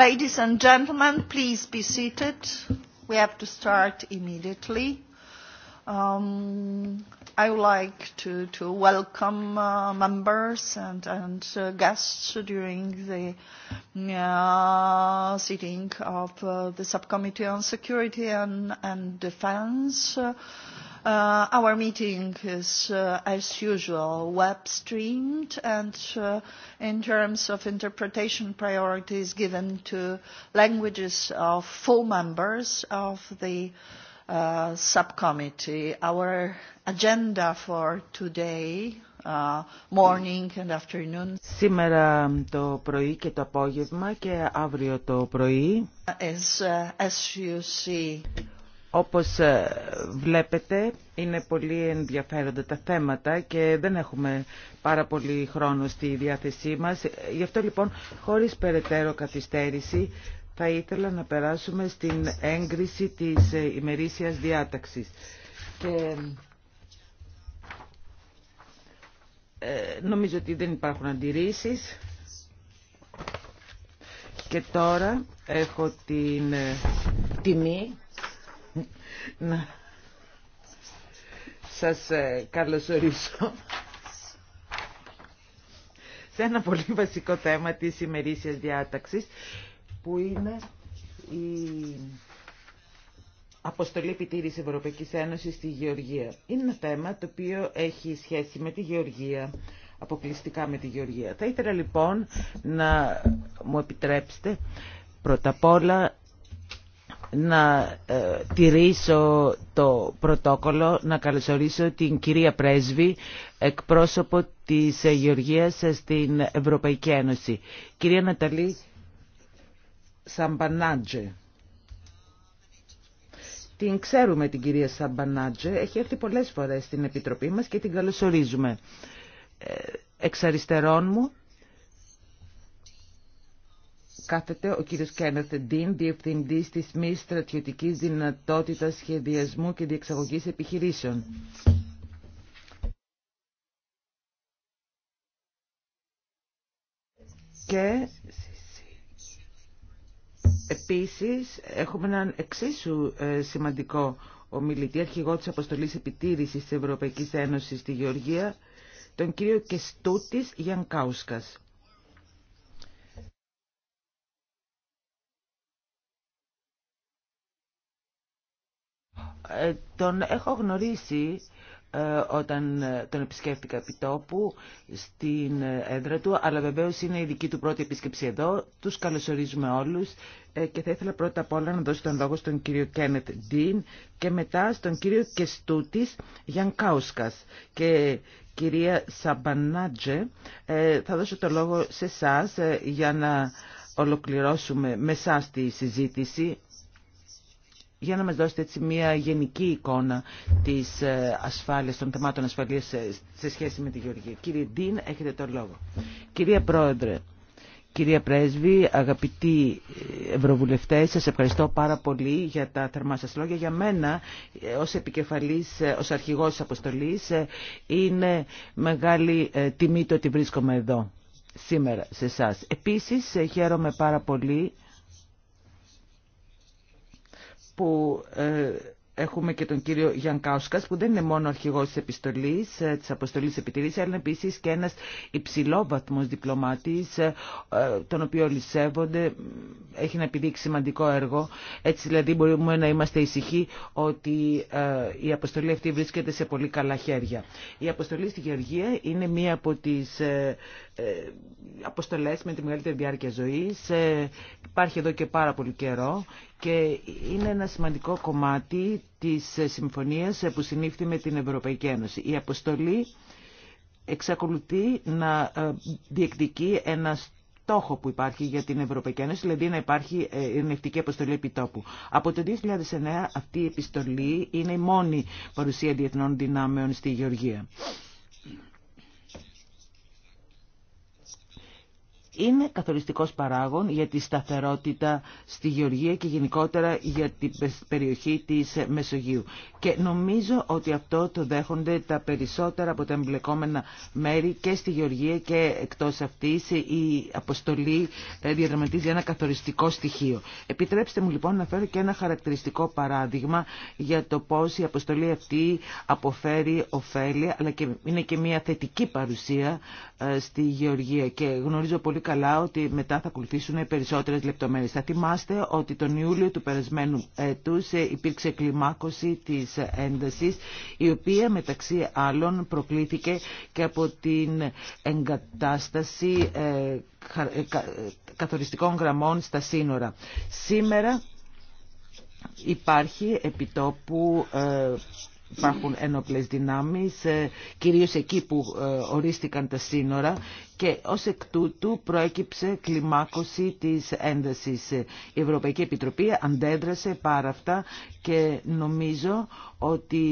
Ladies and gentlemen, please be seated. We have to start immediately. I would like to welcome members and guests during the sitting of the Subcommittee on Security and Defence. Our meeting is, as usual, web-streamed, and in terms of interpretation, priorities given to languages of full members of the subcommittee. Our agenda for today, morning and afternoon. Σήμερα το πρωί και το απόγευμα και αύριο το πρωί. Is, as you see όπως ε, βλέπετε είναι πολύ ενδιαφέροντα τα θέματα και δεν έχουμε πάρα πολύ χρόνο στη διάθεσή μας. Γι' αυτό λοιπόν χωρίς περαιτέρω καθυστέρηση θα ήθελα να περάσουμε στην έγκριση της ε, ημερήσιας διάταξης. Και... Ε, νομίζω ότι δεν υπάρχουν αντιρρήσεις. Και τώρα έχω την τιμή να σας ε, καλωσορίσω σε ένα πολύ βασικό θέμα της ημερήσιας διάταξης που είναι η αποστολή επιτήρηση Ευρωπαϊκής Ένωσης στη Γεωργία. Είναι ένα θέμα το οποίο έχει σχέση με τη Γεωργία, αποκλειστικά με τη Γεωργία. Θα ήθελα λοιπόν να μου επιτρέψετε πρώτα απ' όλα να ε, τηρήσω το πρωτόκολλο, να καλωσορίσω την κυρία Πρέσβη, εκπρόσωπο της ε, Γεωργίας ε, στην Ευρωπαϊκή Ένωση. Κυρία Ναταλή Σαμπανάτζε. Την ξέρουμε την κυρία Σαμπανάτζε, έχει έρθει πολλές φορές στην Επιτροπή μας και την καλωσορίζουμε. Εξ αριστερών μου κάθεται ο κύριος Κένεθ Ντίν, Διευθυντής της Μη Στρατιωτικής Δυνατότητας Σχεδιασμού και Διεξαγωγής Επιχειρήσεων. Και επίσης έχουμε έναν εξίσου ε, σημαντικό ομιλητή, αρχηγό της Αποστολής Επιτήρησης της Ευρωπαϊκής Ένωσης στη Γεωργία, τον κύριο Κεστούτης Γιανκάουσκας. Ε, τον έχω γνωρίσει ε, όταν ε, τον επισκέφτηκα επί τόπου στην έδρα του, αλλά βεβαίως είναι η δική του πρώτη επίσκεψη εδώ. Τους καλωσορίζουμε όλους και θα ήθελα πρώτα απ' όλα να δώσω τον λόγο στον κύριο Κένετ Ντίν και μετά στον κύριο Κεστούτης Γιανκάουσκας και κυρία Σαμπανάτζε. Θα δώσω το λόγο σε εσά για να ολοκληρώσουμε με εσά τη συζήτηση για να μας δώσετε έτσι μια γενική εικόνα της ε, ασφάλειας, των θεμάτων ασφαλείας ε, σε σχέση με τη Γεωργία. Κύριε Ντίν, έχετε το λόγο. Κυρία Πρόεδρε, κυρία Πρέσβη, αγαπητοί ε, Ευρωβουλευτές, σας ευχαριστώ πάρα πολύ για τα θερμά σας λόγια. Για μένα, ως επικεφαλής, ως αρχηγός της αποστολής, είναι μεγάλη τιμή το ότι βρίσκομαι εδώ σήμερα σε εσά. Επίσης, χαίρομαι πάρα πολύ που ε, έχουμε και τον κύριο Γιανκάουσκας που δεν είναι μόνο αρχηγός της επιστολής, ε, της αποστολής επιτηρής, αλλά είναι επίσης και ένας υψηλόβαθμος διπλωμάτης, ε, τον οποίο λυσεύονται, έχει να επιδείξει σημαντικό έργο. Έτσι δηλαδή μπορούμε να είμαστε ησυχοί ότι η αποστολή αυτή βρίσκεται σε πολύ καλά χέρια. Η αποστολή στη Γεωργία είναι μία από τις αποστολές με τη μεγαλύτερη διάρκεια ζωής. Υπάρχει εδώ και πάρα πολύ καιρό και είναι ένα σημαντικό κομμάτι της συμφωνίας που συνήφθη με την Ευρωπαϊκή Ένωση. Η αποστολή εξακολουθεί να ε, διεκδικεί ένα στόχο που υπάρχει για την Ευρωπαϊκή Ένωση, δηλαδή να υπάρχει ε, ειρηνευτική αποστολή επιτόπου. Από το 2009 αυτή η επιστολή είναι η μόνη παρουσία διεθνών δυνάμεων στη Γεωργία. είναι καθοριστικός παράγων για τη σταθερότητα στη Γεωργία και γενικότερα για την περιοχή της Μεσογείου. Και νομίζω ότι αυτό το δέχονται τα περισσότερα από τα εμπλεκόμενα μέρη και στη Γεωργία και εκτός αυτής η αποστολή ε, διαδραματίζει ένα καθοριστικό στοιχείο. Επιτρέψτε μου λοιπόν να φέρω και ένα χαρακτηριστικό παράδειγμα για το πώς η αποστολή αυτή αποφέρει ωφέλεια αλλά και είναι και μια θετική παρουσία ε, στη Γεωργία και γνωρίζω πολύ καλά ότι μετά θα ακολουθήσουν περισσότερες λεπτομέρειες. Θα θυμάστε ότι τον Ιούλιο του περασμένου έτους ε, υπήρξε κλιμάκωση της ένταση, η οποία μεταξύ άλλων προκλήθηκε και από την εγκατάσταση ε, ε, καθοριστικών γραμμών στα σύνορα. Σήμερα υπάρχει επιτόπου υπάρχουν ένοπλες δυνάμεις, ε, κυρίως εκεί που ε, ορίστηκαν τα σύνορα και ως εκ τούτου προέκυψε κλιμάκωση της έντασης. Η Ευρωπαϊκή Επιτροπή αντέδρασε πάρα αυτά και νομίζω ότι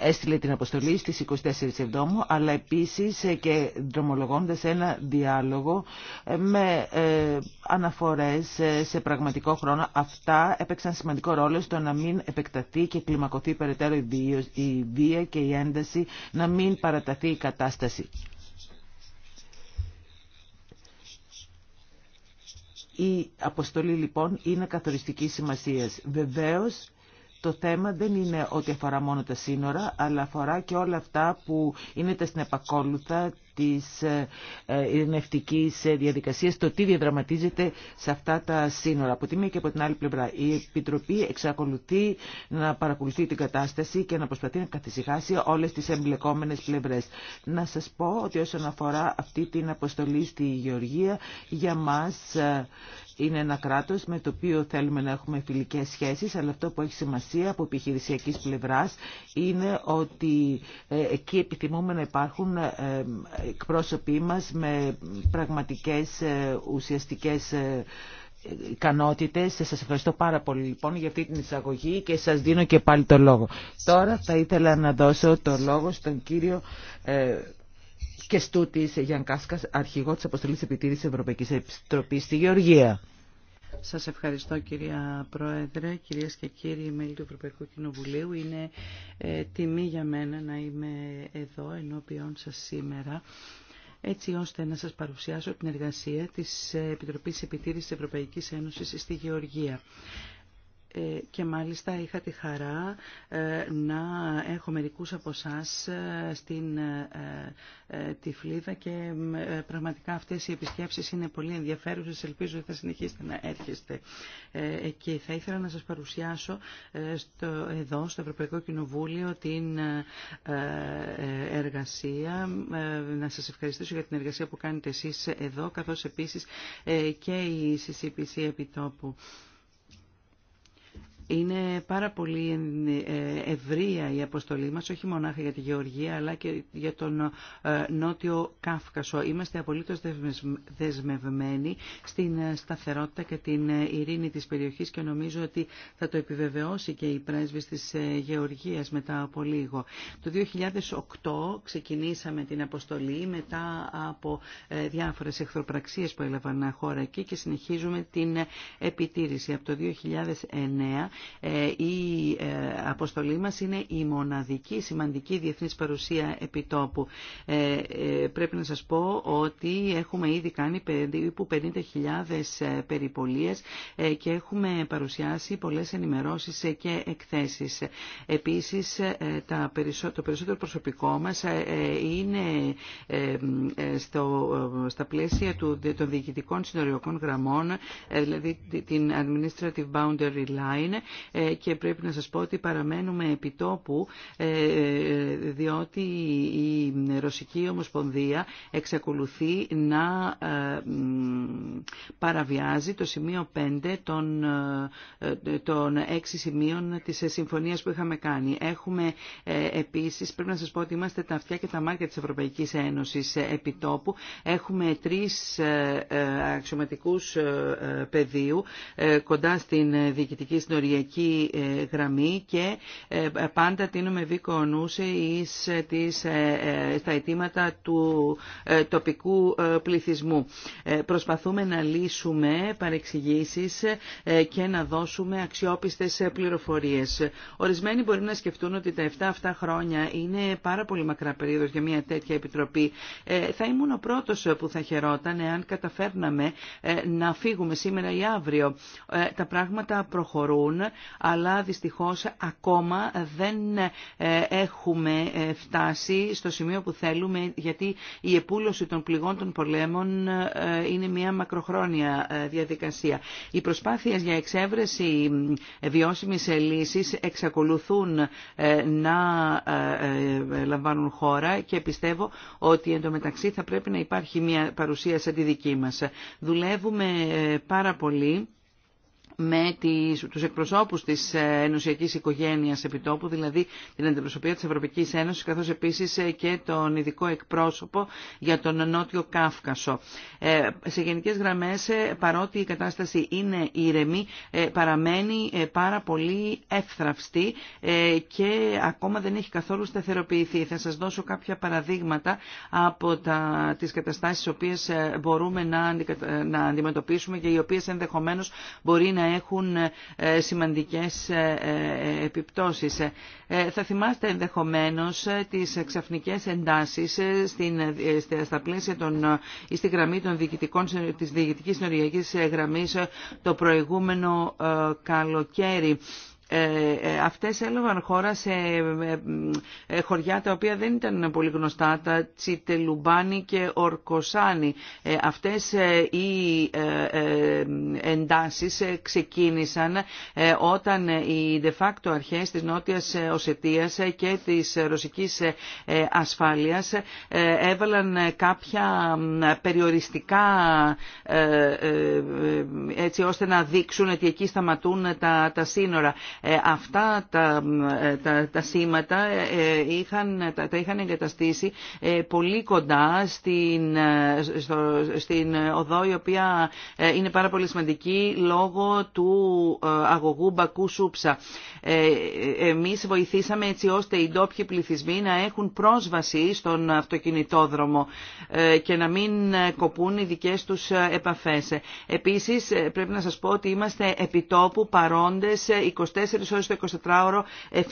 έστειλε την αποστολή στις 24 Σεβδόμου αλλά επίσης ε, και δρομολογώντας ένα διάλογο ε, με ε, αναφορές σε πραγματικό χρόνο. Αυτά έπαιξαν σημαντικό ρόλο στο να μην επεκταθεί και κλιμακωθεί περαιτέρω η βία και η ένταση, να μην παραταθεί η κατάσταση. Η αποστολή λοιπόν είναι καθοριστική σημασίας. Βεβαίως το θέμα δεν είναι ότι αφορά μόνο τα σύνορα, αλλά αφορά και όλα αυτά που είναι τα συνεπακόλουθα της ε, ε, ειρηνευτικής διαδικασίας, το τι διαδραματίζεται σε αυτά τα σύνορα. Από τη μία και από την άλλη πλευρά. Η Επιτροπή εξακολουθεί να παρακολουθεί την κατάσταση και να προσπαθεί να καθησυχάσει όλες τις εμπλεκόμενες πλευρές. Να σας πω ότι όσον αφορά αυτή την αποστολή στη Γεωργία, για μας ε, είναι ένα κράτος με το οποίο θέλουμε να έχουμε φιλικές σχέσεις, αλλά αυτό που έχει σημασία από επιχειρησιακής πλευράς είναι ότι ε, εκεί επιθυμούμε να υπάρχουν ε, εκπρόσωποι μας με πραγματικές ε, ουσιαστικές ικανότητες. Σας ευχαριστώ πάρα πολύ λοιπόν για αυτή την εισαγωγή και σας δίνω και πάλι το λόγο. Τώρα θα ήθελα να δώσω το λόγο στον κύριο και στούτη Γιάν Κάσκα, αρχηγό τη Αποστολή Επιτήρηση Ευρωπαϊκή Επιστροπή στη Γεωργία. Σα ευχαριστώ κυρία Πρόεδρε, κυρίε και κύριοι μέλη του Ευρωπαϊκού Κοινοβουλίου. Είναι ε, τιμή για μένα να είμαι εδώ ενώπιον σα σήμερα έτσι ώστε να σας παρουσιάσω την εργασία της Επιτροπής Επιτήρησης Ευρωπαϊκής Ένωσης στη Γεωργία. Ε, και μάλιστα είχα τη χαρά ε, να έχω μερικούς από εσά ε, στην Τυφλίδα και πραγματικά αυτές οι επισκέψεις είναι πολύ ενδιαφέρουσες. Ελπίζω ότι θα συνεχίσετε να έρχεστε Και Θα ήθελα να σας παρουσιάσω στο, εδώ στο Ευρωπαϊκό Κοινοβούλιο την εργασία. Να σας ευχαριστήσω για την εργασία που κάνετε εσείς εδώ καθώς επίσης και η CCPC επιτόπου. Είναι πάρα πολύ ε, ευρεία η αποστολή μας, όχι μονάχα για τη Γεωργία, αλλά και για τον ε, Νότιο Κάφκασο. Είμαστε απολύτως δεσμευμένοι στην ε, σταθερότητα και την ειρήνη της περιοχής και νομίζω ότι θα το επιβεβαιώσει και η πρέσβης της Γεωργίας μετά από λίγο. Το 2008 ξεκινήσαμε την αποστολή μετά από διάφορες εχθροπραξίες που έλαβαν χώρα εκεί και συνεχίζουμε την επιτήρηση. Από το 2009 ε, η ε, αποστολή μας είναι η μοναδική σημαντική διεθνής παρουσία επιτόπου. Ε, πρέπει να σας πω ότι έχουμε ήδη κάνει περίπου 50.000 περιπολίες και έχουμε παρουσιάσει πολλές ενημερώσεις και εκθέσεις. Επίσης, το περισσότερο προσωπικό μας είναι στα πλαίσια των διοικητικών συνοριοκών γραμμών, δηλαδή την Administrative Boundary Line ε, και πρέπει να σας πω ότι παραμένουμε επιτόπου ε, ε, διότι η Ρωσική Ομοσπονδία εξακολουθεί να παραβιάζει το σημείο 5 των, των 6 σημείων της συμφωνίας που είχαμε κάνει. Έχουμε επίσης, πρέπει να σας πω ότι είμαστε τα αυτιά και τα μάτια της Ευρωπαϊκής Ένωσης επιτόπου. Έχουμε τρεις αξιωματικούς πεδίου κοντά στην διοικητική ε, γραμμή και ε, πάντα τίνουμε βίκο νούσε εις ε, αιτήματα του τοπικού πληθυσμού. Προσπαθούμε να λύσουμε παρεξηγήσεις και να δώσουμε αξιόπιστες πληροφορίες. Ορισμένοι μπορεί να σκεφτούν ότι τα 7 αυτά χρόνια είναι πάρα πολύ μακρά περίοδος για μια τέτοια επιτροπή. Θα ήμουν ο πρώτος που θα χαιρόταν εάν καταφέρναμε να φύγουμε σήμερα ή αύριο. Τα πράγματα προχωρούν αλλά δυστυχώς ακόμα δεν ε, έχουμε ε, φτάσει στο σημείο που θέλουμε γιατί η επούλωση των πληγών των πολέμων ε, είναι μια μακροχρόνια διαδικασία. Οι προσπάθειες για εξέβρεση βιώσιμης λύσης εξακολουθούν να λαμβάνουν χώρα και πιστεύω ότι εντωμεταξύ θα πρέπει να υπάρχει μια παρουσία σαν τη δική μας. Δουλεύουμε πάρα πολύ με τις, τους εκπροσώπους της ε, ενωσιακής οικογένειας επιτόπου, δηλαδή την αντιπροσωπεία της Ευρωπαϊκής Ένωσης, καθώς επίσης ε, και τον ειδικό εκπρόσωπο για τον Νότιο Κάφκασο. Ε, σε γενικές γραμμές, παρότι η κατάσταση είναι ήρεμη, παραμένει πάρα πολύ εύθραυστη και ακόμα δεν έχει καθόλου σταθεροποιηθεί. Θα σας δώσω κάποια παραδείγματα από τα, τις καταστάσεις οποίες μπορούμε να, να αντιμετωπίσουμε και οι οποίες ενδεχομένως μπορεί να έχουν ε, σημαντικές ε, ε, επιπτώσεις. Θα θυμάστε ενδεχομένως τις ξαφνικές εντάσεις στα πλαίσια των, ή στη γραμμή των διοικητικών, της διοικητικής νοριακής γραμμής το προηγούμενο καλοκαίρι. Ε, ε, αυτές έλαβαν χώρα σε ε, χωριά τα οποία δεν ήταν πολύ γνωστά, τα Τσιτελουμπάνη και Ορκοσάνη. Αυτές οι εντάσεις ξεκίνησαν όταν οι de facto αρχές της Νότιας Οσετίας και της Ρωσικής Ασφάλειας έβαλαν κάποια περιοριστικά έτσι ώστε να δείξουν ότι εκεί σταματούν τα, τα σύνορα. Ε, αυτά ε, τα, τα, σήματα ε, είχαν, τα, είχαν εγκαταστήσει πολύ κοντά στην, στο, οδό η οποία είναι πάρα πολύ σημαντική λόγω του αγωγού Μπακού Σούψα. Εμείς βοηθήσαμε έτσι ώστε οι ντόπιοι πληθυσμοί να έχουν πρόσβαση στον αυτοκινητόδρομο και να μην κοπούν οι δικές τους επαφές. Επίσης πρέπει να σας πω ότι είμαστε επιτόπου παρόντες 24 ώρες το 24ωρο,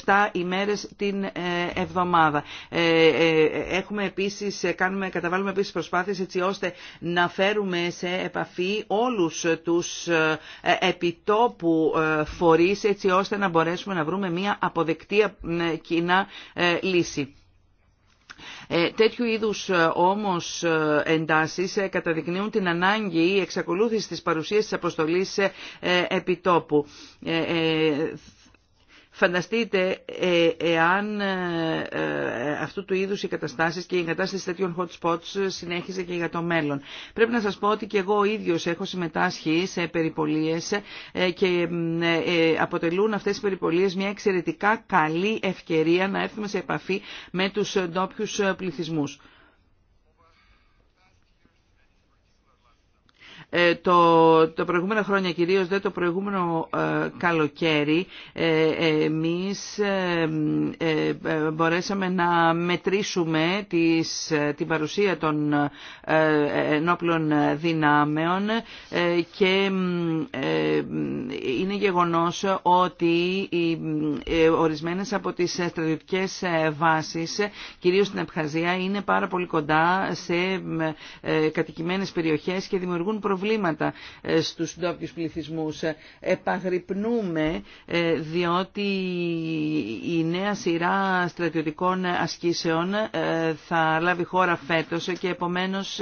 7 ημέρες την ε, εβδομάδα. Ε, ε, έχουμε επίσης, κάνουμε, καταβάλουμε επίσης προσπάθειες έτσι ώστε να φέρουμε σε επαφή όλους τους επιτόπου φορείς έτσι ώστε να μπορέσουμε να βρούμε μια αποδεκτή κοινά λύση. Ε, τέτοιου είδους ε, όμως ε, εντάσεις καταδεικνύουν την ανάγκη εξακολούθηση της παρουσίας της αποστολής επιτόπου. Φανταστείτε ε, εάν ε, ε, αυτού του είδους οι καταστάσεις και η εγκατάσταση τέτοιων hot spots συνέχιζε και για το μέλλον. Πρέπει να σας πω ότι και εγώ ο ίδιος έχω συμμετάσχει σε περιπολίες και αποτελούν αυτές οι περιπολίες μια εξαιρετικά καλή ευκαιρία να έρθουμε σε επαφή με τους ντόπιου πληθυσμούς. Ε, το, το προηγούμενα χρόνια κυρίως, δεν το προηγούμενο ε, καλοκαίρι, ε, εμείς μπορέσαμε να μετρήσουμε τις, την παρουσία των ενόπλων δυνάμεων και είναι γεγονός ότι ορισμένες από τις στρατιωτικές βάσεις, κυρίως στην Απχαζία, είναι πάρα πολύ κοντά σε κατοικημένες περιοχές και δημιουργούν προβλήματα προβλήματα ε, στους ντόπιου πληθυσμούς. Ε, επαγρυπνούμε ε, διότι η νέα σειρά στρατιωτικών ασκήσεων θα λάβει χώρα φέτος και επομένως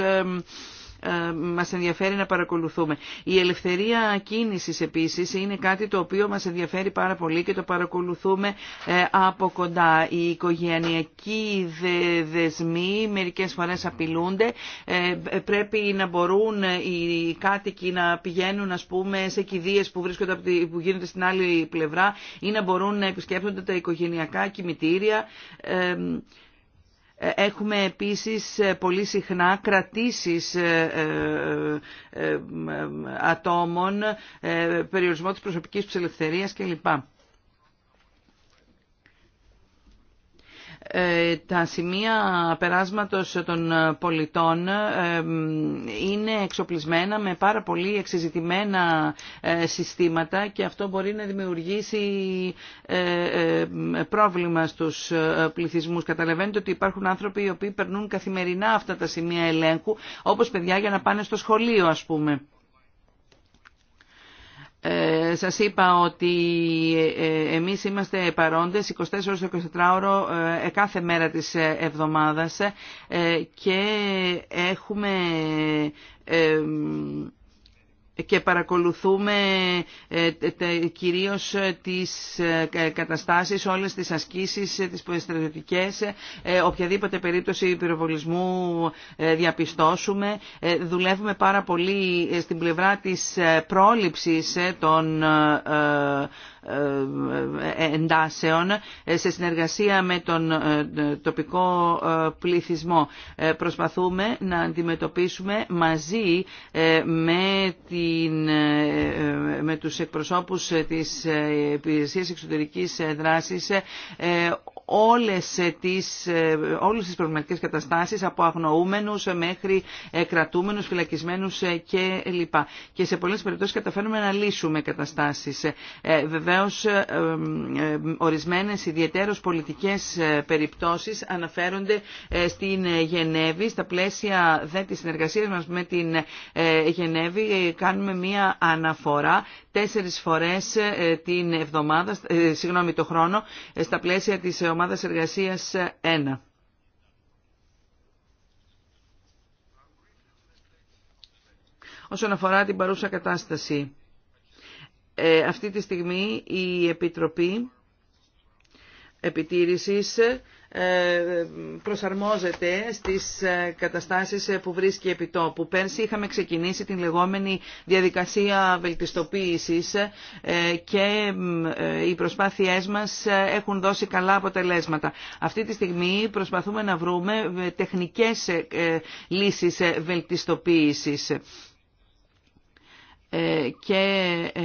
ε, μας ενδιαφέρει να παρακολουθούμε. Η ελευθερία κίνησης επίσης είναι κάτι το οποίο μας ενδιαφέρει πάρα πολύ και το παρακολουθούμε ε, από κοντά. Οι οικογενειακοί δεσμοί μερικές φορές απειλούνται. Ε, πρέπει να μπορούν οι κάτοικοι να πηγαίνουν ας πούμε σε κηδείες που, βρίσκονται, που γίνονται στην άλλη πλευρά ή να μπορούν να επισκέπτονται τα οικογενειακά κημητήρια. Έχουμε επίσης ε, πολύ συχνά κρατήσεις ε, ε, ατόμων, περιορισμό της προσωπικής τους ελευθερίας κλπ. Ε, τα σημεία περάσματος των πολιτών ε, είναι εξοπλισμένα με πάρα πολύ εξεζητημένα ε, συστήματα και αυτό μπορεί να δημιουργήσει πρόβλημα στους πληθυσμούς. Καταλαβαίνετε ότι υπάρχουν άνθρωποι οι οποίοι περνούν καθημερινά αυτά τα σημεία ελέγχου, όπως παιδιά για να πάνε στο σχολείο ας πούμε. Ε, σας είπα ότι ε, εμείς είμαστε παρόντες 24 ώρες 24 ώρο ε, κάθε μέρα της ε, εβδομάδας και έχουμε και παρακολουθούμε ε, κυρίως ε, τις ε, καταστάσεις, όλες τις ασκήσεις, τις στρατιωτικές, οποιαδήποτε περίπτωση πυροβολισμού διαπιστώσουμε. Δουλεύουμε πάρα πολύ στην πλευρά της πρόληψης των ε, ε, εντάσεων σε συνεργασία με τον ε, τοπικό πληθυσμό. Προσπαθούμε να αντιμετωπίσουμε μαζί με, την, με τους εκπροσώπους της Υπηρεσίας Εξωτερικής Δράσης όλες ε, τις, ε, όλες τις προβληματικές καταστάσεις από αγνοούμενους μέχρι ε, κρατούμενους, φυλακισμένους και Και σε πολλές περιπτώσεις καταφέρνουμε να λύσουμε καταστάσεις. Βεβαίως ορισμένες ιδιαίτερως πολιτικές περιπτώσεις αναφέρονται στην Γενέβη. Στα πλαίσια δε της συνεργασίας μας με την Γενέβη κάνουμε μία αναφορά τέσσερις φορές ε, την εβδομάδα, ε, συγγνώμη το χρόνο, ε, στα πλαίσια της ομάδας εργασίας 1. Όσον αφορά την παρούσα κατάσταση, αυτή τη στιγμή η Επιτροπή Επιτήρησης ε, προσαρμόζεται στις ε, καταστάσεις ε, που βρίσκει επιτόπου. Πέρσι είχαμε ξεκινήσει την λεγόμενη διαδικασία βελτιστοποίησης και οι προσπάθειές μας έχουν δώσει καλά αποτελέσματα. Αυτή τη στιγμή προσπαθούμε να βρούμε τεχνικές λύσεις βελτιστοποίησης. Ε, και ε,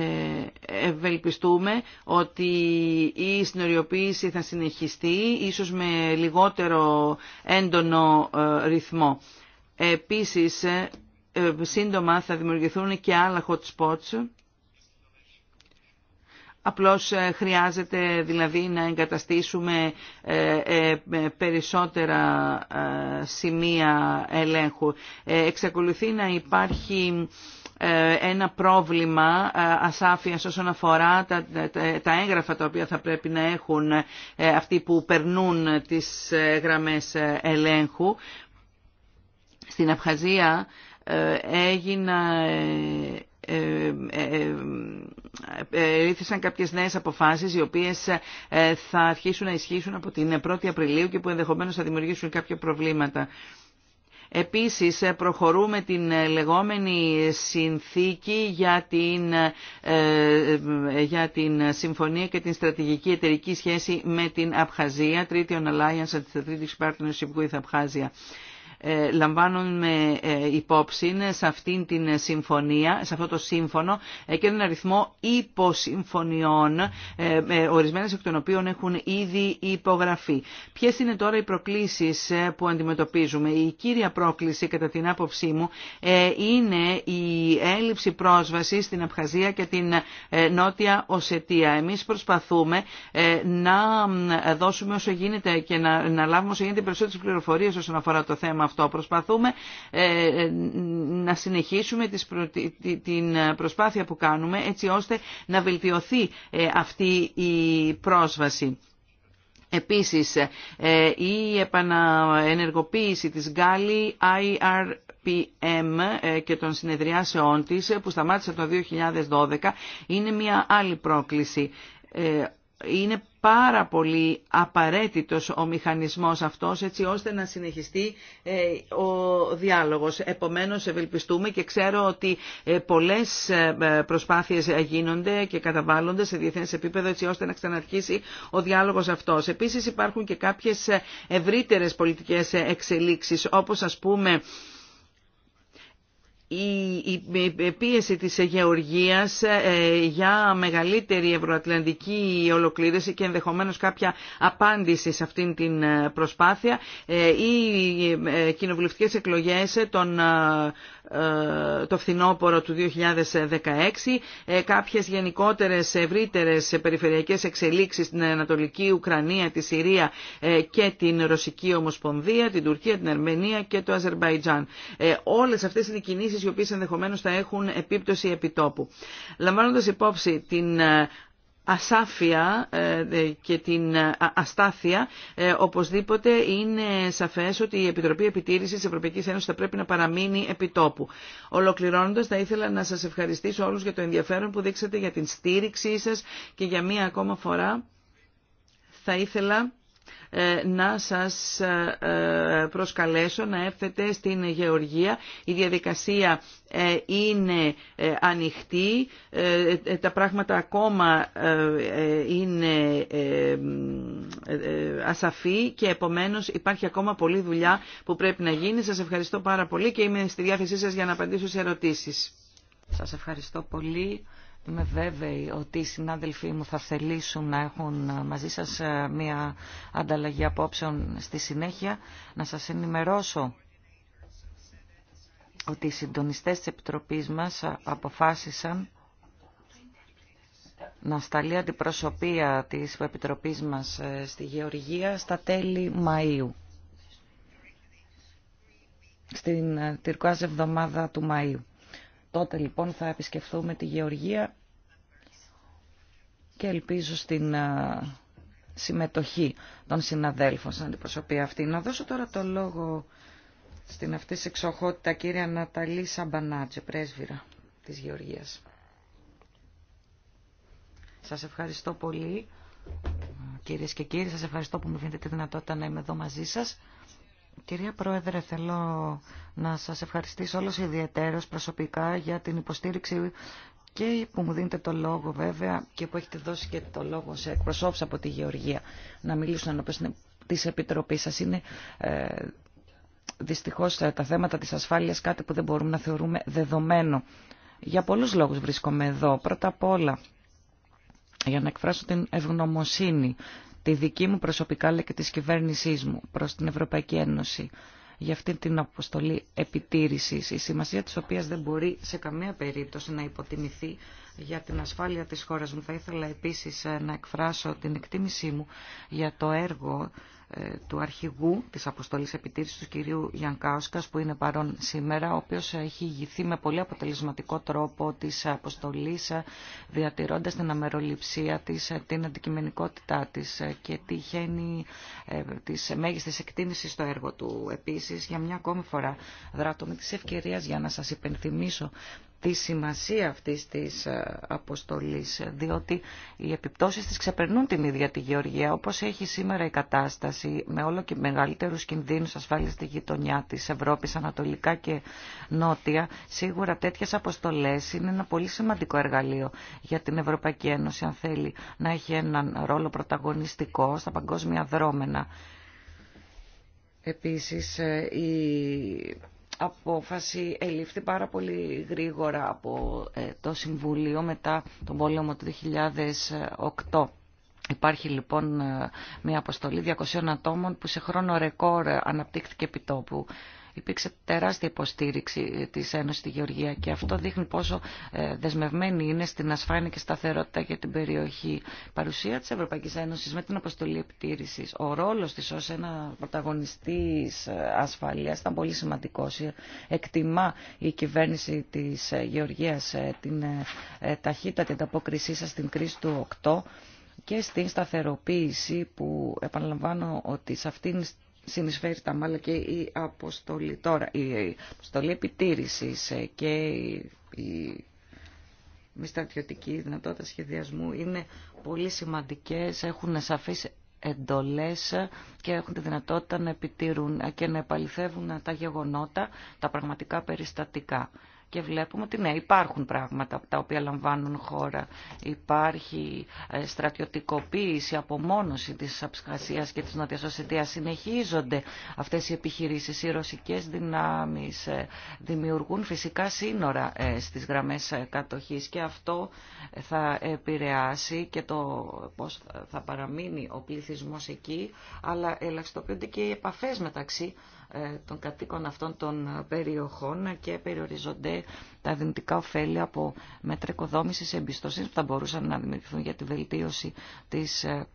ευελπιστούμε ότι η συνοριοποίηση θα συνεχιστεί, ίσως με λιγότερο έντονο ε, ρυθμό. Επίσης, σύντομα θα δημιουργηθούν και άλλα hot spots. Απλώς χρειάζεται δηλαδή να εγκαταστήσουμε περισσότερα σημεία ελέγχου. Εξακολουθεί να υπάρχει ε, ένα πρόβλημα ε, ασάφειας όσον αφορά τα, τα, έγγραφα τα οποία θα πρέπει να έχουν ε, αυτοί που περνούν τις γραμμές ελέγχου. Στην Αφχαζία έγινα κάποιε κάποιες νέες αποφάσεις οι οποίες θα αρχίσουν να ισχύσουν από την 1η Απριλίου και που ενδεχομένως θα δημιουργήσουν κάποια προβλήματα. Επίσης ε, προχωρούμε την ε, λεγόμενη συνθήκη για την, ε, για την συμφωνία και την στρατηγική εταιρική σχέση με την Απχαζία, τρίτη Alliance and Strategic Partnership with Abkhazia. Ε, λαμβάνουμε ε, υπόψη σε αυτήν την συμφωνία, σε αυτό το σύμφωνο ε, και έναν αριθμό υποσυμφωνιών, ορισμένες εκ των οποίων έχουν ήδη υπογραφεί. Ποιες είναι τώρα οι προκλήσεις που αντιμετωπίζουμε. Η κύρια πρόκληση κατά την άποψή μου είναι η έλλειψη πρόσβαση στην Απχαζία και την Νότια Οσετία. Εμείς προσπαθούμε να δώσουμε όσο γίνεται και να, λάβουμε όσο γίνεται περισσότερες πληροφορίες όσον αφορά το θέμα αυτό αυτό. Προσπαθούμε ε, ε, να συνεχίσουμε την προσπάθεια που κάνουμε έτσι ώστε να βελτιωθεί ε, αυτή η πρόσβαση. Επίσης, η επαναενεργοποίηση της γάλι IRPM και των συνεδριάσεών της που σταμάτησε το 2012 είναι μια άλλη πρόκληση είναι πάρα πολύ απαραίτητος ο μηχανισμός αυτός έτσι ώστε να συνεχιστεί ε, ο διάλογος. Επομένως ευελπιστούμε και ξέρω ότι ε, πολλές ε, προσπάθειες γίνονται και καταβάλλονται σε διεθνές επίπεδο έτσι ώστε να ξαναρχίσει ο διάλογος αυτός. Επίσης υπάρχουν και κάποιες ευρύτερες πολιτικές εξελίξεις όπως ας πούμε η πίεση της Γεωργίας ε, για μεγαλύτερη ευρωατλαντική ολοκλήρωση και ενδεχομένως κάποια απάντηση σε αυτήν την ε, προσπάθεια ε, οι κοινοβουλευτικές εκλογές τον, το φθινόπωρο του 2016 κάποιες γενικότερες ευρύτερες περιφερειακές εξελίξεις στην Ανατολική Ουκρανία, τη Συρία και την Ρωσική Ομοσπονδία, την Τουρκία, την Αρμενία και το Αζερμπαϊτζάν. Όλες αυτές είναι κινήσεις οι οποίες ενδεχομένως θα έχουν επίπτωση επιτόπου. Λαμβάνοντας υπόψη την ε, ασάφεια ε, και την ε, αστάθεια οπωσδήποτε είναι σαφές ότι η Επιτροπή Επιτήρησης της Ευρωπαϊκής Ένωσης θα πρέπει να παραμείνει επιτόπου. Ολοκληρώνοντας θα ήθελα να σας ευχαριστήσω όλους για το ενδιαφέρον που δείξατε για την στήριξή σας και για μία ακόμα φορά θα ήθελα ε, να σας ε, ε, προσκαλέσω να έρθετε στην Γεωργία. Η διαδικασία είναι ανοιχτή, τα πράγματα ακόμα είναι ασαφή και επομένως υπάρχει ακόμα πολλή δουλειά που πρέπει να γίνει. Σας ευχαριστώ πάρα πολύ και είμαι στη διάθεσή σας για να απαντήσω σε ερωτήσεις. Σας ευχαριστώ πολύ. Είμαι βέβαιη ότι οι συνάδελφοί μου θα θελήσουν να έχουν μαζί σας ε, μια ανταλλαγή απόψεων στη συνέχεια. Να σας ενημερώσω ότι οι συντονιστές της Επιτροπής μας ε, αποφάσισαν να σταλεί αντιπροσωπεία της Επιτροπής μας ε, στη Γεωργία στα τέλη Μαΐου. Στην τυρκουάζ εβδομάδα του Μαΐου. Τότε λοιπόν θα επισκεφθούμε τη Γεωργία και ελπίζω στην συμμετοχή των συναδέλφων στην αντιπροσωπεία αυτή. Να δώσω τώρα το λόγο στην αυτή σε εξοχότητα κύρια Ναταλή Σαμπανάτζε, πρέσβυρα της Γεωργίας. Σας ευχαριστώ πολύ. Κυρίες και κύριοι, σας ευχαριστώ που μου δίνετε τη δυνατότητα να είμαι εδώ μαζί σας. Κυρία Πρόεδρε, θέλω να σας ευχαριστήσω όλους ιδιαίτερως προσωπικά για την υποστήριξη και που μου δίνετε το λόγο βέβαια και που έχετε δώσει και το λόγο σε εκπροσώπους από τη Γεωργία να μιλήσουν ενώπιον της Επιτροπής σας. Είναι ε, δυστυχώς ε, τα θέματα της ασφάλειας κάτι που δεν μπορούμε να θεωρούμε δεδομένο. Για πολλούς λόγους βρίσκομαι εδώ. Πρώτα απ' όλα για να εκφράσω την ευγνωμοσύνη τη δική μου προσωπικά αλλά και της κυβέρνησής μου προς την Ευρωπαϊκή Ένωση για αυτή την αποστολή επιτήρησης, η σημασία της οποίας δεν μπορεί σε καμία περίπτωση να υποτιμηθεί για την ασφάλεια της χώρας μου. Θα ήθελα επίσης ε, να εκφράσω την εκτίμησή μου για το έργο ε, του αρχηγού της αποστολής επιτήρησης του κυρίου Γιανκάουσκας που είναι παρόν σήμερα, ο οποίος έχει ηγηθεί με πολύ αποτελεσματικό τρόπο της αποστολής ε, διατηρώντας την αμεροληψία της, ε, την αντικειμενικότητά της και τυχαίνει ε, της μέγιστης εκτίμησης στο έργο του. Επίσης, για μια ακόμη φορά δράτω με της ευκαιρίας για να σας υπενθυμίσω τη σημασία αυτής της ε, αποστολής, διότι οι επιπτώσεις της ξεπερνούν την ίδια τη γεωργία, όπως έχει σήμερα η κατάσταση, με όλο και μεγαλύτερους κινδύνους ασφάλειας στη γειτονιά της Ευρώπης, ανατολικά και νότια. Σίγουρα τέτοιες αποστολές είναι ένα πολύ σημαντικό εργαλείο για την Ευρωπαϊκή Ένωση, αν θέλει να έχει έναν ρόλο πρωταγωνιστικό στα παγκόσμια δρόμενα. Επίσης, ε, η απόφαση ελήφθη πάρα πολύ γρήγορα από ε, το Συμβουλίο μετά τον πόλεμο του 2008. Υπάρχει λοιπόν ε, μια αποστολή 200 ατόμων που σε χρόνο ρεκόρ αναπτύχθηκε επιτόπου. Υπήρξε τεράστια υποστήριξη ε, της Ένωσης στη Γεωργία και αυτό δείχνει πόσο ε, δεσμευμένη είναι στην ασφάλεια και σταθερότητα για την περιοχή. παρουσία της Ευρωπαϊκής Ένωσης με την αποστολή επιτήρησης, ο ρόλος της ως ένα πρωταγωνιστής ε, ασφαλείας ήταν πολύ σημαντικός. Εκτιμά η κυβέρνηση της Γεωργίας την ταχύτητα την ανταπόκρισή σας στην κρίση του 8 και στην σταθεροποίηση που επαναλαμβάνω ότι σε αυτήν συνεισφέρει τα μάλλα και η αποστολή. Τώρα, η αποστολή επιτήρησης ε, και η μη στρατιωτική δυνατότητα σχεδιασμού είναι πολύ σημαντικές, έχουν σαφείς εντολές και έχουν τη δυνατότητα να επιτήρουν και να επαληθεύουν τα γεγονότα, τα πραγματικά περιστατικά και βλέπουμε ότι ναι υπάρχουν πράγματα τα οποία λαμβάνουν χώρα. Υπάρχει ε, στρατιωτικοποίηση, απομόνωση της Αψχασίας και της Νότιας Συνεχίζονται αυτές οι επιχειρήσεις. Οι ρωσικές δυνάμεις ε, δημιουργούν φυσικά σύνορα ε, στις γραμμές κατοχής και αυτό θα επηρεάσει και το πώς θα παραμείνει ο πληθυσμός εκεί, αλλά ελαχιστοποιούνται και οι επαφές μεταξύ ε, των κατοίκων αυτών των ε, περιοχών και περιοριζονται τα δυνητικά ωφέλη από μέτρα οικοδόμησης εμπιστοσύνης που θα μπορούσαν να δημιουργηθούν για τη βελτίωση της ε,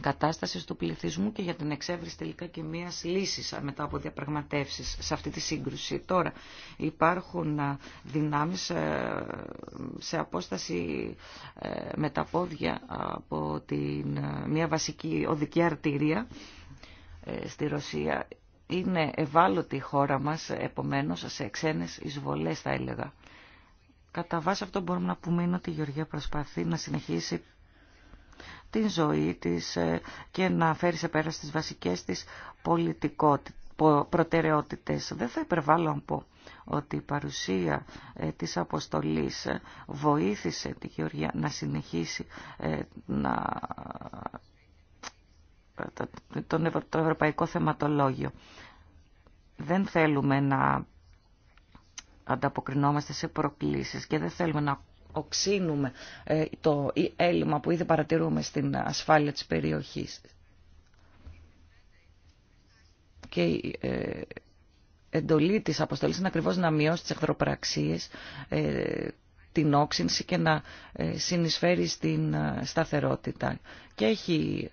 κατάστασης του πληθυσμού και για την εξέβριση τελικά και μια λύσης μετά από διαπραγματεύσεις σε αυτή τη σύγκρουση. Τώρα υπάρχουν δυνάμεις σε απόσταση με τα πόδια από την, μια βασική οδική αρτηρία στη Ρωσία είναι ευάλωτη η χώρα μας, επομένως, σε ξένες εισβολές θα έλεγα. Κατά βάση αυτό μπορούμε να πούμε είναι ότι η Γεωργία προσπαθεί να συνεχίσει την ζωή της ε, και να φέρει σε πέρα στις βασικές της προτεραιότητες. Δεν θα υπερβάλλω να πω ότι η παρουσία ε, της αποστολής ε, βοήθησε τη Γεωργία να συνεχίσει να το ευρωπαϊκό θεματολόγιο. Δεν θέλουμε να ανταποκρινόμαστε σε προκλήσεις και δεν θέλουμε να οξύνουμε ε, το έλλειμμα που ήδη παρατηρούμε στην ασφάλεια της περιοχής. Και η ε, εντολή της αποστολής είναι ακριβώς να μειώσει τις εχθροπραξίες, ε, την όξυνση και να συνεισφέρει στην σταθερότητα. Και έχει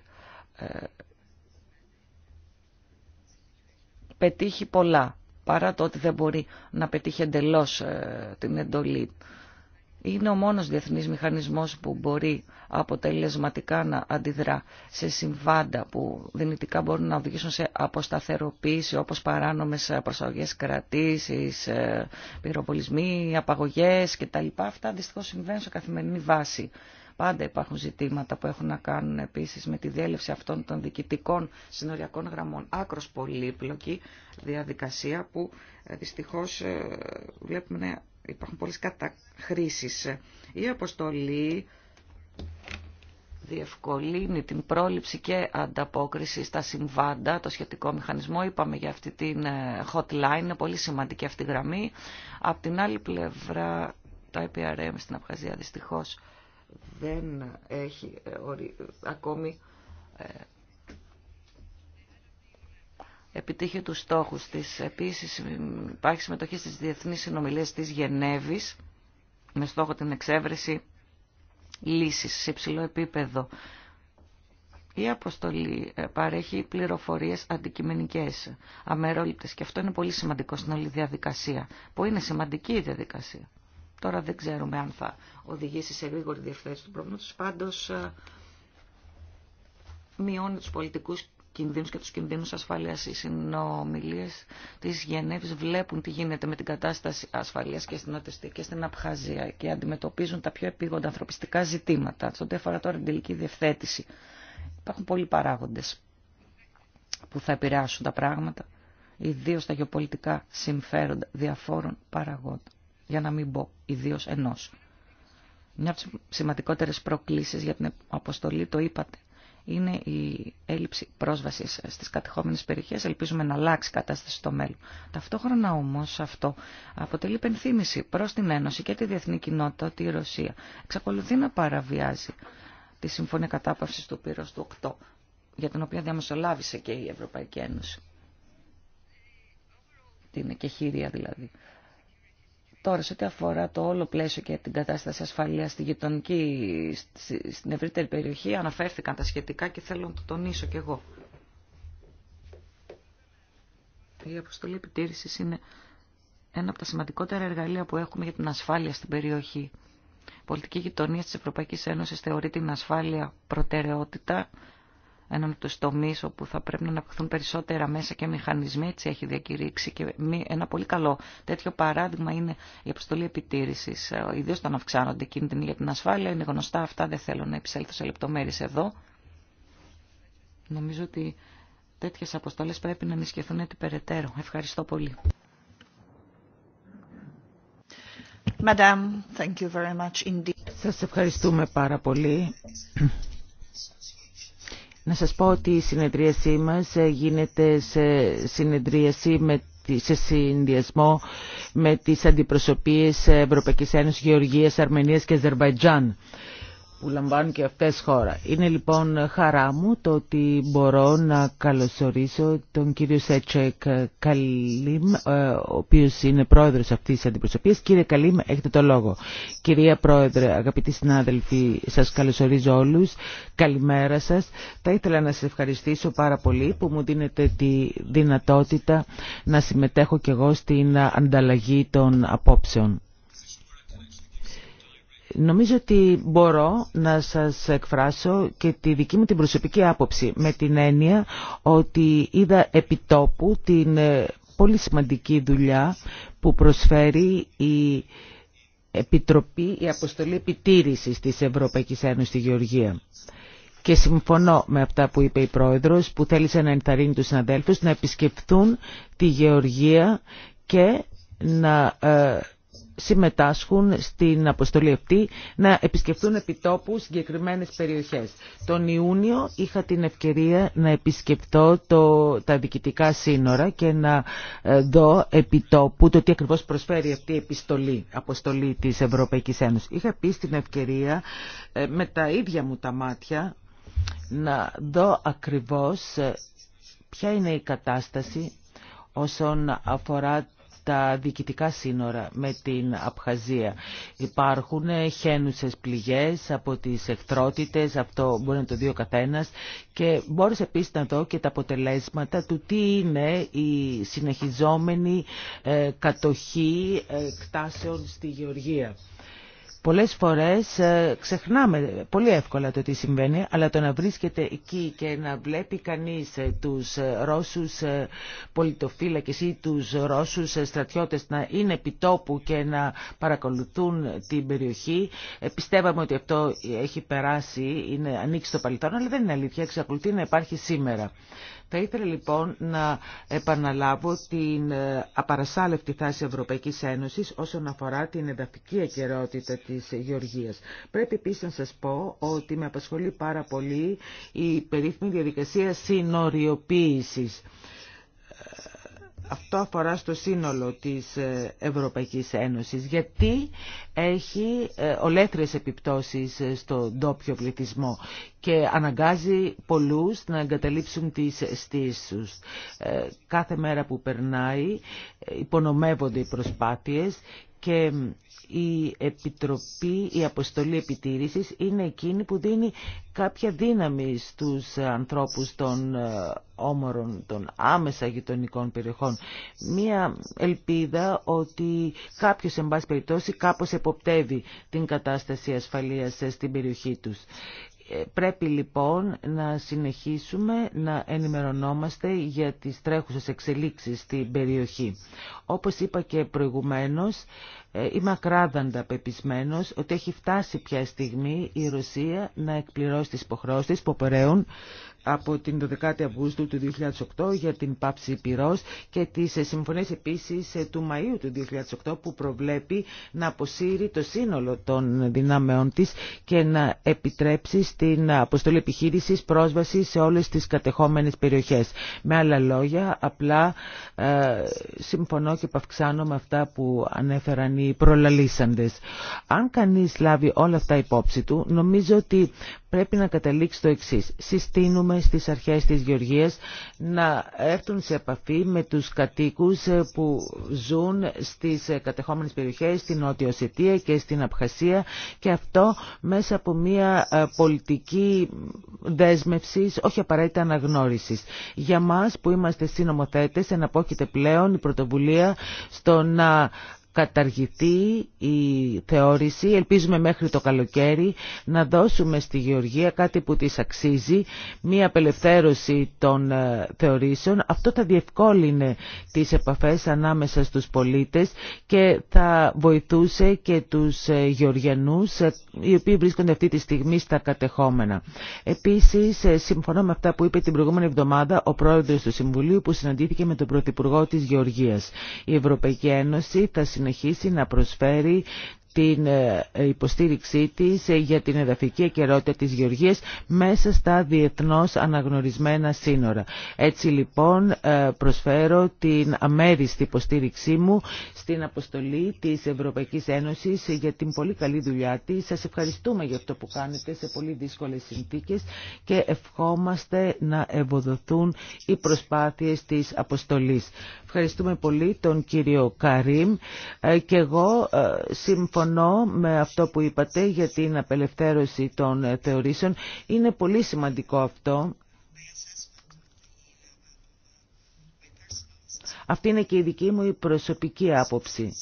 πετύχει πολλά, παρά το ότι δεν μπορεί να πετύχει εντελώς ε, την εντολή. Είναι ο μόνος διεθνής μηχανισμός που μπορεί αποτελεσματικά να αντιδρά σε συμβάντα που δυνητικά μπορούν να οδηγήσουν σε αποσταθεροποίηση όπως παράνομες προσαγωγές κρατήσεις, ε, πυροβολισμοί, απαγωγές κτλ. Αυτά δυστυχώς συμβαίνουν σε καθημερινή βάση. Πάντα υπάρχουν ζητήματα που έχουν να κάνουν επίσης με τη διέλευση αυτών των διοικητικών συνοριακών γραμμών. Άκρος πολύπλοκη διαδικασία που ε, δυστυχώς ε, βλέπουμε να υπάρχουν πολλές καταχρήσεις. Η αποστολή διευκολύνει την πρόληψη και ανταπόκριση στα συμβάντα, το σχετικό μηχανισμό. Είπαμε για αυτή την ε, hotline, είναι πολύ σημαντική αυτή η γραμμή. Απ' την άλλη πλευρά, τα IPRM στην Αυγαζία δυστυχώς δεν έχει ε, ακόμη ε, επιτύχει τους στόχους της. Επίσης υπάρχει συμμετοχή στις διεθνείς συνομιλίες της Γενέβης με στόχο την εξέβρεση λύσης σε υψηλό επίπεδο. Η αποστολή ε, παρέχει πληροφορίες αντικειμενικές, αμερόληπτες και αυτό είναι πολύ σημαντικό στην όλη διαδικασία, που είναι σημαντική η διαδικασία. Τώρα δεν ξέρουμε αν θα οδηγήσει σε γρήγορη διευθέτηση του πρόβληματος, πάντως ε, μειώνει τους πολιτικούς κινδύνους και τους κινδύνους ασφαλείας. Οι συνομιλίες της Γενέβης βλέπουν τι γίνεται με την κατάσταση ασφαλείας και στην και στην Απχαζία και αντιμετωπίζουν τα πιο επίγοντα ανθρωπιστικά ζητήματα. Στον αφορά τώρα την τελική διευθέτηση. Υπάρχουν πολλοί παράγοντες που θα επηρεάσουν τα πράγματα, ιδίως τα γεωπολιτικά συμφέροντα διαφόρων παραγόντων για να μην πω ιδίω ενό. Μια από τι σημαντικότερε προκλήσει για την αποστολή, το είπατε, είναι η έλλειψη πρόσβαση στι κατεχόμενε περιοχές. Ελπίζουμε να αλλάξει η κατάσταση στο μέλλον. Ταυτόχρονα όμω, αυτό αποτελεί πενθύμηση προ την Ένωση και τη διεθνή κοινότητα ότι η Ρωσία εξακολουθεί να παραβιάζει τη Συμφωνία Κατάπαυση του Πύρος του 8, για την οποία διαμεσολάβησε και η Ευρωπαϊκή Ένωση. Την εκεχηρία δηλαδή. Τώρα, σε ό,τι αφορά το όλο πλαίσιο και την κατάσταση ασφαλείας στη γειτονική, στην ευρύτερη περιοχή, αναφέρθηκαν τα σχετικά και θέλω να το τονίσω κι εγώ. Η αποστολή επιτήρησης είναι ένα από τα σημαντικότερα εργαλεία που έχουμε για την ασφάλεια στην περιοχή. Η πολιτική γειτονία της Ευρωπαϊκής Ένωσης θεωρεί την ασφάλεια προτεραιότητα έναν από του τομεί όπου θα πρέπει να αναπτυχθούν περισσότερα μέσα και μηχανισμοί, έτσι έχει διακηρύξει και ένα πολύ καλό τέτοιο παράδειγμα είναι η αποστολή επιτήρηση. Ε, ιδίω όταν αυξάνονται κίνδυνοι για την ασφάλεια, είναι γνωστά αυτά, δεν θέλω να επισέλθω σε λεπτομέρειε εδώ. Νομίζω ότι τέτοιε αποστολέ πρέπει να ενισχυθούν έτσι περαιτέρω. Ευχαριστώ πολύ. Σα Σας ευχαριστούμε πάρα πολύ. Να σας πω ότι η συνεδρίασή μας ε, γίνεται σε συνεδρίαση με σε συνδυασμό με τις αντιπροσωπείες Ευρωπαϊκής Ένωσης, Γεωργίας, Αρμενίας και Αζερβαϊτζάν που λαμβάνουν και αυτές χώρα. Είναι λοιπόν χαρά μου το ότι μπορώ να καλωσορίσω τον κύριο Σέτσεκ Καλίμ, ε, ο οποίος είναι πρόεδρος αυτής της αντιπροσωπείας. Κύριε Καλίμ, έχετε το λόγο. Κυρία Πρόεδρε, αγαπητοί συνάδελφοι, σας καλωσορίζω όλους. Καλημέρα σας. Θα ήθελα να σας ευχαριστήσω πάρα πολύ που μου δίνετε τη δυνατότητα να συμμετέχω κι εγώ στην ανταλλαγή των απόψεων. Νομίζω ότι μπορώ να σας εκφράσω και τη δική μου την προσωπική άποψη με την έννοια ότι είδα επιτόπου την ε, πολύ σημαντική δουλειά που προσφέρει η Επιτροπή, η Αποστολή Επιτήρησης της Ευρωπαϊκής Ένωσης στη Γεωργία. Και συμφωνώ με αυτά που είπε η Πρόεδρος που θέλησε να ενθαρρύνει τους συναδέλφους να επισκεφθούν τη Γεωργία και να ε, συμμετάσχουν στην αποστολή αυτή να επισκεφτούν επιτόπου συγκεκριμένες περιοχές. Τον Ιούνιο είχα την ευκαιρία να επισκεφτώ το, τα διοικητικά σύνορα και να ε, δω επιτόπου το τι ακριβώς προσφέρει αυτή η επιστολή, αποστολή της Ευρωπαϊκής Ένωσης. Είχα πει την ευκαιρία ε, με τα ίδια μου τα μάτια να δω ακριβώς ε, ποια είναι η κατάσταση όσον αφορά τα διοικητικά σύνορα με την Απχαζία. Υπάρχουν χένουσες πληγές από τις εχθρότητες, αυτό μπορεί να το δει ο καθένας και μπορείς επίσης να δω και τα αποτελέσματα του τι είναι η συνεχιζόμενη ε, κατοχή ε, εκτάσεων στη Γεωργία. Πολλές φορές ε, ξεχνάμε πολύ εύκολα το τι συμβαίνει, αλλά το να βρίσκεται εκεί και να βλέπει κανείς ε, τους ε, Ρώσους πολιτοφύλακες ή τους Ρώσους στρατιώτες να είναι επιτόπου και να παρακολουθούν την περιοχή. Πιστεύαμε ότι αυτό έχει περάσει, είναι ανοίξει το παλιτόν, αλλά δεν είναι αλήθεια, εξακολουθεί να υπάρχει σήμερα. Θα ήθελα λοιπόν να επαναλάβω την ε, απαρασάλευτη θάση Ευρωπαϊκής Ένωσης όσον αφορά την εδαφική αικαιρότητα της Γεωργίας. Πρέπει επίσης να σας πω ότι με απασχολεί πάρα πολύ η περίφημη διαδικασία συνοριοποίησης αυτό αφορά στο σύνολο της ε, Ευρωπαϊκής Ένωσης γιατί έχει ε, ολέθριες επιπτώσεις ε, στον ντόπιο πληθυσμό και αναγκάζει πολλούς να εγκαταλείψουν τις αισθήσεις τους. Κάθε μέρα που περνάει υπονομεύονται οι προσπάθειες και η επιτροπή, η αποστολή επιτήρησης είναι εκείνη που δίνει κάποια δύναμη στους ανθρώπους των ε, όμορων, των άμεσα γειτονικών περιοχών. Μία ελπίδα ότι κάποιος, εν πάση περιπτώσει, κάπως εποπτεύει την κατάσταση ασφαλείας ε, στην περιοχή τους. Ε, πρέπει λοιπόν να συνεχίσουμε να ενημερωνόμαστε για τις τρέχουσες εξελίξεις στην περιοχή. Όπως είπα και προηγουμένως, ε, είμαι ακράδαντα πεπισμένος ότι έχει φτάσει πια στιγμή η Ρωσία να εκπληρώσει τις υποχρεώσεις που απορρέουν από την 12η Αυγούστου του 2008 για την πάψη πυρός και τις συμφωνίες επίσης του Μαΐου του 2008 που προβλέπει να αποσύρει το σύνολο των δυνάμεών της και να επιτρέψει στην αποστολή επιχείρησης πρόσβαση σε όλες τις κατεχόμενες περιοχές. Με άλλα λόγια, απλά ε, συμφωνώ και επαυξάνω με αυτά που ανέφεραν οι προλαλήσαντες. Αν κανείς λάβει όλα αυτά υπόψη του, νομίζω ότι πρέπει να καταλήξει το εξή. Συστήνουμε στις αρχές της Γεωργίας να έρθουν σε επαφή με τους κατοίκους ε, που ζουν στις ε, κατεχόμενες περιοχές, στην Νότιο Οσετία και στην Απχασία και αυτό μέσα από μια ε, πολιτική δέσμευση, όχι απαραίτητα αναγνώρισης. Για μας που είμαστε συνομοθέτες, εναπόκειται πλέον η πρωτοβουλία στο να καταργηθεί η θεώρηση. Ελπίζουμε μέχρι το καλοκαίρι να δώσουμε στη Γεωργία κάτι που της αξίζει, μία απελευθέρωση των ε, θεωρήσεων. Αυτό θα διευκόλυνε τις επαφές ανάμεσα στους πολίτες και θα βοηθούσε και τους ε, Γεωργιανούς, ε, οι οποίοι βρίσκονται αυτή τη στιγμή στα κατεχόμενα. Επίσης, συμφωνώ με αυτά που είπε την προηγούμενη εβδομάδα ο πρόεδρος του Συμβουλίου που συναντήθηκε με τον Πρωθυπουργό της Γεωργίας. Η Ευρωπαϊκή Ένωση θα να προσφέρει την ε, υποστήριξή της ε, για την εδαφική αικαιρότητα της Γεωργίας μέσα στα διεθνώς αναγνωρισμένα σύνορα. Έτσι λοιπόν ε, προσφέρω την αμέριστη υποστήριξή μου στην αποστολή της Ευρωπαϊκής Ένωσης για την πολύ καλή δουλειά της. Σας ευχαριστούμε για αυτό που κάνετε σε πολύ δύσκολες συνθήκες και ευχόμαστε να ευοδοθούν οι προσπάθειες της αποστολής. Ευχαριστούμε πολύ τον κύριο Καρίμ ε, και εγώ ε, συμφωνώ με αυτό που είπατε για την απελευθέρωση των ε, θεωρήσεων. Είναι πολύ σημαντικό αυτό. Αυτή είναι και η δική μου η προσωπική άποψη.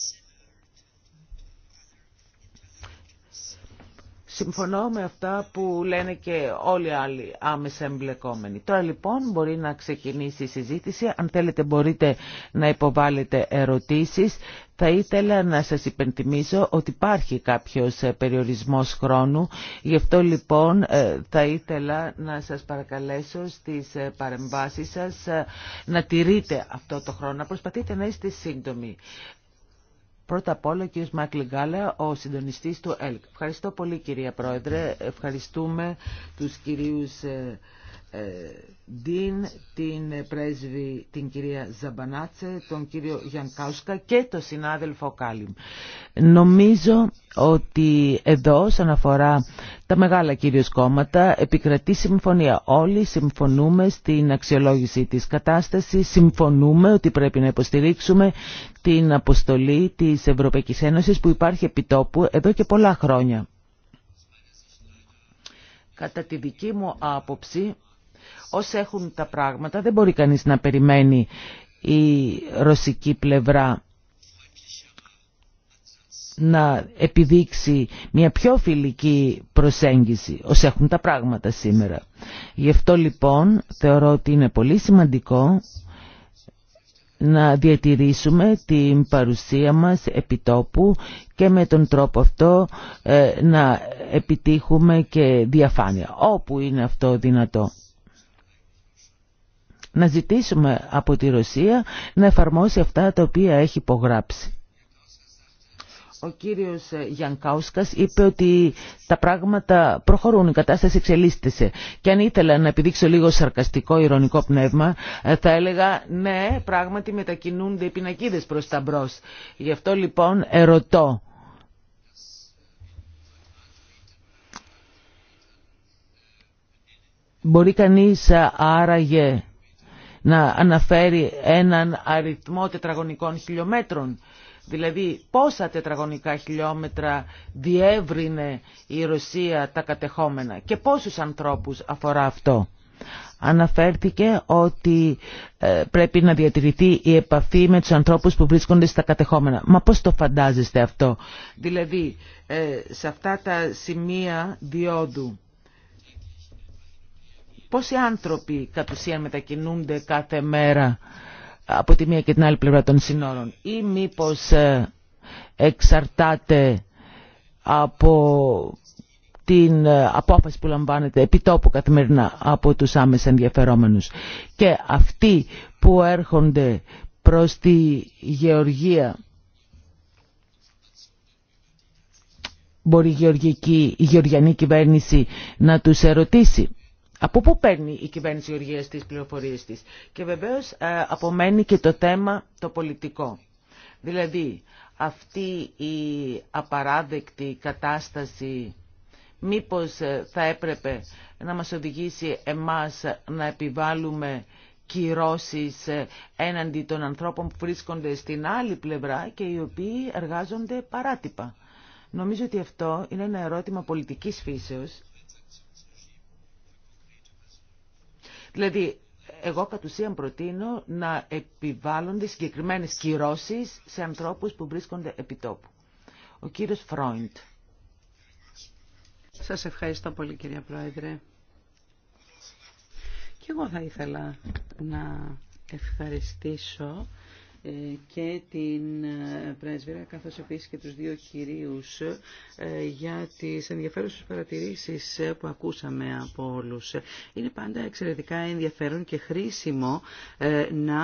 Συμφωνώ με αυτά που λένε και όλοι οι άλλοι άμεσα εμπλεκόμενοι. Τώρα λοιπόν μπορεί να ξεκινήσει η συζήτηση. Αν θέλετε μπορείτε να υποβάλλετε ερωτήσεις. Θα ήθελα να σας υπενθυμίσω ότι υπάρχει κάποιος ε, περιορισμός χρόνου. Γι' αυτό λοιπόν ε, θα ήθελα να σας παρακαλέσω στις ε, παρεμβάσεις σας να τηρείτε αυτό το χρόνο, να προσπαθείτε να είστε σύντομοι. Πρώτα απ' όλα ο κ. Μάκλη Γκάλα, ο συντονιστής του ΕΛΚ. Ευχαριστώ πολύ κυρία Πρόεδρε. Ευχαριστούμε τους κυρίους ε, ε, Ντίν, την πρέσβη την κυρία Ζαμπανάτσε, τον κύριο Γιανκάουσκα και τον συνάδελφο Κάλιμ. Νομίζω ότι εδώ όσον αφορά τα μεγάλα κυρίως κόμματα επικρατεί συμφωνία. Όλοι συμφωνούμε στην αξιολόγηση της κατάστασης, συμφωνούμε ότι πρέπει να υποστηρίξουμε την αποστολή της Ευρωπαϊκής Ένωσης που υπάρχει επιτόπου εδώ και πολλά χρόνια. Κατά τη δική μου άποψη, ως έχουν τα πράγματα δεν μπορεί κανείς να περιμένει η ρωσική πλευρά να επιδείξει μια πιο φιλική προσέγγιση ως έχουν τα πράγματα σήμερα. Γι' αυτό λοιπόν θεωρώ ότι είναι πολύ σημαντικό να διατηρήσουμε την παρουσία μας επιτόπου και με τον τρόπο αυτό ε, να επιτύχουμε και διαφάνεια όπου είναι αυτό δυνατό να ζητήσουμε από τη Ρωσία να εφαρμόσει αυτά τα οποία έχει υπογράψει. Ο κύριος Γιανκάουσκας είπε ότι τα πράγματα προχωρούν, η κατάσταση εξελίσθησε. Και αν ήθελα να επιδείξω λίγο σαρκαστικό, ηρωνικό πνεύμα, ε, θα έλεγα ναι, πράγματι μετακινούνται οι πινακίδες προς τα μπρος. Γι' αυτό λοιπόν ερωτώ. Μπορεί κανείς ε, άραγε να αναφέρει έναν αριθμό τετραγωνικών χιλιόμετρων. Δηλαδή πόσα τετραγωνικά χιλιόμετρα διεύρυνε η Ρωσία τα κατεχόμενα και πόσους ανθρώπους αφορά αυτό. Αναφέρθηκε ότι ε, πρέπει να διατηρηθεί η επαφή με τους ανθρώπους που βρίσκονται στα κατεχόμενα. Μα πώς το φαντάζεστε αυτό. Δηλαδή ε, σε αυτά τα σημεία διόδου Πόσοι άνθρωποι κατ' ουσίαν μετακινούνται κάθε μέρα από τη μία και την άλλη πλευρά των συνόρων ή μήπως ε, εξαρτάται από την ε, απόφαση που λαμβάνεται επί καθημερινά από τους άμεσα ενδιαφερόμενους. Και αυτοί που έρχονται προς τη γεωργία μπορεί η γεωργιανή κυβέρνηση να τους ερωτήσει από πού παίρνει η κυβέρνηση οργία τις πληροφορίες της. Και βεβαίως ε, απομένει και το θέμα το πολιτικό. Δηλαδή αυτή η απαράδεκτη κατάσταση μήπως ε, θα έπρεπε να μας οδηγήσει εμάς να επιβάλλουμε κυρώσεις ε, έναντι των ανθρώπων που βρίσκονται στην άλλη πλευρά και οι οποίοι εργάζονται παράτυπα. Νομίζω ότι αυτό είναι ένα ερώτημα πολιτικής φύσεως Δηλαδή, εγώ κατ' ουσίαν προτείνω να επιβάλλονται συγκεκριμένες κυρώσεις σε ανθρώπους που βρίσκονται επί τόπου. Ο κύριος Φρόιντ. Σας ευχαριστώ πολύ κυρία Πρόεδρε. Και εγώ θα ήθελα να ευχαριστήσω ε, και την ε, πρέσβυρα καθώς επίσης και τους δύο κυρίους ε, για τις ενδιαφέρουσες παρατηρήσεις που ακούσαμε από όλους. Είναι πάντα εξαιρετικά ενδιαφέρον και χρήσιμο να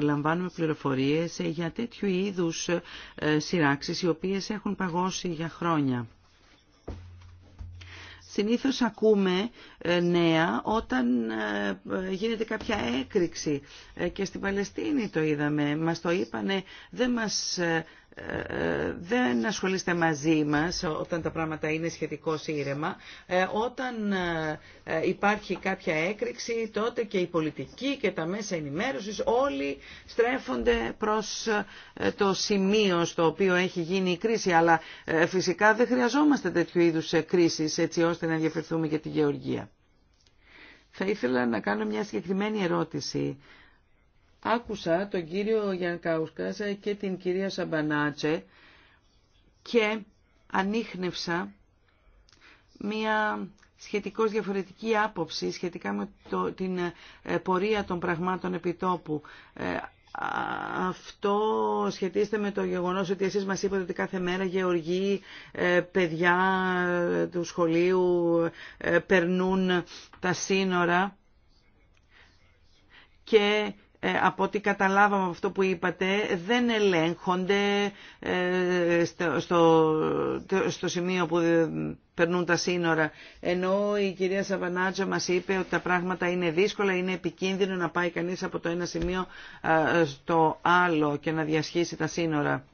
λαμβάνουμε πληροφορίες για τέτοιου είδους σειράξεις οι οποίες έχουν παγώσει για χρόνια. Συνήθως ακούμε ε, νέα όταν ε, γίνεται κάποια έκρηξη ε, και στην Παλαιστίνη το είδαμε. Μας το είπανε, δεν μας δεν ασχολείστε μαζί μας όταν τα πράγματα είναι σχετικό ήρεμα. Ε, όταν ε, υπάρχει κάποια έκρηξη τότε και οι πολιτικοί και τα μέσα ενημέρωσης όλοι στρέφονται προς ε, το σημείο στο οποίο έχει γίνει η κρίση. Αλλά φυσικά δεν χρειαζόμαστε τέτοιου είδους κρίσεις έτσι ώστε να διαφερθούμε για τη γεωργία. Θα ήθελα να κάνω μια συγκεκριμένη ερώτηση Άκουσα τον κύριο Γιανκάουσκας και την κυρία Σαμπανάτσε και ανείχνευσα μία σχετικώς διαφορετική άποψη σχετικά με το, την ε, πορεία των πραγμάτων επιτόπου. Ε, αυτό σχετίζεται με το γεγονός ότι εσείς μας είπατε ότι κάθε μέρα γεωργοί, ε, παιδιά του σχολείου περνούν τα σύνορα και ε, από ό,τι καταλάβαμε αυτό που είπατε, δεν ελέγχονται ε, στο, σημείο που ε, περνούν τα σύνορα. Ενώ η κυρία Σαβανάτζα μας είπε ότι τα πράγματα είναι δύσκολα, είναι επικίνδυνο να πάει κανείς από το ένα σημείο στο άλλο και να διασχίσει τα σύνορα.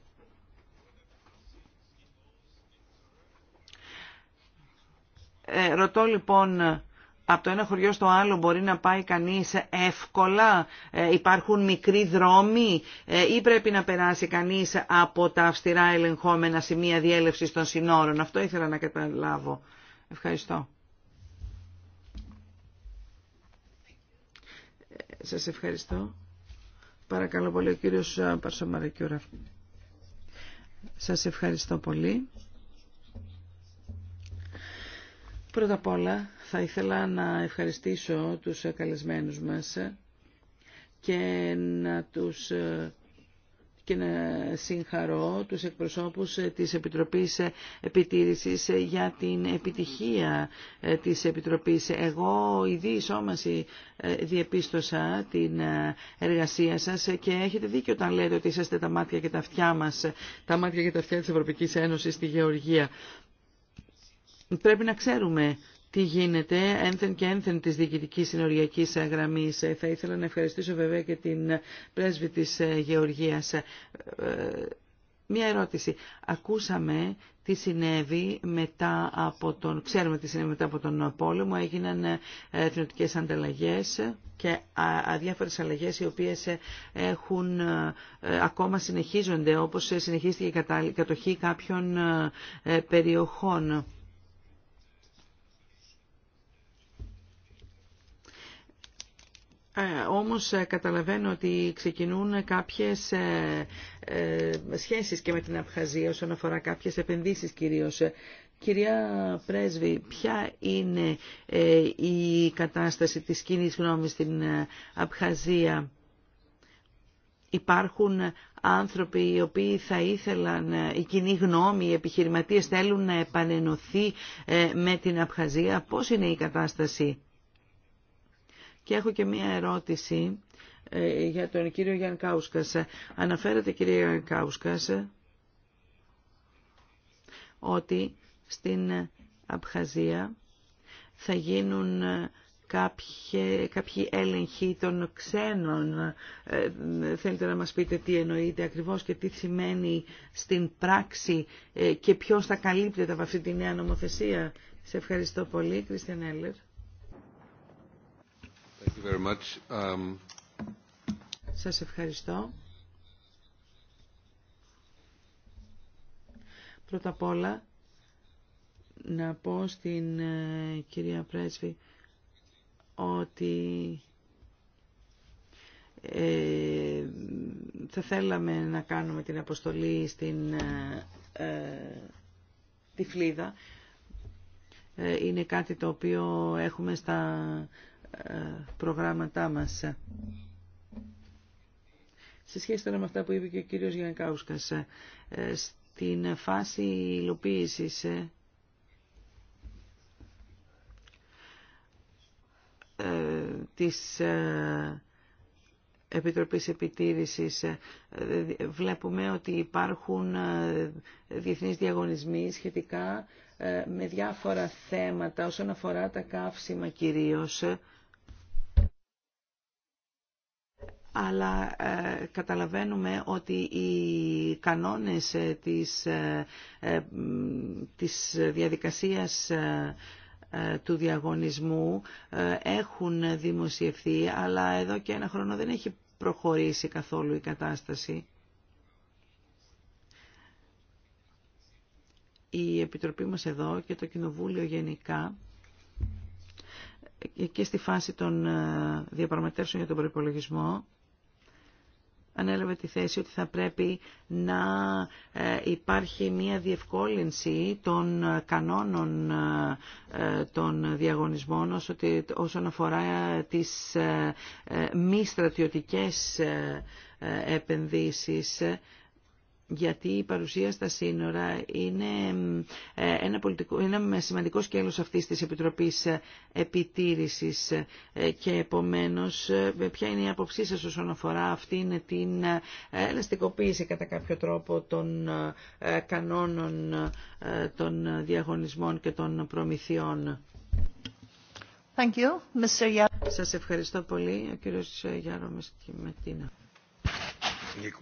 Ε, ρωτώ λοιπόν από το ένα χωριό στο άλλο μπορεί να πάει κανείς εύκολα, ε, υπάρχουν μικροί δρόμοι ε, ή πρέπει να περάσει κανείς από τα αυστηρά ελεγχόμενα σημεία διέλευσης των συνόρων. Αυτό ήθελα να καταλάβω. Ευχαριστώ. Σας ευχαριστώ. Παρακαλώ πολύ ο κύριος ε, Παρσομαρακιούρα. Σας ευχαριστώ πολύ. Πρώτα απ' όλα θα ήθελα να ευχαριστήσω τους καλεσμένους μας και να τους και να συγχαρώ τους εκπροσώπους της Επιτροπής Επιτήρησης για την επιτυχία της Επιτροπής. Εγώ η σώμαση ε, διεπίστωσα την ε, εργασία σας και έχετε δίκιο όταν λέτε ότι είσαστε τα μάτια και τα αυτιά μας, τα μάτια και τα αυτιά της Ευρωπαϊκής Ένωσης στη Γεωργία. Πρέπει να ξέρουμε τι γίνεται ένθεν και ένθεν της διοικητικής συνοριακής γραμμής. Ε, θα ήθελα να ευχαριστήσω βέβαια και την πρέσβη της ε, Γεωργίας. Ε, μία ερώτηση. Ακούσαμε τι συνέβη μετά από τον... Ξέρουμε τι συνέβη μετά από τον πόλεμο. Έγιναν εθνωτικές ανταλλαγές και αδιάφορες αλλαγές οι οποίες έχουν ακόμα συνεχίζονται όπως συνεχίστηκε η κατοχή κάποιων περιοχών. Ε, όμως ε, καταλαβαίνω ότι ξεκινούν κάποιες ε, σχέσεις και με την Απχαζία όσον αφορά κάποιες επενδύσεις κυρίως. Κυρία Πρέσβη, ποια είναι η κατάσταση της κοινή γνώμης στην Απχαζία. Υπάρχουν άνθρωποι οι οποίοι θα ήθελαν, η κοινή γνώμη, οι επιχειρηματίες θέλουν να επανενωθεί με την Απχαζία. Πώς είναι η κατάσταση. Και έχω και μία ερώτηση ε, για τον κύριο Γιάνν Κάουσκας. Αναφέρατε κύριε Γιάνν Κάουσκας ότι στην Απχαζία θα γίνουν ε, κάποιοι, κάποιοι έλεγχοι των ξένων. Ε, θέλετε να μας πείτε τι εννοείτε ακριβώς και τι σημαίνει στην πράξη και ποιος θα καλύπτεται από αυτή τη νέα νομοθεσία. Σε ευχαριστώ πολύ, Κριστιαν Έλλερ. Thank um, Σας ευχαριστώ. Πρώτα απ' όλα να πω στην ε, κυρία Πρέσβη ότι ε, θα θέλαμε να κάνουμε την αποστολή στην ε, ε Τυφλίδα. Είναι κάτι το οποίο έχουμε στα προγράμματά μας. Σε σχέση τώρα με αυτά που είπε και ο κύριος Κάουσκας ε, στην φάση υλοποίησης ε, ε, της Επιτροπής Επιτήρησης βλέπουμε ότι υπάρχουν διεθνείς διαγωνισμοί σχετικά με διάφορα θέματα όσον αφορά τα καύσιμα κυρίως αλλά ε, καταλαβαίνουμε ότι οι κανόνες ε, της, ε, της διαδικασίας του διαγωνισμού έχουν δημοσιευθεί, αλλά εδώ και ένα χρόνο δεν έχει προχωρήσει καθόλου η κατάσταση. Η Επιτροπή μας εδώ και το Κοινοβούλιο γενικά και στη φάση των διαπραγματεύσεων για τον προϋπολογισμό ανέλαβε τη θέση ότι θα πρέπει να ε, υπάρχει μια διευκόλυνση των κανόνων ε, των διαγωνισμών όσον αφορά τις ε, μη στρατιωτικές επενδύσεις γιατί η παρουσία στα σύνορα είναι ε, ένα, πολιτικό, σημαντικό σκέλος αυτής της Επιτροπής ε, Επιτήρησης ε, και επομένως ποια είναι η άποψή σας όσον αφορά αυτήν την ελαστικοποίηση κατά κάποιο τρόπο των κανόνων των διαγωνισμών και των προμηθειών. Thank you, Mr. Σας ευχαριστώ πολύ, ο κύριος Γιάρομης Μετίνα. E,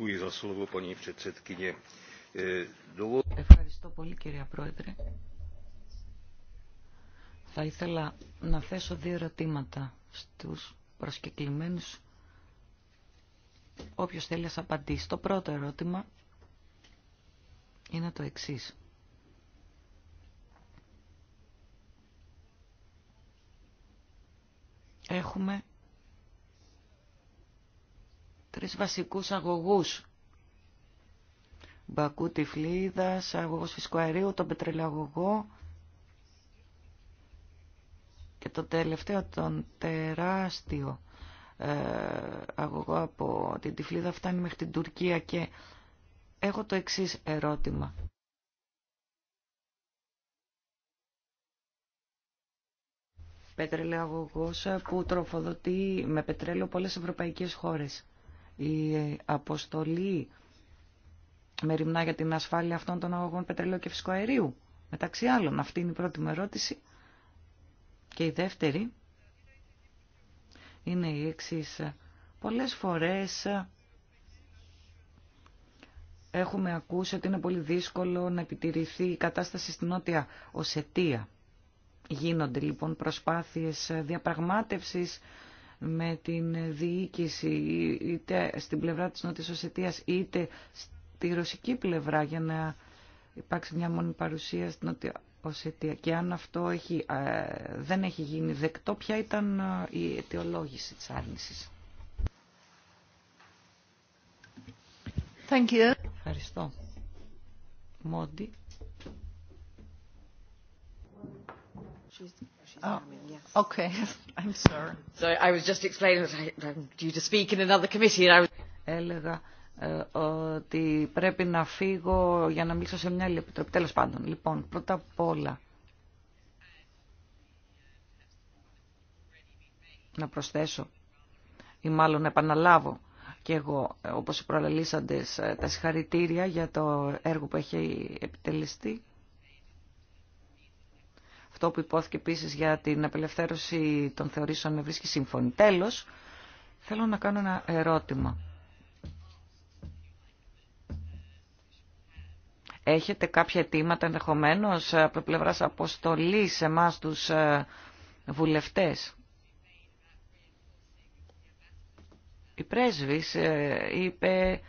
Ευχαριστώ πολύ κύριε Πρόεδρε. Θα ήθελα να θέσω δύο ερωτήματα στους προσκεκλημένους. Όποιος θέλει να απαντήσει. Το πρώτο ερώτημα είναι το εξής. Έχουμε τρεις βασικούς αγωγούς. Μπακού Τυφλίδας, αγωγός φυσικού αερίου, τον πετρελαγωγό και το τελευταίο τον τεράστιο ε, αγωγό από την Τυφλίδα φτάνει μέχρι την Τουρκία και έχω το εξής ερώτημα. πετρελαγωγός που τροφοδοτεί με πετρέλαιο πολλές ευρωπαϊκές χώρες η αποστολή μεριμνά για την ασφάλεια αυτών των αγωγών πετρελαίου και φυσικού αερίου. Μεταξύ άλλων, αυτή είναι η πρώτη μου ερώτηση. Και η δεύτερη είναι η εξή. Πολλές φορές έχουμε ακούσει ότι είναι πολύ δύσκολο να επιτηρηθεί η κατάσταση στην Νότια Οσετία. Γίνονται λοιπόν προσπάθειες διαπραγμάτευσης με την διοίκηση είτε στην πλευρά της Νότιας Οσετίας είτε στη ρωσική πλευρά για να υπάρξει μια μόνη παρουσία στην Νότια Οσετία. Και αν αυτό έχει, ε, δεν έχει γίνει δεκτό, ποια ήταν ε, η αιτιολόγηση της άρνησης. Thank you. Ευχαριστώ. Μόντι. Oh, okay, I'm sorry. I was just explaining that I'm um, due Έλεγα ε, ότι πρέπει να φύγω για να μιλήσω σε μια άλλη επιτροπή. Τέλος πάντων, λοιπόν, πρώτα απ' όλα να προσθέσω ή μάλλον να επαναλάβω και εγώ, ε, όπως οι προλαλήσαντες, ε, τα συγχαρητήρια για το έργο που έχει επιτελεστεί αυτό που υπόθηκε επίση για την απελευθέρωση των θεωρήσεων με βρίσκει σύμφωνη. Τέλο, θέλω να κάνω ένα ερώτημα. Έχετε κάποια αιτήματα ενδεχομένω από πλευρά αποστολή σε εμά του ε, βουλευτέ. Η πρέσβη ε, είπε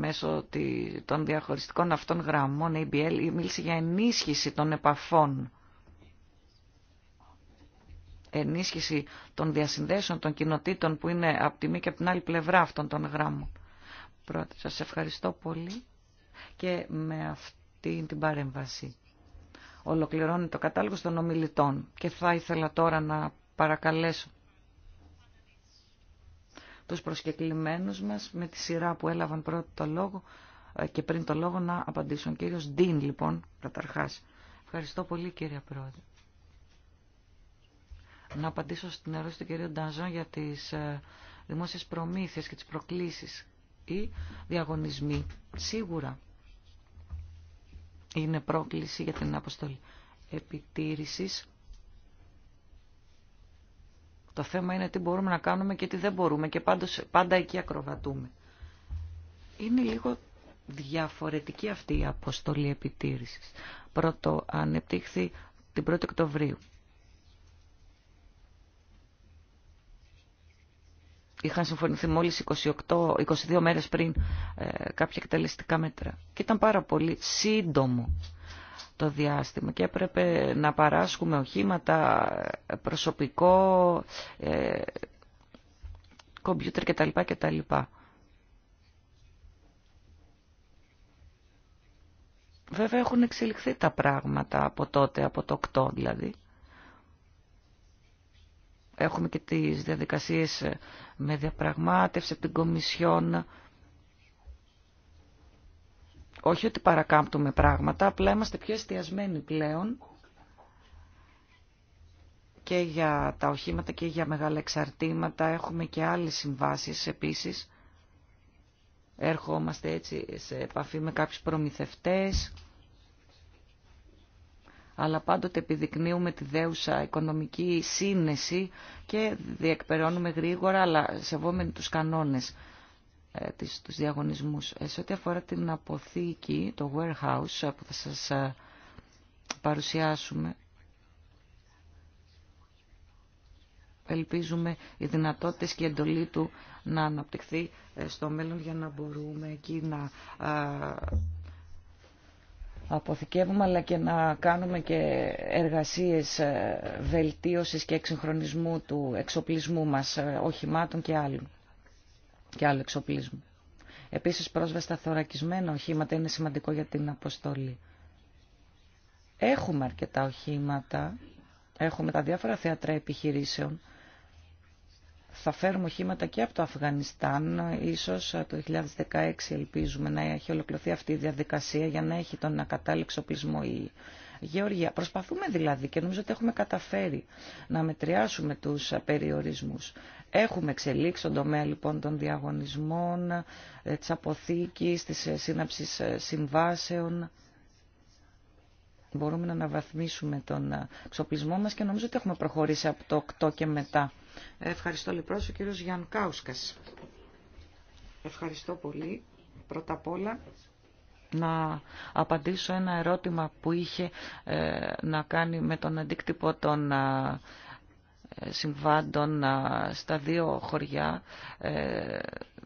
μέσω των διαχωριστικών αυτών γραμμών ABL μίλησε για ενίσχυση των επαφών ενίσχυση των διασυνδέσεων των κοινοτήτων που είναι από τη μία και από την άλλη πλευρά αυτών των γράμμων. Πρώτα, σας ευχαριστώ πολύ και με αυτή την παρέμβαση. Ολοκληρώνει το κατάλογο των ομιλητών και θα ήθελα τώρα να παρακαλέσω τους προσκεκλημένους μας με τη σειρά που έλαβαν πρώτο το λόγο ε, και πριν το λόγο να απαντήσουν. Κύριος Ντίν λοιπόν καταρχάς. Ευχαριστώ πολύ κύριε Πρόεδρε. Να απαντήσω στην ερώτηση του κυρίου για τις ε, δημόσιες προμήθειες και τις προκλήσεις ή διαγωνισμοί. Σίγουρα είναι πρόκληση για την αποστολή επιτήρησης το θέμα είναι τι μπορούμε να κάνουμε και τι δεν μπορούμε και πάντως, πάντα εκεί ακροβατούμε. Είναι λίγο διαφορετική αυτή η αποστολή επιτήρησης. Πρώτο ανεπτύχθη την 1η Οκτωβρίου. Είχαν συμφωνηθεί μόλις 28, 22 μέρες πριν ε, κάποια εκτελεστικά μέτρα. Και ήταν πάρα πολύ σύντομο το διάστημα και έπρεπε να παράσχουμε οχήματα, προσωπικό, ε, κομπιούτερ κτλ. κτλ. Βέβαια έχουν εξελιχθεί τα πράγματα από τότε, από το 8 δηλαδή. Έχουμε και τις διαδικασίες με διαπραγμάτευση από την Κομισιόν όχι ότι παρακάμπτουμε πράγματα, απλά είμαστε πιο εστιασμένοι πλέον και για τα οχήματα και για μεγάλα εξαρτήματα. Έχουμε και άλλες συμβάσεις επίσης. Έρχομαστε έτσι σε επαφή με κάποιους προμηθευτές. Αλλά πάντοτε επιδεικνύουμε τη δέουσα οικονομική σύνεση και διεκπεραιώνουμε γρήγορα, αλλά σεβόμενοι τους κανόνες. Ε, τους διαγωνισμούς. Ε, σε ό,τι αφορά την αποθήκη, το warehouse ε, που θα σας παρουσιάσουμε, ελπίζουμε οι δυνατότητες και η εντολή του να αναπτυχθεί στο μέλλον για να μπορούμε εκεί να αποθηκεύουμε αλλά και να κάνουμε και εργασίες βελτίωσης και εξυγχρονισμού του εξοπλισμού μας, οχημάτων και άλλων και άλλο εξοπλισμό. Επίσης πρόσβαση στα θωρακισμένα οχήματα είναι σημαντικό για την αποστολή. Έχουμε αρκετά οχήματα, έχουμε τα διάφορα θέατρα επιχειρήσεων. Θα φέρουμε οχήματα και από το Αφγανιστάν, ίσως το 2016 ελπίζουμε να έχει ολοκληρωθεί αυτή η διαδικασία για να έχει τον ακατάλληλο εξοπλισμό η Γεωργία. Προσπαθούμε δηλαδή και νομίζω ότι έχουμε καταφέρει να μετριάσουμε τους περιορισμούς. Έχουμε εξελίξει τον τομέα λοιπόν των διαγωνισμών, ε, της αποθήκης, της ε, σύναψης ε, συμβάσεων. Μπορούμε να αναβαθμίσουμε τον εξοπλισμό μας και νομίζω ότι έχουμε προχωρήσει από το 8 και μετά. Ευχαριστώ λοιπόν ο κύριος Γιάν Κάουσκας. Ευχαριστώ πολύ. Πρώτα απ' όλα να απαντήσω ένα ερώτημα που είχε να κάνει με τον αντίκτυπο των συμβάντων στα δύο χωριά ε,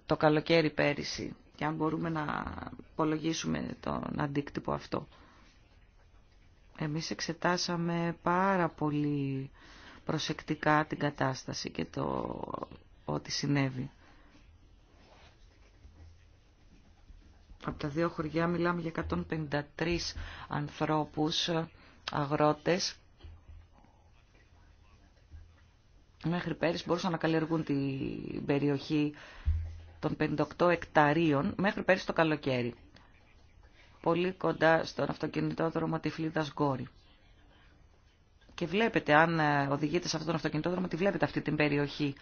το καλοκαίρι πέρυσι και αν μπορούμε να υπολογίσουμε τον αντίκτυπο αυτό. Εμείς εξετάσαμε πάρα πολύ προσεκτικά την κατάσταση και το ότι συνέβη. Από τα δύο χωριά μιλάμε για 153 ανθρώπους, αγρότες, μέχρι πέρυσι μπορούσαν να καλλιεργούν την περιοχή των 58 εκταρίων μέχρι πέρυσι το καλοκαίρι. Πολύ κοντά στον αυτοκινητόδρομο τη Φλίδας Γκόρη. Και βλέπετε, αν ε, οδηγείτε σε αυτόν τον αυτοκινητόδρομο, τη βλέπετε αυτή την περιοχή.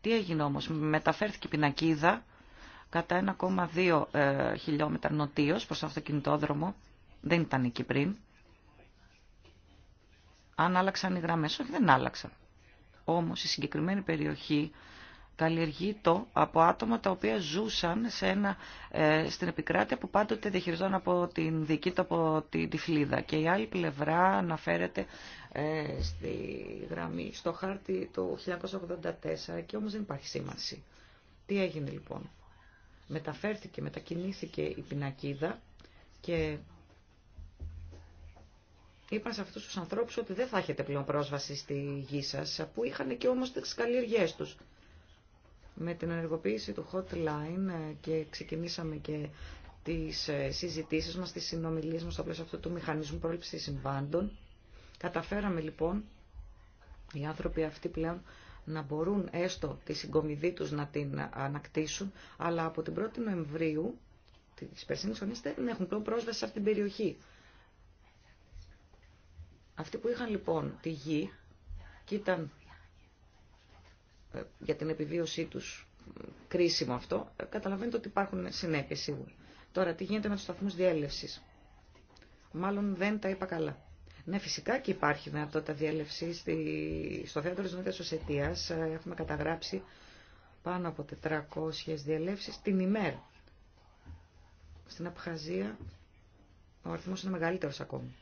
Τι έγινε όμως, μεταφέρθηκε η πινακίδα κατά 1,2 ε, χιλιόμετρα νοτίως προς τον αυτοκινητόδρομο. Δεν ήταν εκεί πριν. Αν άλλαξαν οι γραμμές, όχι δεν άλλαξαν. Όμως η συγκεκριμένη περιοχή καλλιεργείτο από άτομα τα οποία ζούσαν σε ένα, ε, στην επικράτεια που πάντοτε διαχειριζόταν από την δική του, από την τυφλίδα. Και η άλλη πλευρά αναφέρεται ε, στη γραμμή, στο χάρτη του 1984 και όμως δεν υπάρχει σήμανση. Τι έγινε λοιπόν. Μεταφέρθηκε, μετακινήθηκε η πινακίδα και είπαν σε αυτού του ανθρώπου ότι δεν θα έχετε πλέον πρόσβαση στη γη σα, που είχαν και όμω τι καλλιεργίε του. Με την ενεργοποίηση του hotline ε, και ξεκινήσαμε και τι ε, συζητήσει μα, τι συνομιλίε μα στο πλαίσιο αυτού του μηχανισμού πρόληψη συμβάντων, καταφέραμε λοιπόν οι άνθρωποι αυτοί πλέον να μπορούν έστω τη συγκομιδή τους να την ανακτήσουν, αλλά από την 1η Νοεμβρίου της περσίνης χρονής δεν έχουν πλέον πρόσβαση σε αυτήν την περιοχή. Αυτοί που είχαν λοιπόν τη γη και ήταν ε, για την επιβίωσή τους κρίσιμο αυτό, ε, καταλαβαίνετε ότι υπάρχουν συνέπειες σίγουρα. Τώρα, τι γίνεται με τους σταθμούς διέλευσης. Μάλλον δεν τα είπα καλά. Ναι, φυσικά και υπάρχει δυνατότητα διέλευση. Στο θέατρο της Νότιας Οσετίας ε, έχουμε καταγράψει πάνω από 400 διελεύσεις την ημέρα. Στην Απχαζία ο αριθμός είναι μεγαλύτερος ακόμη.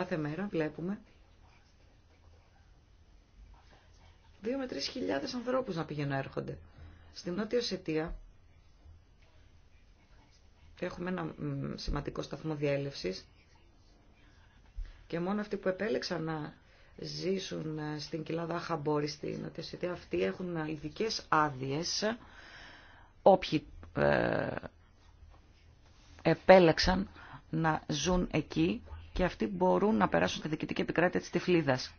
Κάθε μέρα βλέπουμε δύο με τρεις χιλιάδες ανθρώπους να πηγαίνουν έρχονται. Στην Νότια Σετία έχουμε ένα σημαντικό σταθμό διέλευσης και μόνο αυτοί που επέλεξαν να ζήσουν ε, στην κοιλάδα Χαμπόρη, στην Νότια Σετία, αυτοί έχουν ειδικέ άδειε. Όποιοι ε, επέλεξαν να ζουν εκεί και αυτοί μπορούν να περάσουν στη διοικητική επικράτεια της Τυφλίδας.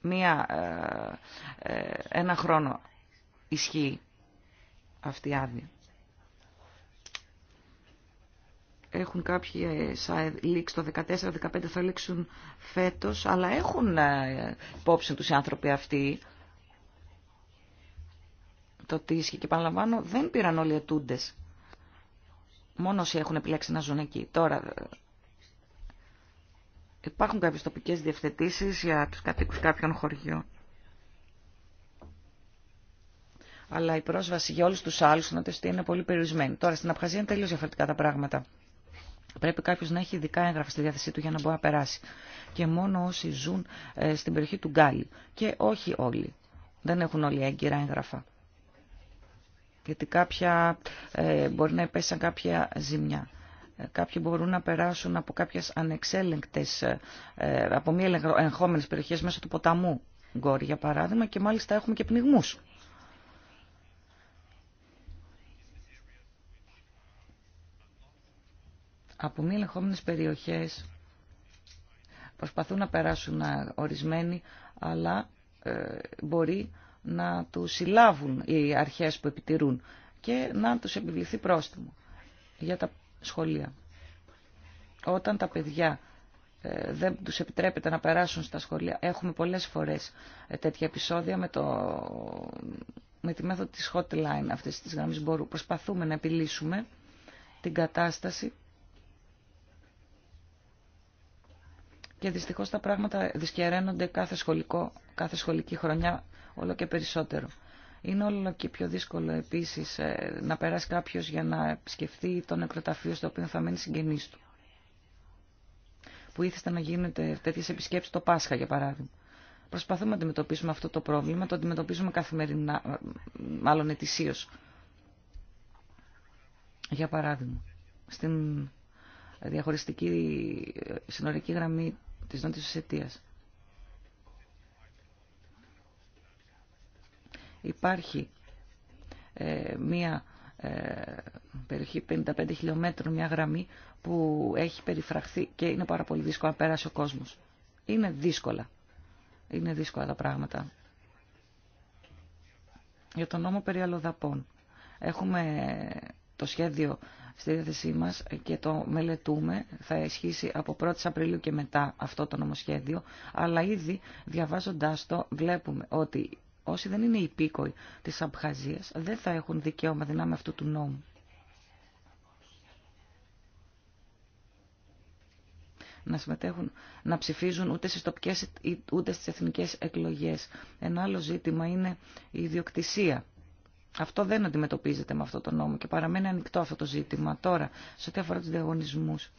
Μία, ε, ε, ένα χρόνο ισχύει αυτή η άδεια. Έχουν κάποιοι λήξει το 14-15 θα λήξουν φέτος, αλλά έχουν ε, υπόψη τους οι άνθρωποι αυτοί το τι ισχύει και επαναλαμβάνω δεν πήραν όλοι ετούντες. Μόνο όσοι έχουν επιλέξει να ζουν εκεί. Τώρα Υπάρχουν κάποιες τοπικές διευθετήσεις για τους κατοίκους κάποιων χωριών. Αλλά η πρόσβαση για όλους τους άλλους ότι είναι πολύ περιορισμένη. Τώρα στην Απχαζία είναι τελείως διαφορετικά τα πράγματα. Πρέπει κάποιος να έχει ειδικά έγγραφα στη διάθεσή του για να μπορεί να περάσει. Και μόνο όσοι ζουν ε, στην περιοχή του Γκάλι. Και όχι όλοι. Δεν έχουν όλοι έγκυρα έγγραφα. Γιατί κάποια ε, μπορεί να σαν κάποια ζημιά. Κάποιοι μπορούν να περάσουν από κάποιες ανεξέλεγκτες, ε, ε, από μη ελεγχόμενες περιοχές μέσω του ποταμού Γκόρη για παράδειγμα και μάλιστα έχουμε και πνιγμούς. Από μη ελεγχόμενες περιοχές προσπαθούν να περάσουν ε, ορισμένοι, αλλά μπορεί να τους συλλάβουν οι αρχές που επιτηρούν και να τους επιβληθεί πρόστιμο. Για τα σχολεία. Όταν τα παιδιά ε, δεν τους επιτρέπεται να περάσουν στα σχολεία. Έχουμε πολλές φορές ε, τέτοια επεισόδια με, το, με τη μέθοδο της hotline αυτής της γραμμής μπορού. Προσπαθούμε να επιλύσουμε την κατάσταση και δυστυχώς τα πράγματα δυσκεραίνονται κάθε, σχολικό, κάθε σχολική χρονιά όλο και περισσότερο. Είναι όλο και πιο δύσκολο επίσης ε, να περάσει κάποιος για να επισκεφθεί το νεκροταφείο στο οποίο θα μένει συγγενής του. Που ήθεστε να γίνονται τέτοιες επισκέψεις το Πάσχα για παράδειγμα. Προσπαθούμε να αντιμετωπίσουμε αυτό το πρόβλημα, το αντιμετωπίζουμε καθημερινά, ε, μάλλον ετησίως. Για παράδειγμα, στην διαχωριστική ε, συνορική γραμμή της Νότιας Οσετίας. υπάρχει ε, μια ε, γραμμή που έχει περιφραχθεί και είναι πάρα πολύ δύσκολο να πέρασει ο κόσμος. Είναι δύσκολα. Είναι δύσκολα τα πράγματα. Για τον νόμο περί αλλοδαπών. Έχουμε το σχέδιο στη διάθεσή μας και το μελετούμε. Θα ισχύσει από 1η Απριλίου και μετά αυτό το νομοσχέδιο. Αλλά ήδη διαβάζοντάς το βλέπουμε ότι όσοι δεν είναι υπήκοοι της Αμπχαζίας δεν θα έχουν δικαίωμα δυνάμει αυτού του νόμου. να συμμετέχουν, να ψηφίζουν ούτε στις τοπικές ούτε στις εθνικές εκλογές. Ένα άλλο ζήτημα είναι η ιδιοκτησία. Αυτό δεν αντιμετωπίζεται με αυτό το νόμο και παραμένει ανοιχτό αυτό το ζήτημα. Τώρα, σε ό,τι αφορά τους διαγωνισμούς,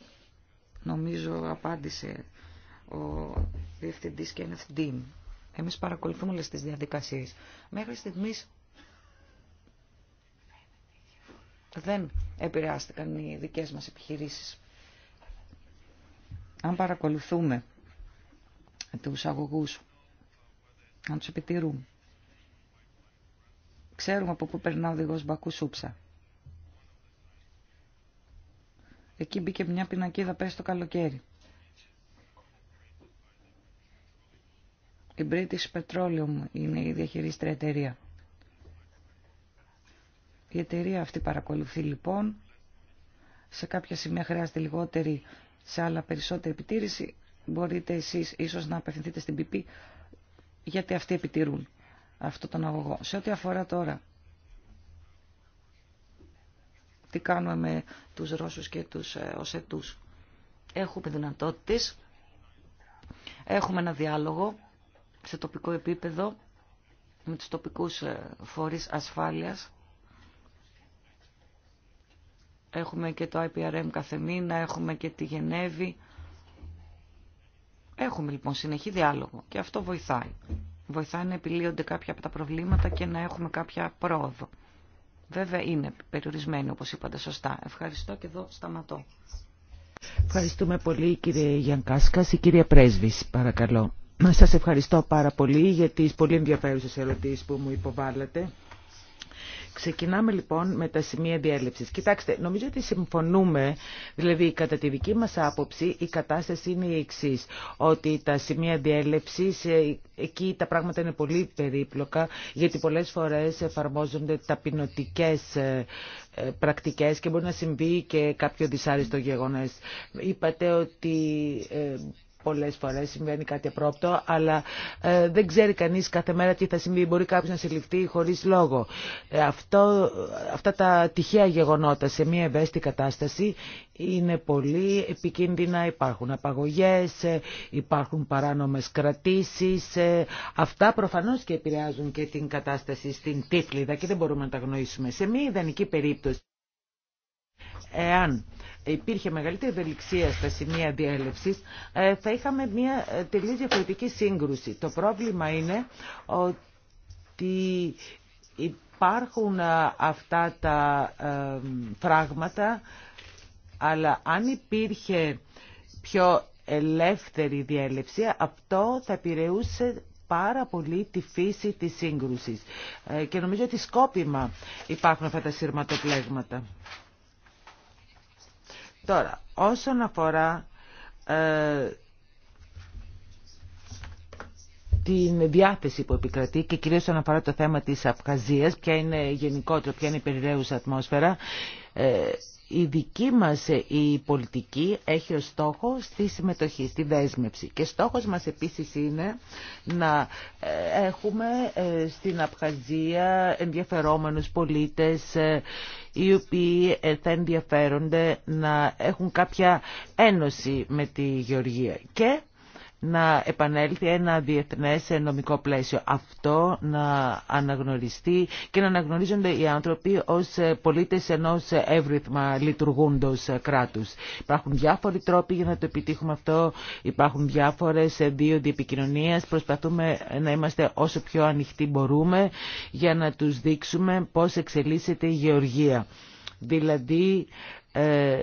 νομίζω απάντησε ο διευθυντής και Ντίν. Εμείς παρακολουθούμε όλες τις διαδικασίες. Μέχρι στιγμής δεν επηρεάστηκαν οι δικές μας επιχειρήσεις. Αν παρακολουθούμε τους αγωγούς, αν τους επιτηρούμε, ξέρουμε από πού περνά ο οδηγός Μπακού Σούψα. Εκεί μπήκε μια πινακίδα πέρσι το καλοκαίρι. Η British Petroleum είναι η διαχειρίστρια εταιρεία. Η εταιρεία αυτή παρακολουθεί λοιπόν. Σε κάποια σημεία χρειάζεται λιγότερη, σε άλλα περισσότερη επιτήρηση. Μπορείτε εσείς ίσως να απευθυνθείτε στην ΠΠ γιατί αυτοί επιτηρούν αυτό τον αγωγό. Σε ό,τι αφορά τώρα τι κάνουμε με τους Ρώσους και τους ε, Οσετούς. Έχουμε δυνατότητες, έχουμε ένα διάλογο σε τοπικό επίπεδο με τους τοπικούς ε, φορείς ασφάλειας. Έχουμε και το IPRM κάθε μήνα, έχουμε και τη Γενέβη. Έχουμε λοιπόν συνεχή διάλογο και αυτό βοηθάει. Βοηθάει να επιλύονται κάποια από τα προβλήματα και να έχουμε κάποια πρόοδο. Βέβαια είναι περιορισμένη όπως είπατε σωστά. Ευχαριστώ και εδώ σταματώ. Ευχαριστούμε πολύ κύριε Γιανκάσκας. Η κυρία Πρέσβης παρακαλώ. Σας ευχαριστώ πάρα πολύ για τις πολύ ενδιαφέρουσες ερωτήσεις που μου υποβάλλατε. Ξεκινάμε λοιπόν με τα σημεία διέλευσης. Κοιτάξτε, νομίζω ότι συμφωνούμε, δηλαδή κατά τη δική μας άποψη η κατάσταση είναι η εξή. ότι τα σημεία διέλευσης, ε, εκεί τα πράγματα είναι πολύ περίπλοκα, γιατί πολλές φορές εφαρμόζονται ταπεινωτικές ε, ε, πρακτικές και μπορεί να συμβεί και κάποιο δυσάριστο γεγονές. Είπατε ότι πολλές φορές συμβαίνει κάτι απρόπτω αλλά ε, δεν ξέρει κανείς κάθε μέρα τι θα συμβεί. Μπορεί κάποιος να συλληφθεί χωρίς λόγο. Ε, αυτά τα τυχαία γεγονότα σε μια ευαίσθητη κατάσταση είναι πολύ επικίνδυνα. Υπάρχουν απαγωγές, ε, υπάρχουν παράνομες κρατήσεις. Ε, αυτά προφανώς και επηρεάζουν και την κατάσταση στην τύφλιδα και δεν μπορούμε να τα γνωρίσουμε. Σε μια ιδανική περίπτωση, εάν υπήρχε μεγαλύτερη ευελιξία στα σημεία διέλευση. Ε, θα είχαμε μια ε, τελείως διαφορετική σύγκρουση. Το πρόβλημα είναι ότι υπάρχουν ε, αυτά τα φράγματα, αλλά αν υπήρχε πιο ελεύθερη διέλευση, αυτό θα επηρεούσε πάρα πολύ τη φύση της σύγκρουσης. Και νομίζω ότι σκόπιμα υπάρχουν αυτά τα σειρματοπλέγματα. Τώρα, όσον αφορά ε, την διάθεση που επικρατεί και κυρίως όσον αφορά το θέμα της Απχαζίας, ποια είναι γενικότερα, ποια είναι η περιραίουσα ατμόσφαιρα, ε, η δική μας ε, η πολιτική έχει ως στόχο στη συμμετοχή, στη δέσμευση. Και στόχος μας επίσης είναι να ε, έχουμε ε, στην Απχαζία ενδιαφερόμενους πολίτες οι οποίοι θα ενδιαφέρονται να έχουν κάποια ένωση με τη Γεωργία. Και να επανέλθει ένα διεθνές νομικό πλαίσιο. Αυτό να αναγνωριστεί και να αναγνωρίζονται οι άνθρωποι ως πολίτες ενός εύρυθμα λειτουργούντος κράτους. Υπάρχουν διάφοροι τρόποι για να το επιτύχουμε αυτό, υπάρχουν διάφορες δύο επικοινωνία. προσπαθούμε να είμαστε όσο πιο ανοιχτοί μπορούμε για να τους δείξουμε πώς εξελίσσεται η γεωργία. Δηλαδή, ε,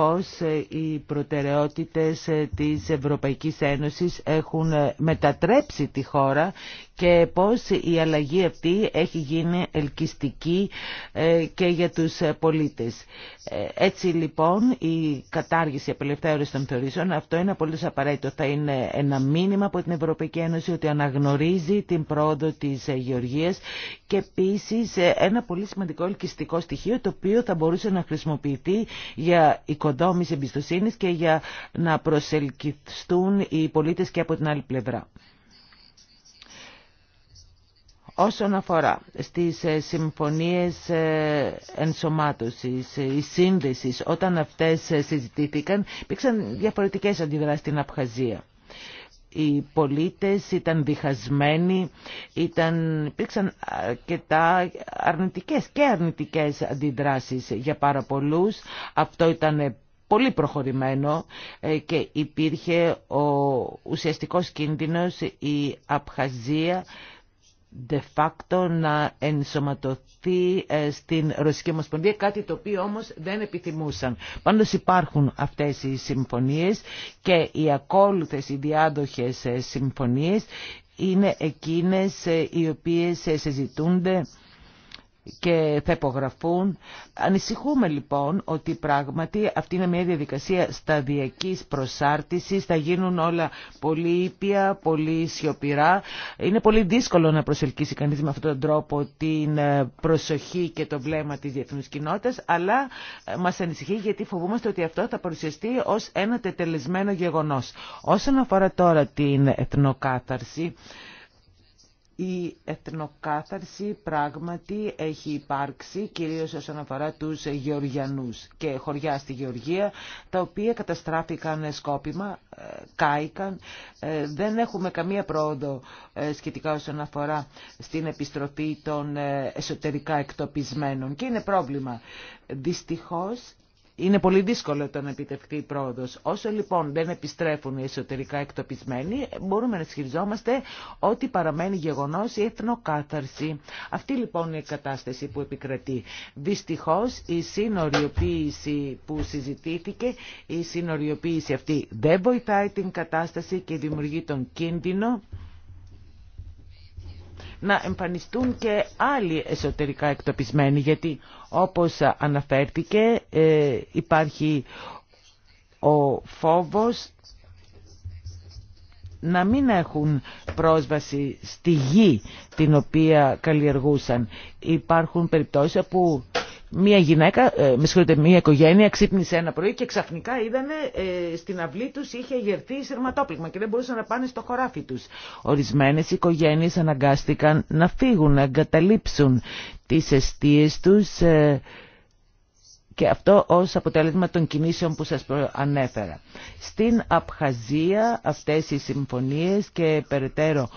πώς ε, οι προτεραιότητες ε, της Ευρωπαϊκής Ένωσης έχουν ε, μετατρέψει τη χώρα και πώς η αλλαγή αυτή έχει γίνει ελκυστική ε, και για τους ε, πολίτες. Ε, έτσι λοιπόν η κατάργηση απελευθέρωση των θεωρήσεων αυτό είναι απολύτως απαραίτητο. Θα είναι ένα μήνυμα από την Ευρωπαϊκή Ένωση ότι αναγνωρίζει την πρόοδο της Γεωργίας και επίσης ένα πολύ σημαντικό ελκυστικό στοιχείο το οποίο θα μπορούσε να χρησιμοποιηθεί για οικοδόμηση εμπιστοσύνη και για να προσελκυστούν οι πολίτες και από την άλλη πλευρά. Όσον αφορά στις ε, συμφωνίες ε, ενσωμάτωσης ή ε, σύνδεσης, όταν αυτές συζητήθηκαν, υπήρξαν διαφορετικές αντιδράσεις στην Απχαζία. Οι πολίτες ήταν διχασμένοι, ήταν, υπήρξαν αρκετά αρνητικές και αρνητικές αντιδράσεις για πάρα πολλούς. Αυτό ήταν πολύ προχωρημένο και υπήρχε ο ουσιαστικός κίνδυνος η σύνδεση, οταν αυτες συζητηθηκαν υπηρξαν διαφορετικες αντιδρασεις στην απχαζια οι πολιτες ηταν διχασμενοι ηταν υπηρξαν αρκετα αρνητικες και αρνητικες αντιδρασεις για παρα πολλους αυτο ηταν πολυ προχωρημενο και υπηρχε ο ουσιαστικος κινδυνος η απχαζια de να ενσωματωθεί ε, στην Ρωσική Ομοσπονδία, κάτι το οποίο όμως δεν επιθυμούσαν. Πάντως υπάρχουν αυτές οι συμφωνίες και οι ακόλουθες, οι διάδοχες ε, συμφωνίες είναι εκείνες ε, οι οποίες συζητούνται και θα υπογραφούν. Ανησυχούμε λοιπόν ότι πράγματι αυτή είναι μια διαδικασία σταδιακής προσάρτησης, θα γίνουν όλα πολύ ήπια, πολύ σιωπηρά. Είναι πολύ δύσκολο να προσελκύσει κανείς με αυτόν τον τρόπο την ε, προσοχή και το βλέμμα της διεθνούς κοινότητας, αλλά ε, μας ανησυχεί γιατί φοβούμαστε ότι αυτό θα παρουσιαστεί ως ένα τετελεσμένο γεγονός. Όσον αφορά τώρα την εθνοκάθαρση, η εθνοκάθαρση πράγματι έχει υπάρξει κυρίως όσον αφορά τους Γεωργιανούς και χωριά στη Γεωργία τα οποία καταστράφηκαν σκόπιμα, ε, κάηκαν. Ε, δεν έχουμε καμία πρόοδο ε, σχετικά όσον αφορά στην επιστροφή των εσωτερικά εκτοπισμένων και είναι πρόβλημα. Δυστυχώς είναι πολύ δύσκολο το να επιτευχθεί η πρόοδος. Όσο λοιπόν δεν επιστρέφουν οι εσωτερικά εκτοπισμένοι, μπορούμε να ισχυριζόμαστε ότι παραμένει γεγονός η εθνοκάθαρση. Αυτή λοιπόν είναι η κατάσταση που επικρατεί. Δυστυχώς η συνοριοποίηση που συζητήθηκε, η συνοριοποίηση αυτή δεν βοηθάει την κατάσταση και δημιουργεί τον κίνδυνο να εμφανιστούν και άλλοι εσωτερικά εκτοπισμένοι γιατί όπως αναφέρθηκε ε, υπάρχει ο φόβος να μην έχουν πρόσβαση στη γη την οποία καλλιεργούσαν. Υπάρχουν περιπτώσεις που. Μία γυναίκα, ε, με μία οικογένεια ξύπνησε ένα πρωί και ξαφνικά είδανε ε, στην αυλή του είχε γερθεί σειρματόπληγμα και δεν μπορούσαν να πάνε στο χωράφι του. Ορισμένε οικογένειε αναγκάστηκαν να φύγουν, να εγκαταλείψουν τι αιστείε του ε, και αυτό ως αποτέλεσμα των κινήσεων που σας ανέφερα. Στην Απχαζία αυτές οι συμφωνίες και περαιτέρω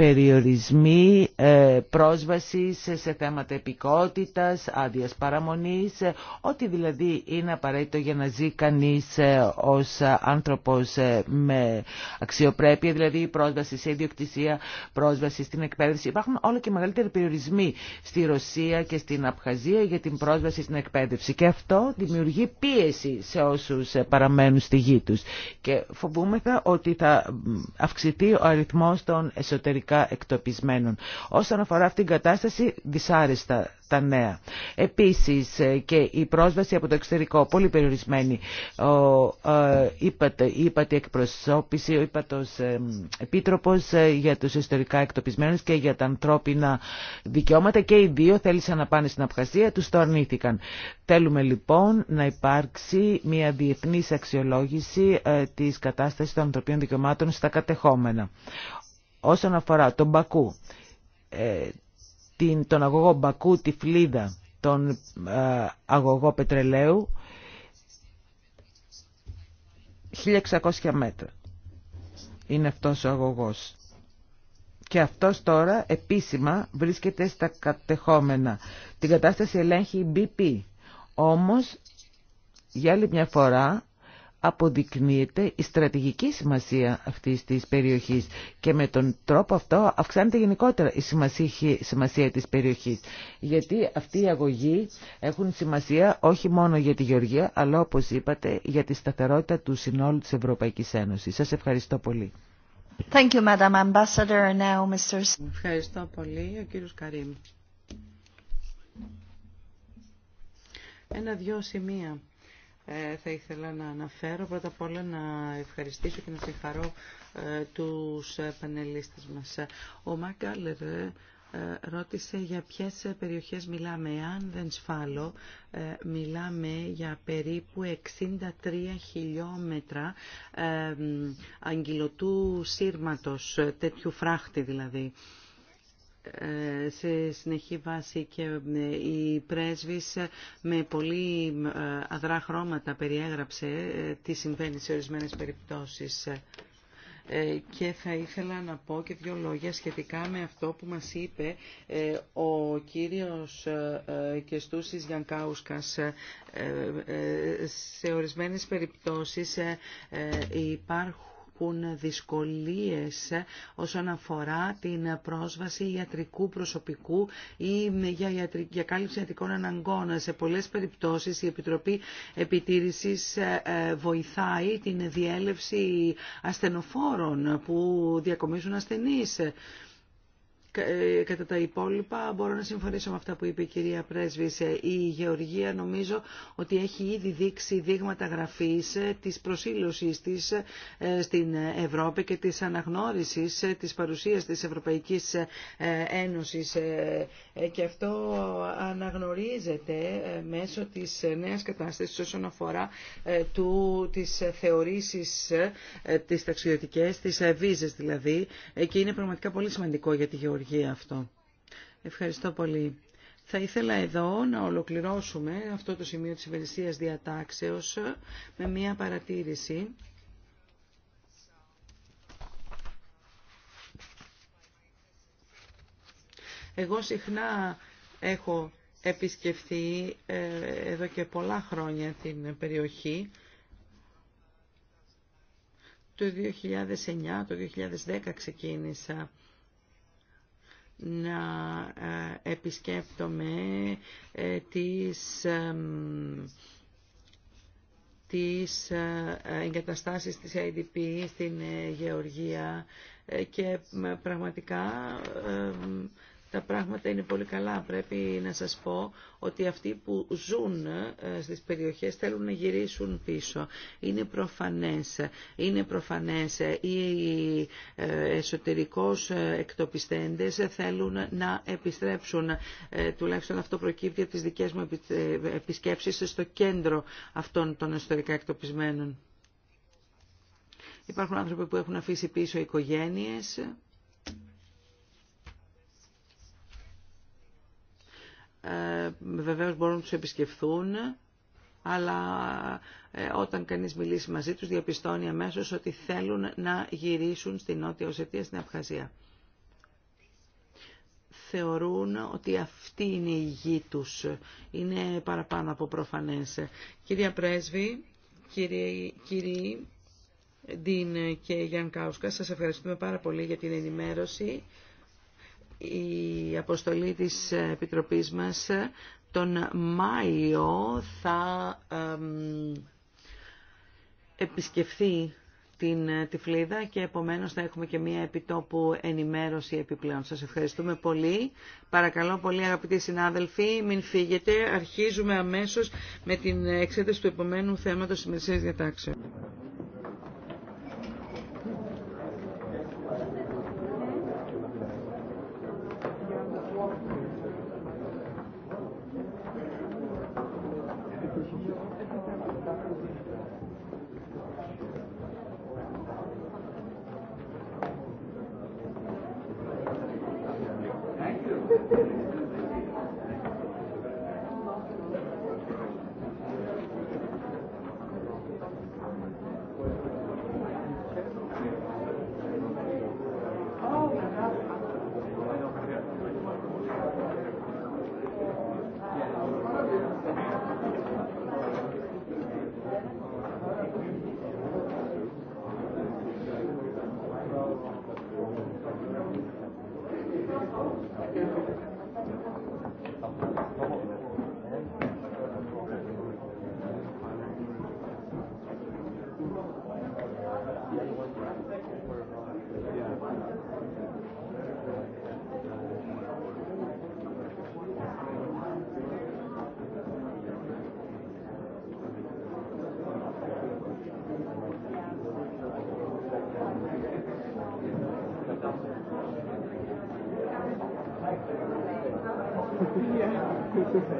περιορισμοί ε, πρόσβασης σε θέματα επικότητας, άδεια παραμονής, ε, ό,τι δηλαδή είναι απαραίτητο για να ζει κανείς ε, ως άνθρωπος με αξιοπρέπεια, δηλαδή πρόσβαση σε ιδιοκτησία, πρόσβαση στην εκπαίδευση. Υπάρχουν όλο και μεγαλύτεροι περιορισμοί στη Ρωσία και στην Απχαζία για την πρόσβαση στην εκπαίδευση και αυτό δημιουργεί πίεση σε όσους παραμένουν στη γη τους και φοβούμεθα ότι θα αυξηθεί ο αριθμός των εσωτερικών εκτοπισμένων. Όσον αφορά αυτήν την κατάσταση, δυσάρεστα τα νέα. Επίσης ε, και η πρόσβαση από το εξωτερικό, πολύ περιορισμένη. Ο, ε, είπατε, είπατε εκπροσώπηση, ο είπατος ε, επίτροπος ε, για τους ιστορικά εκτοπισμένους και για τα ανθρώπινα δικαιώματα και οι δύο θέλησαν να πάνε στην Απχασία, τους το αρνήθηκαν. Θέλουμε λοιπόν να υπάρξει μια διεθνής αξιολόγηση ε, της κατάστασης των ανθρωπίνων δικαιωμάτων στα κατεχόμενα όσον αφορά τον Μπακού, ε, τον αγωγό Μπακού, τη φλίδα, τον ε, αγωγό πετρελαίου, 1600 μέτρα είναι αυτός ο αγωγός. Και αυτός τώρα επίσημα βρίσκεται στα κατεχόμενα. Την κατάσταση ελέγχει η BP. Όμως, για άλλη μια φορά, αποδεικνύεται η στρατηγική σημασία αυτής της περιοχής και με τον τρόπο αυτό αυξάνεται γενικότερα η σημασία της περιοχής γιατί αυτοί οι αγωγοί έχουν σημασία όχι μόνο για τη Γεωργία αλλά όπως είπατε για τη σταθερότητα του συνόλου της Ευρωπαϊκής Ένωσης. Σας ευχαριστώ πολύ. Thank you, Madam Ambassador. Now, Mr. Ευχαριστώ πολύ, ο κύριος Καρύμ. Ένα-δυο σημεία ε, θα ήθελα να αναφέρω. Πρώτα απ' όλα να ευχαριστήσω και να συγχαρώ ε, τους ε, πανελίστες μας. Ο Μαρκ ρώτησε για ποιες περιοχές μιλάμε. Αν δεν σφάλω, μιλάμε για περίπου 63 χιλιόμετρα αγγυλωτού σύρματος, τέτοιου φράχτη δηλαδή σε συνεχή βάση και η ε, πρέσβης ε, με πολύ ε, αδρά χρώματα περιέγραψε τι συμβαίνει σε ορισμένες περιπτώσεις και θα ήθελα να πω και δύο λόγια σχετικά με αυτό που μας είπε ο κύριος Κεστούσης Γιανκάουσκας. Σε ορισμένες περιπτώσεις υπάρχουν υπάρχουν δυσκολίες όσον αφορά την πρόσβαση ιατρικού προσωπικού ή για, για κάλυψη ιατρικών αναγκών. Σε πολλές περιπτώσεις η Επιτροπή Επιτήρησης ε, ε, βοηθάει την διέλευση ασθενοφόρων που διακομίζουν ασθενείς. Ε, κατά τα υπόλοιπα μπορώ να συμφωνήσω με αυτά που είπε η κυρία Πρέσβη. Ε, η Γεωργία νομίζω ότι έχει ήδη δείξει δείγματα γραφής ε, της προσήλωσης της στην Ευρώπη και της αναγνώρισης της παρουσίας της Ευρωπαϊκής Ένωσης και αυτό αναγνωρίζεται μέσω της νέας κατάστασης όσον αφορά του, τις θεωρήσεις της ταξιδιωτικές, τις βίζες δηλαδή και είναι πραγματικά πολύ σημαντικό για τη Γεωργία λειτουργεί αυτό. Ευχαριστώ πολύ. Θα ήθελα εδώ να ολοκληρώσουμε αυτό το σημείο της ευελισσίας διατάξεως με μία παρατήρηση. Εγώ συχνά έχω επισκεφθεί ε, εδώ και πολλά χρόνια την περιοχή. Το 2009, το 2010 ξεκίνησα να ε, επισκέπτομαι ε, τις τις ε, εγκαταστάσεις της IDP στην Γεωργία και πραγματικά τα πράγματα είναι πολύ καλά. Πρέπει να σας πω ότι αυτοί που ζουν ε, στις περιοχές θέλουν να γυρίσουν πίσω. Είναι προφανές. Είναι προφανές. Ε, οι ε, εσωτερικώς εκτοπιστέντες θέλουν να επιστρέψουν. Τουλάχιστον αυτό προκύπτει από τις δικές μου επισκέψεις στο κέντρο αυτών των εσωτερικά εκτοπισμένων. Υπάρχουν άνθρωποι που έχουν αφήσει πίσω οικογένειες, ε, βεβαίως μπορούν να τους επισκεφθούν, αλλά ε, όταν κανείς μιλήσει μαζί τους διαπιστώνει αμέσως ότι θέλουν να γυρίσουν στην Νότια Οσετία, στην Απχαζία Θεωρούν ότι αυτή είναι η γη τους. Είναι παραπάνω από προφανές. Κυρία Πρέσβη, κύριε κύριοι Ντίν και Γιάν Κάουσκα, σας ευχαριστούμε πάρα πολύ για την ενημέρωση η αποστολή της Επιτροπής μας τον Μάιο θα επισκεφθεί την Τυφλίδα και επομένως θα έχουμε και μία επιτόπου ενημέρωση επιπλέον. Σας ευχαριστούμε πολύ. Παρακαλώ πολύ αγαπητοί συνάδελφοι, μην φύγετε. Αρχίζουμε αμέσως με την εξέταση του επομένου θέματος σημερισίας διατάξεων. Ευχαριστώ.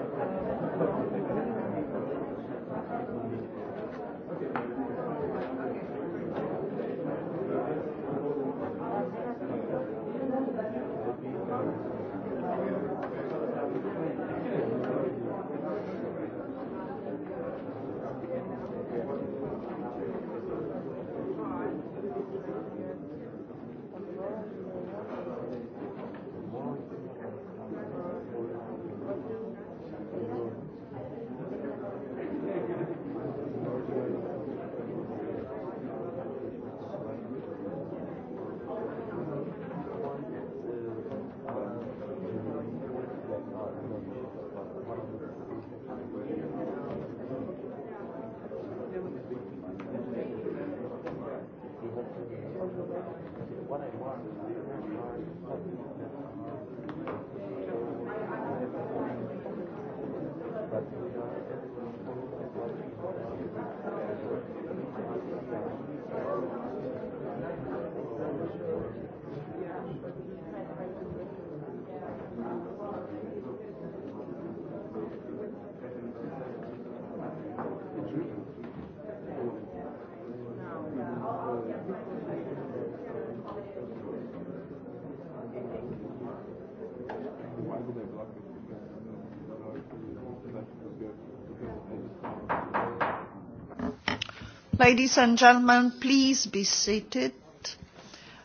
Ladies and gentlemen, please be seated.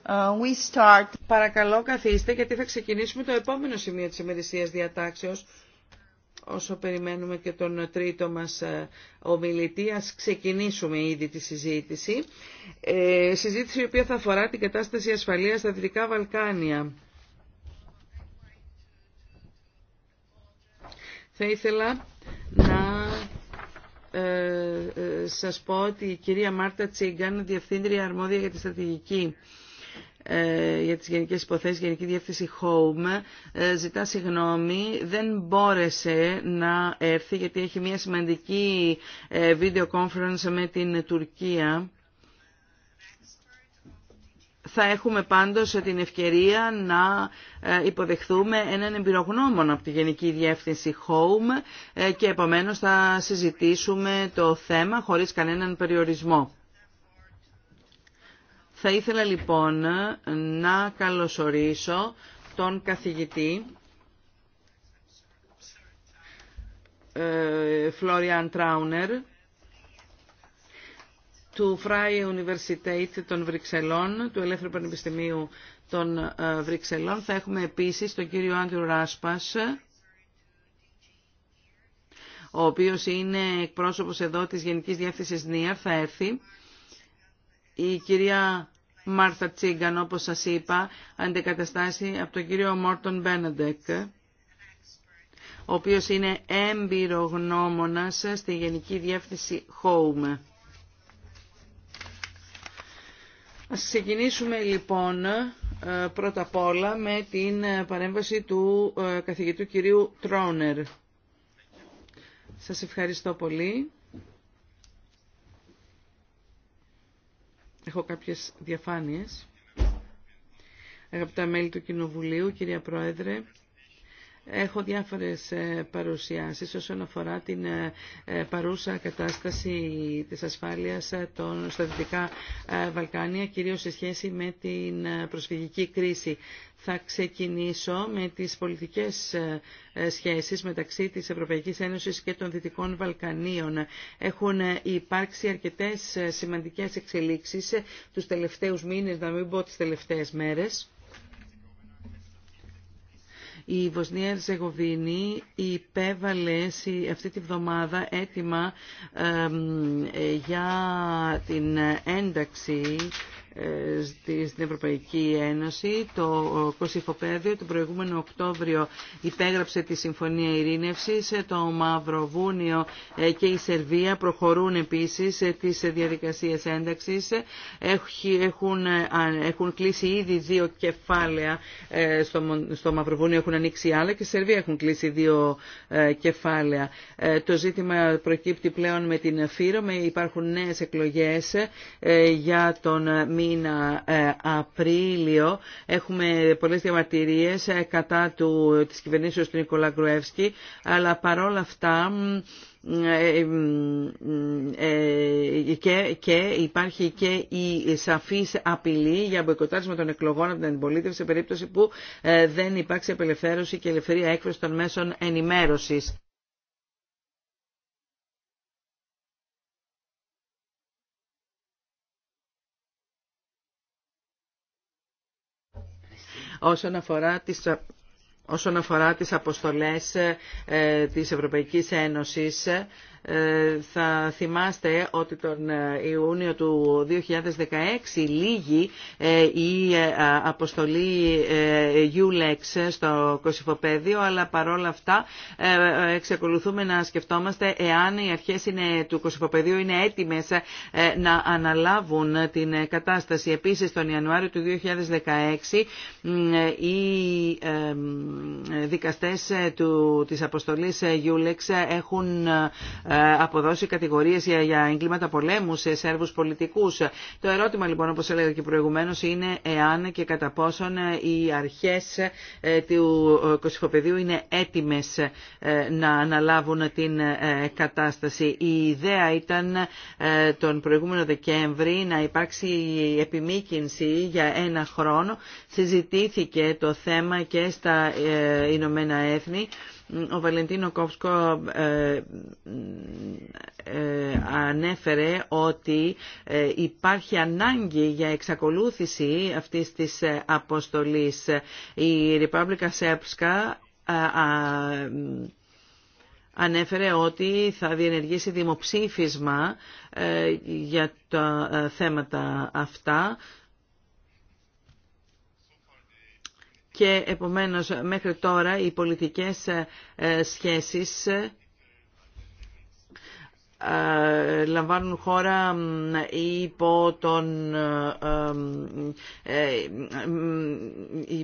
Uh, we Παρακαλώ καθίστε γιατί θα ξεκινήσουμε το επόμενο σημείο της ημερησίας διατάξεως. Όσο περιμένουμε και τον τρίτο μας ε, ομιλητή, ας ξεκινήσουμε ήδη τη συζήτηση. Ε, συζήτηση η οποία θα αφορά την κατάσταση ασφαλείας στα Δυτικά Βαλκάνια. Θα ήθελα ε, ε, σας πω ότι η κυρία Μάρτα Τσίγκαν, Διευθύντρια Αρμόδια για τη Στρατηγική ε, για τις γενικές υποθέσεις, Γενική Διεύθυνση Home, ζητά συγγνώμη, δεν μπόρεσε να έρθει γιατί έχει μια σημαντική video conference με την Τουρκία θα έχουμε πάντως την ευκαιρία να ε, υποδεχθούμε έναν εμπειρογνώμονα από τη Γενική Διεύθυνση Home ε, και επομένως θα συζητήσουμε το θέμα χωρίς κανέναν περιορισμό. Θα ήθελα λοιπόν να καλωσορίσω τον καθηγητή Φλόριαν ε, Τράουνερ, του Φράι Universität των Βρυξελών, του Ελεύθερου Πανεπιστημίου των ε, Βρυξελών. Θα έχουμε επίσης τον κύριο Άντρου Ράσπας, ο οποίος είναι εκπρόσωπος εδώ της Γενικής Διεύθυνσης ΝΙΑΡ, θα έρθει. Η κυρία Μάρθα Τσίγκαν, όπως σας είπα, αντικαταστάσει από τον κύριο Μόρτον Μπέναντεκ, ο οποίος είναι έμπειρογνώμονας στη Γενική Διεύθυνση HOME. Ας ξεκινήσουμε λοιπόν ε, πρώτα απ' όλα με την ε, παρέμβαση του ε, καθηγητού κυρίου Τρόνερ. Σας ευχαριστώ πολύ. Έχω κάποιες διαφάνειες. Αγαπητά μέλη του Κοινοβουλίου, κυρία Πρόεδρε, Έχω διάφορες ε, παρουσιάσεις όσον αφορά την ε, ε, παρούσα κατάσταση της ασφάλειας των, στα Δυτικά Βαλκάνια, κυρίως σε σχέση με την προσφυγική κρίση. Θα ξεκινήσω με τις πολιτικές σχέσεις μεταξύ της Ευρωπαϊκής Ένωσης και των Δυτικών Βαλκανίων. Έχουν υπάρξει αρκετές σημαντικές εξελίξεις τους τελευταίους μήνες, να μην πω τις τελευταίες μέρες η Βοσνία Ερζεγοβίνη υπέβαλε αυτή τη βδομάδα έτοιμα για την ένταξη ε, στην Ευρωπαϊκή Ένωση. Το Κωσυφοπαίδιο τον προηγούμενο Οκτώβριο υπέγραψε τη Συμφωνία Ειρήνευσης. Το Μαυροβούνιο ε, και η Σερβία προχωρούν επίσης ε, τις διαδικασίες ένταξης. Έχουν, έχουν κλείσει ήδη δύο κεφάλαια στο, στο Μαυροβούνιο, έχουν ανοίξει άλλα και στη Σερβία έχουν κλείσει δύο κεφάλαια. Το ζήτημα προκύπτει πλέον με την Φύρο, υπάρχουν νέες εκλογές για τον μη μήνα ε, Απρίλιο έχουμε πολλές διαμαρτυρίες ε, κατά του, της κυβερνήσεως του Νικολά Γκρουεύσκη, αλλά παρόλα αυτά ε, και, υπάρχει και η σαφή απειλή για μποϊκοτάρισμα των εκλογών από την αντιπολίτευση σε περίπτωση που δεν υπάρξει απελευθέρωση και ελευθερία έκφραση των μέσων ενημέρωσης. όσον αφορά τις όσον αφορά τις αποστολές ε, της Ευρωπαϊκής Ένωσης ε, θα θυμάστε ότι τον ε, Ιούνιο του 2016 λίγη ε, η αποστολή Ulex στο Κωσυφοπαίδιο, αλλά παρόλα αυτά εξακολουθούμε να σκεφτόμαστε εάν οι αρχές είναι, του Κωσυφοπαιδίου είναι έτοιμες να αναλάβουν την κατάσταση. Επίσης, τον Ιανουάριο του 2016 οι δικαστές του, της αποστολής Ulex έχουν ε, αποδώσει κατηγορίες για εγκλήματα πολέμου σε Σέρβους πολιτικούς. Το ερώτημα λοιπόν όπως έλεγα και προηγουμένως είναι εάν και κατά πόσον ε, οι αρχές ε, του Κωσυφοπεδίου είναι έτοιμε να αναλάβουν την κατάσταση. Η ιδέα ήταν τον προηγούμενο Δεκέμβρη να υπάρξει επιμήκυνση για ένα χρόνο. Συζητήθηκε το θέμα και στα Ηνωμένα Έθνη. Ο Βαλεντίνο Κόφσκο ε, ε, ανέφερε ότι ε, υπάρχει ανάγκη για εξακολούθηση αυτής της αποστολής. Η Republica Σέψκα ανέφερε ότι θα διενεργήσει δημοψήφισμα για τα θέματα αυτά και επομένως μέχρι τώρα οι πολιτικές ε, ε, σχέσεις ε, λαμβάνουν χώρα υπό τον,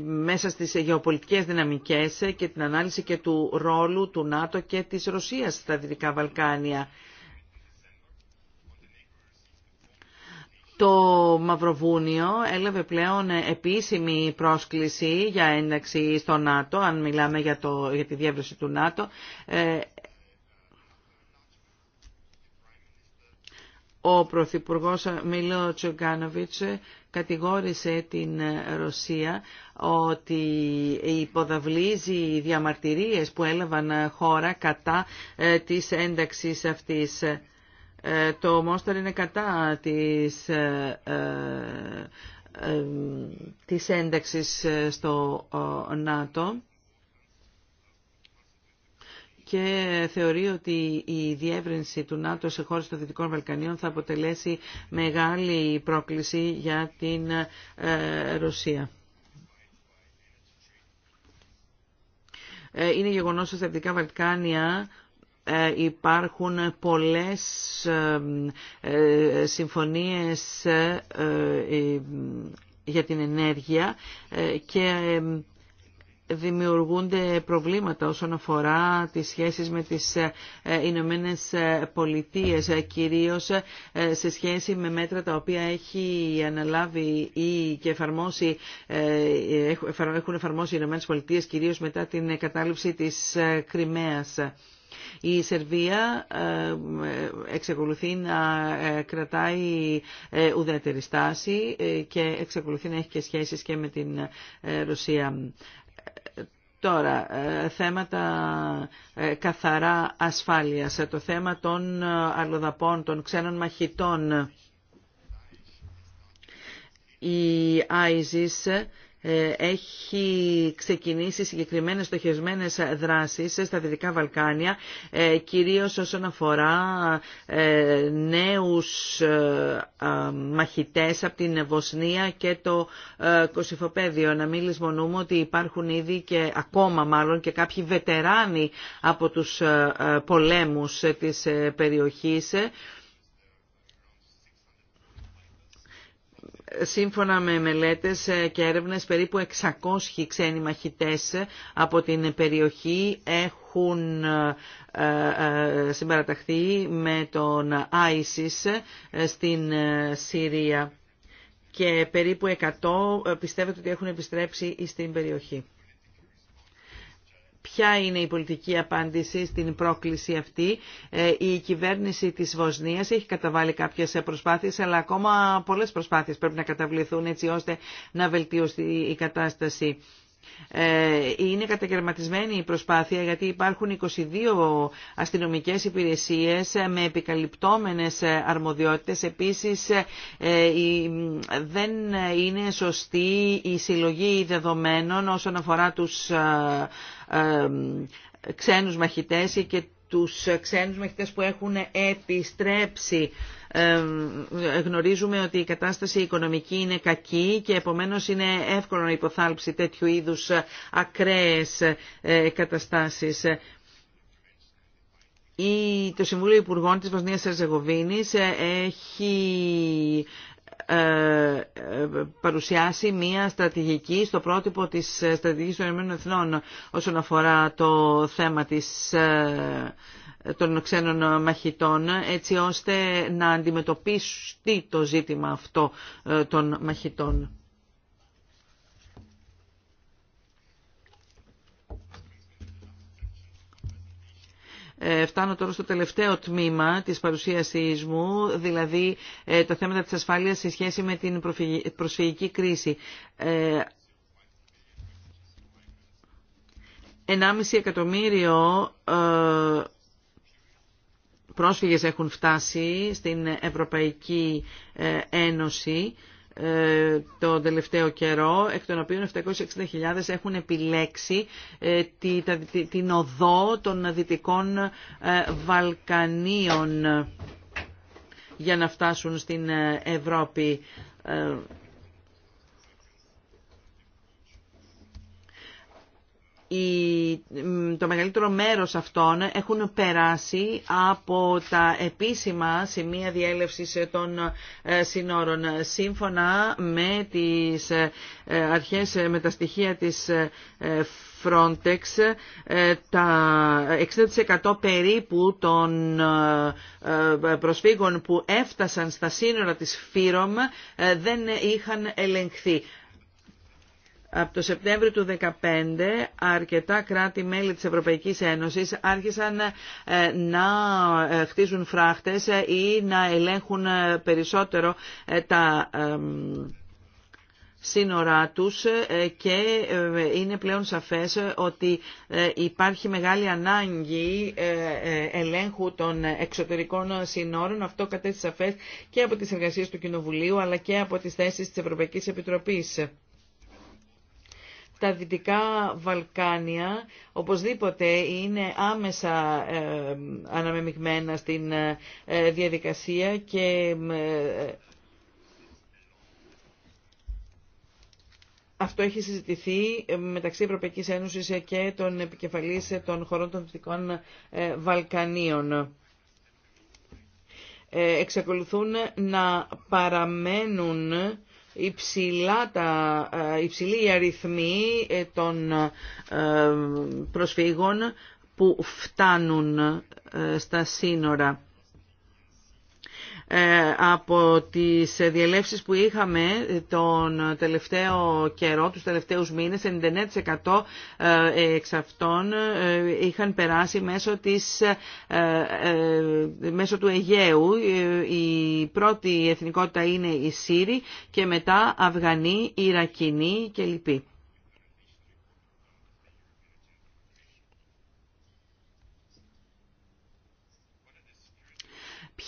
μέσα στις γεωπολιτικές δυναμικές και την ανάλυση και του ρόλου του ΝΑΤΟ και της Ρωσίας στα Δυτικά Βαλκάνια. Το Μαυροβούνιο έλαβε πλέον επίσημη πρόσκληση για ένταξη στο ΝΑΤΟ, αν μιλάμε για, το, για τη διεύρυνση του ΝΑΤΟ. Ε, ο Πρωθυπουργό Μίλο Τσογκάνοβιτς κατηγόρησε την Ρωσία ότι υποδαβλίζει διαμαρτυρίες που έλαβαν χώρα κατά ε, της ένταξης αυτής. Ε, το Μόσταρ είναι κατά της, ε, ε, της ένταξης στο ΝΑΤΟ και θεωρεί ότι η διεύρυνση του ΝΑΤΟ σε χώρες των Δυτικών Βαλκανίων θα αποτελέσει μεγάλη πρόκληση για την Ρωσία. Είναι γεγονός ότι τα Δυτικά Βαλκάνια ε, υπάρχουν πολλές ε, συμφωνίες ε, για την ενέργεια και δημιουργούνται προβλήματα όσον αφορά τις σχέσεις με τις Ηνωμένε Πολιτείες, κυρίως σε σχέση με μέτρα τα οποία έχει αναλάβει ή και έχουν εφαρμόσει οι Ηνωμένε Πολιτείες, κυρίως μετά την κατάληψη της Κρυμαίας. Η Σερβία ε, εξεκολουθεί να ε, κρατάει ε, ουδέτερη στάση και εξακολουθεί να έχει και σχέσεις και με την Ρωσία. Τώρα, θέματα καθαρά ασφάλειας, το θέμα των αλλοδαπών, των ξένων μαχητών. Η ISIS ε, έχει ξεκινήσει συγκεκριμένες στοχευμένες δράσεις στα Δυτικά Βαλκάνια, ε, κυρίως όσον αφορά ε, νέους μαχητές από την Βοσνία και το Κωσυφοπέδιο. Να μην λησμονούμε ότι υπάρχουν ήδη και ακόμα μάλλον και κάποιοι βετεράνοι από τους πολέμους της περιοχής Σύμφωνα με μελέτες και έρευνες, περίπου 600 ξένοι μαχητές από την περιοχή έχουν ε, ε, συμπαραταχθεί με τον ISIS ε, στην Συρία και περίπου 100 πιστεύετε ότι έχουν επιστρέψει στην περιοχή ποια είναι η πολιτική απάντηση στην πρόκληση αυτή. Ε, η κυβέρνηση της Βοσνίας έχει καταβάλει κάποιες προσπάθειες, αλλά ακόμα πολλές προσπάθειες πρέπει να καταβληθούν έτσι ώστε να βελτιωθεί η κατάσταση. Ε, είναι καταγερματισμένη η προσπάθεια γιατί υπάρχουν 22 αστυνομικές υπηρεσίες με επικαλυπτόμενες αρμοδιότητες. Επίσης ε, δεν είναι σωστή η συλλογή δεδομένων όσον αφορά τους ε, ξένους μαχητές και τους ξένους μαχητές που έχουν επιστρέψει ε, γνωρίζουμε ότι η κατάσταση οικονομική είναι κακή και επομένως είναι εύκολο να υποθάλψει τέτοιου είδους ακραίες ε, καταστάσεις. Το Συμβούλιο Υπουργών της Βοσνίας Ερζεγοβίνης ε, έχει παρουσιάσει μία στρατηγική στο πρότυπο της στρατηγικής των Ηνωμένων Εθνών όσον αφορά το θέμα της των ξένων μαχητών έτσι ώστε να αντιμετωπίσει το ζήτημα αυτό ε, των μαχητών. Ε, φτάνω τώρα στο τελευταίο τμήμα της παρουσίασής μου, δηλαδή ε, τα θέματα της ασφάλειας σε σχέση με την προσφυγική κρίση. 1,5 εκατομμύριο πρόσφυγες έχουν φτάσει στην Ευρωπαϊκή ε, Ένωση ε, το τελευταίο καιρό, εκ των οποίων 760.000 έχουν επιλέξει ε, την οδό των Δυτικών Βαλκανίων για να φτάσουν στην Ευρώπη. το μεγαλύτερο μέρος αυτών έχουν περάσει από τα επίσημα σημεία διέλευσης των ε, συνόρων. Σύμφωνα με τις ε, αρχές, με τα στοιχεία της ε, Frontex, τα 60% περίπου των προσφύγων που έφτασαν στα σύνορα της ΦΥΡΟΜ δεν είχαν ελεγχθεί. Από το Σεπτέμβριο του 2015 αρκετά κράτη-μέλη της Ευρωπαϊκής Ένωσης άρχισαν ε, να ε, χτίζουν φράχτες ε, ή να ελέγχουν περισσότερο τα σύνορά τους και είναι πλέον σαφές ότι υπάρχει μεγάλη ανάγκη ελέγχου των εξωτερικών σύνορων. Αυτό κατέστησε σαφές και από τις εργασίες του Κοινοβουλίου αλλά και από τις θέσεις της Ευρωπαϊκής Επιτροπής τα Δυτικά Βαλκάνια οπωσδήποτε είναι άμεσα ε, αναμεμειγμένα στην ε, ε, διαδικασία και Αυτό έχει συζητηθεί μεταξύ Ευρωπαϊκής Ένωσης και των επικεφαλής των χωρών των Δυτικών Βαλκανίων. Εξακολουθούν να παραμένουν υψηλά τα, ε, υψηλή η αριθμή ε, των ε, προσφύγων που φτάνουν στα σύνορα. Ε, από τις διελεύσεις που είχαμε τον τελευταίο καιρό, τους τελευταίους μήνες, 99% ε, εξ αυτών ε, είχαν περάσει μέσω, της, μέσω του Αιγαίου. Η πρώτη εθνικότητα είναι η Σύρη και μετά Αυγανοί, Ιρακινοί κλπ.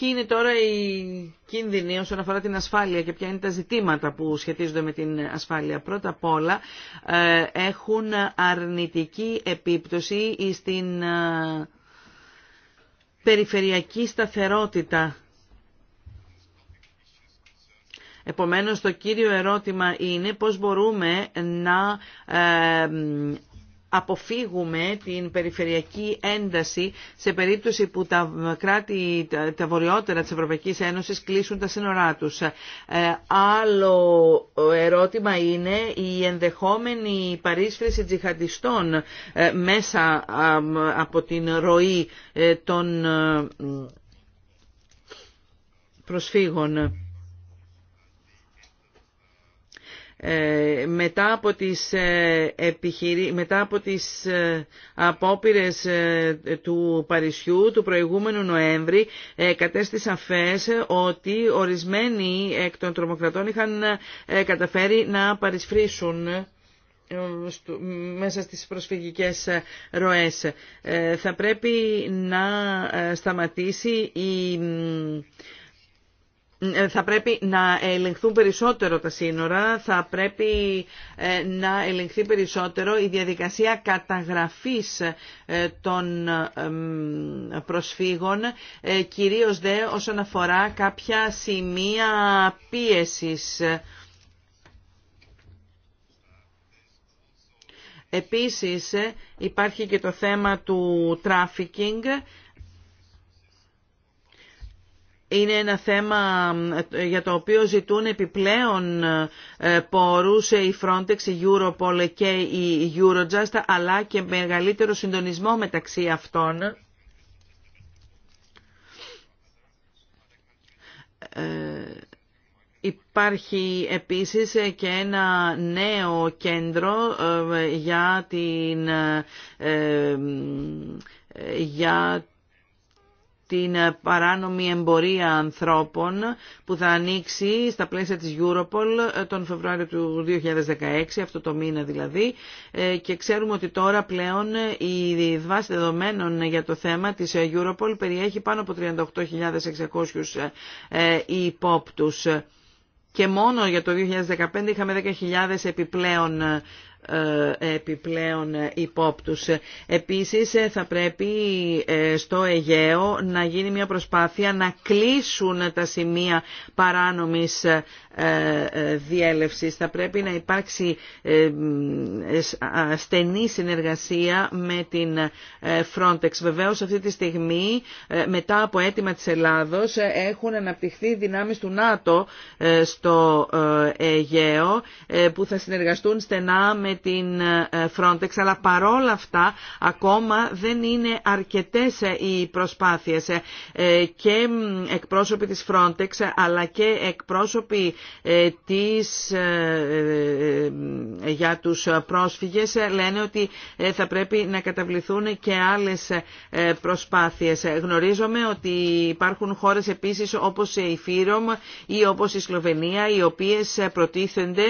ποιοι είναι τώρα οι κίνδυνοι όσον αφορά την ασφάλεια και ποια είναι τα ζητήματα που σχετίζονται με την ασφάλεια. Πρώτα απ' όλα ε, έχουν αρνητική επίπτωση στην ε, περιφερειακή σταθερότητα. Επομένως, το κύριο ερώτημα είναι πώς μπορούμε να ε, αποφύγουμε την περιφερειακή ένταση σε περίπτωση που τα κράτη, τα βορειότερα της Ευρωπαϊκής Ένωσης κλείσουν τα σύνορά τους. Ε, άλλο ερώτημα είναι η ενδεχόμενη παρίσφρηση τζιχαντιστών ε, μέσα από την ροή ε, των προσφύγων. Ε, μετά από τις, ε, επιχειρη... μετά από τις ε, απόπειρες του Παρισιού του προηγούμενου Νοέμβρη κατέστησαν φές ότι ορισμένοι εκ των τρομοκρατών είχαν καταφέρει να παρισφρήσουν μέσα στις προσφυγικές ροές. Θα πρέπει να σταματήσει η ε, θα πρέπει να ελεγχθούν περισσότερο τα σύνορα, θα πρέπει ε, να ελεγχθεί περισσότερο η διαδικασία καταγραφής ε, των προσφύγων, κυρίως δε όσον αφορά κάποια σημεία πίεσης. Επίσης υπάρχει και το θέμα του τράφικινγκ είναι ένα θέμα ε, ε, για το οποίο ζητούν επιπλέον ε, πόρους η Frontex, η Europol και η Eurojust, αλλά και μεγαλύτερο συντονισμό μεταξύ αυτών. Υπάρχει επίσης και ένα νέο κέντρο για την για την ε, παράνομη εμπορία ανθρώπων που θα ανοίξει στα πλαίσια της Europol ε, τον Φεβρουάριο του 2016, αυτό το μήνα δηλαδή, ε, και ξέρουμε ότι τώρα πλέον η βάση δεδομένων για το θέμα της Europol περιέχει πάνω από 38.600 υπόπτους και μόνο για το 2015 είχαμε 10.000 επιπλέον ε, επιπλέον υπόπτους. Επίσης θα πρέπει ε, στο Αιγαίο να γίνει μια προσπάθεια να κλείσουν τα σημεία παράνομης ε, διέλευσης. Θα πρέπει να υπάρξει στενή συνεργασία με την Frontex. Βεβαίως αυτή τη στιγμή μετά από αίτημα της Ελλάδος έχουν αναπτυχθεί δυνάμεις του ΝΑΤΟ στο Αιγαίο που θα συνεργαστούν στενά με την ε, Frontex, αλλά παρόλα αυτά ακόμα δεν είναι αρκετές ε, οι προσπάθειες ε, και εκπρόσωποι της Frontex αλλά και εκπρόσωποι της, για τους πρόσφυγες λένε ότι θα πρέπει να καταβληθούν και άλλες προσπάθειες. Γνωρίζουμε ότι υπάρχουν χώρες επίσης όπως η Φύρομ ή όπως η Σλοβενία οι οποίες προτίθενται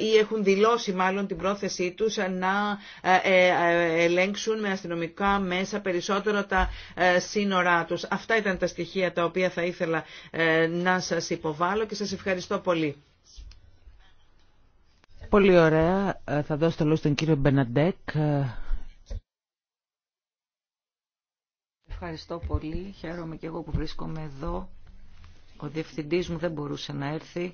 ή έχουν δηλώσει μάλλον την πρόθεση πρόθεσή τους να ε, ε, ε, ελέγξουν με αστυνομικά μέσα περισσότερο τα σύνορά τους. Αυτά ήταν τα στοιχεία τα οποία θα ήθελα να σας υποβάλω και σας ευχαριστώ πολύ. Πολύ ωραία. Θα δώσω το λόγο στον κύριο Μπεναντέκ. Ευχαριστώ πολύ. Χαίρομαι και εγώ που βρίσκομαι εδώ. Ο διευθυντής μου δεν μπορούσε να έρθει,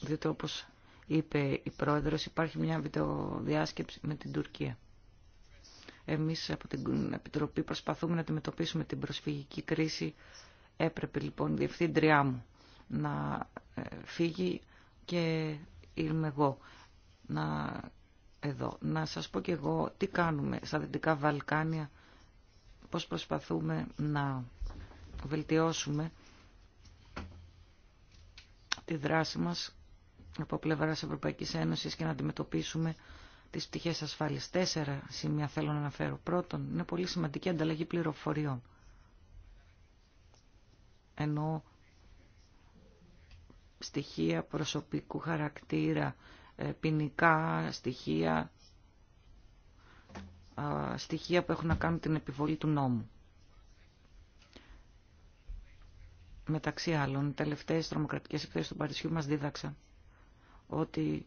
διότι όπως είπε η πρόεδρος, υπάρχει μια βιντεοδιάσκεψη με την Τουρκία. Εμείς από την Επιτροπή προσπαθούμε να αντιμετωπίσουμε την προσφυγική κρίση. Έπρεπε λοιπόν η διευθύντριά μου να ε, φύγει και είμαι εγώ να, εδώ. Να σας πω και εγώ τι κάνουμε στα Δυτικά Βαλκάνια, πώς προσπαθούμε να βελτιώσουμε τη δράση μας από πλευρά Ευρωπαϊκή Ένωση και να αντιμετωπίσουμε τις πτυχέ ασφάλεια. Τέσσερα σημεία θέλω να αναφέρω. Πρώτον, είναι πολύ σημαντική ανταλλαγή πληροφοριών. Ενώ στοιχεία προσωπικού χαρακτήρα, ε, ποινικά στοιχεία, στοιχεία που έχουν να κάνουν την επιβολή του νόμου. Μεταξύ άλλων, οι τελευταίες τρομοκρατικές επιθέσεις του Παρισιού μας δίδαξαν ότι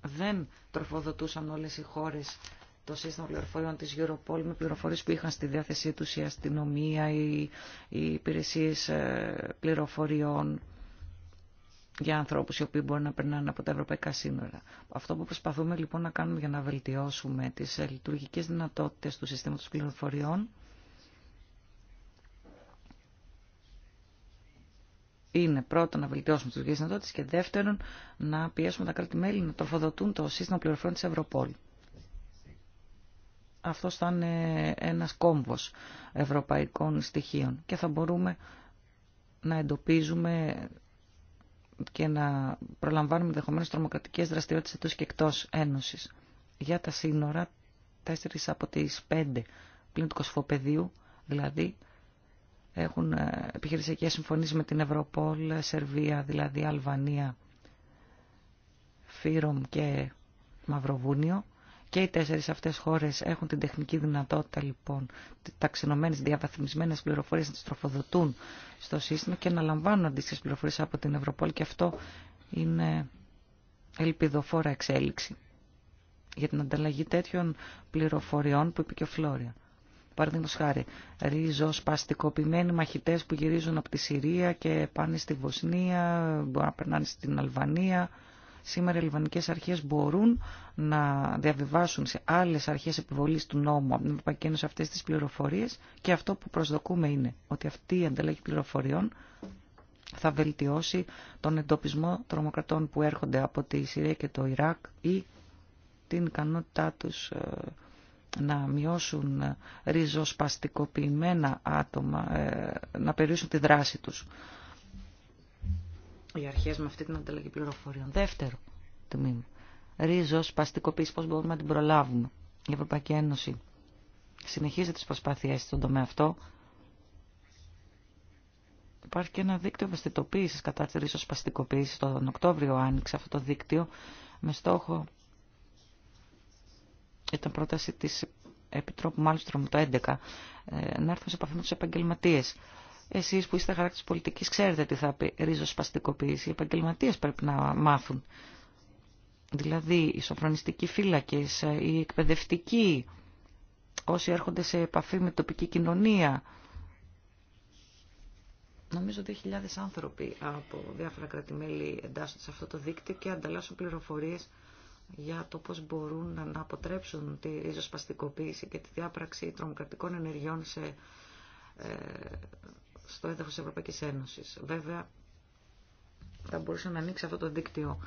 δεν τροφοδοτούσαν όλες οι χώρες το σύστημα πληροφοριών της Europol με πληροφορίες που είχαν στη διάθεσή τους η αστυνομία, οι, οι υπηρεσίες ε, πληροφοριών για ανθρώπους οι οποίοι μπορεί να περνάνε από τα ευρωπαϊκά σύνορα. Αυτό που προσπαθούμε λοιπόν να κάνουμε για να βελτιώσουμε τις ε, λειτουργικές δυνατότητες του συστήματος πληροφοριών είναι πρώτον να βελτιώσουμε τι λειτουργίε δυνατότητε και δεύτερον να πιέσουμε τα κράτη-μέλη να τροφοδοτούν το σύστημα πληροφοριών τη Ευρωπόλ. Αυτό θα είναι ένα κόμβο ευρωπαϊκών στοιχείων και θα μπορούμε να εντοπίζουμε και να προλαμβάνουμε ενδεχομένω τρομοκρατικέ δραστηριότητε εντό και εκτό Ένωση. Για τα σύνορα, τέσσερι από τι πέντε πλήν του κοσφοπεδίου, δηλαδή έχουν ε, επιχειρησιακές συμφωνίες με την Ευρωπόλ, Σερβία, δηλαδή Αλβανία, Φύρομ και Μαυροβούνιο. Και οι τέσσερις αυτές χώρες έχουν την τεχνική δυνατότητα λοιπόν τα ξενωμένες διαβαθμισμένες πληροφορίες να τις τροφοδοτούν στο σύστημα και να λαμβάνουν αντίστοιχε πληροφορίες από την Ευρωπόλ και αυτό είναι ελπιδοφόρα εξέλιξη για την ανταλλαγή τέτοιων πληροφοριών που είπε και ο Φλόρια. Παραδείγματο χάρη, σπαστικοποιημένοι μαχητέ που γυρίζουν από τη Συρία και πάνε στη Βοσνία, μπορεί να περνάνε στην Αλβανία. Σήμερα οι αλβανικές αρχέ μπορούν να διαβιβάσουν σε άλλε αρχέ επιβολή του νόμου από την Ευρωπαϊκή Ένωση αυτέ τι πληροφορίε. και αυτό που προσδοκούμε είναι ότι αυτή η ανταλλαγή πληροφοριών θα βελτιώσει τον εντοπισμό τρομοκρατών που έρχονται από τη Συρία και το Ιράκ ή την ικανότητά τους ε, να μειώσουν ριζοσπαστικοποιημένα άτομα, ε, να περιορίσουν τη δράση τους. Οι αρχές με αυτή την ανταλλαγή πληροφοριών. Δεύτερο τμήμα. Ριζοσπαστικοποίηση, πώς μπορούμε να την προλάβουμε. Η Ευρωπαϊκή Ένωση συνεχίζει τις προσπάθειές στον τομέα αυτό. Υπάρχει και ένα δίκτυο ευαισθητοποίησης κατά της ριζοσπαστικοποίησης. Τον Οκτώβριο άνοιξε αυτό το δίκτυο με στόχο για την πρόταση της Επιτρόπου Μάλστρομ το 2011, ε, να έρθουν σε επαφή με τους επαγγελματίες. Εσείς που είστε χαράκτη πολιτικής ξέρετε τι θα πει ρίζοσπαστικοποίηση. Οι επαγγελματίες πρέπει να μάθουν. Δηλαδή οι σοφρονιστικοί φύλακες, ε, οι εκπαιδευτικοί, όσοι έρχονται σε επαφή με τοπική κοινωνία. Νομίζω 2.000 άνθρωποι από διάφορα κρατημέλη εντάσσονται σε αυτό το δίκτυο και ανταλλάσσουν πληροφορίες για το πώς μπορούν να αποτρέψουν τη ριζοσπαστικοποίηση και τη διάπραξη τρομοκρατικών ενεργειών σε, ε, στο έδαφος της Ευρωπαϊκής Ένωσης. Βέβαια, θα μπορούσε να ανοίξει αυτό το δίκτυο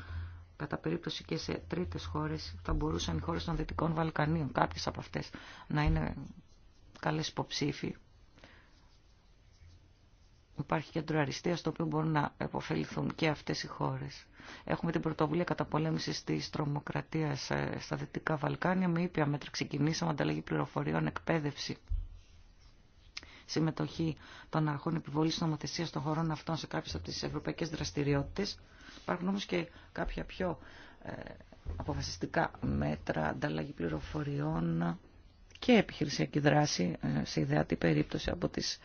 κατά περίπτωση και σε τρίτες χώρες, θα μπορούσαν οι χώρες των Δυτικών Βαλκανίων, κάποιες από αυτές, να είναι καλές υποψήφοι. Υπάρχει κέντρο αριστείας, στο οποίο μπορούν να επωφεληθούν και αυτές οι χώρες. Έχουμε την πρωτοβουλία καταπολέμηση της τρομοκρατίας ε, στα Δυτικά Βαλκάνια. Με ήπια μέτρα ξεκινήσαμε ανταλλαγή πληροφοριών, εκπαίδευση συμμετοχή των αρχών επιβολή νομοθεσία των χωρών αυτών σε κάποιε από τι ευρωπαϊκέ δραστηριότητε. Υπάρχουν όμω και κάποια πιο ε, αποφασιστικά μέτρα, ανταλλαγή πληροφοριών και επιχειρησιακή δράση ε, σε ιδεατή περίπτωση από τις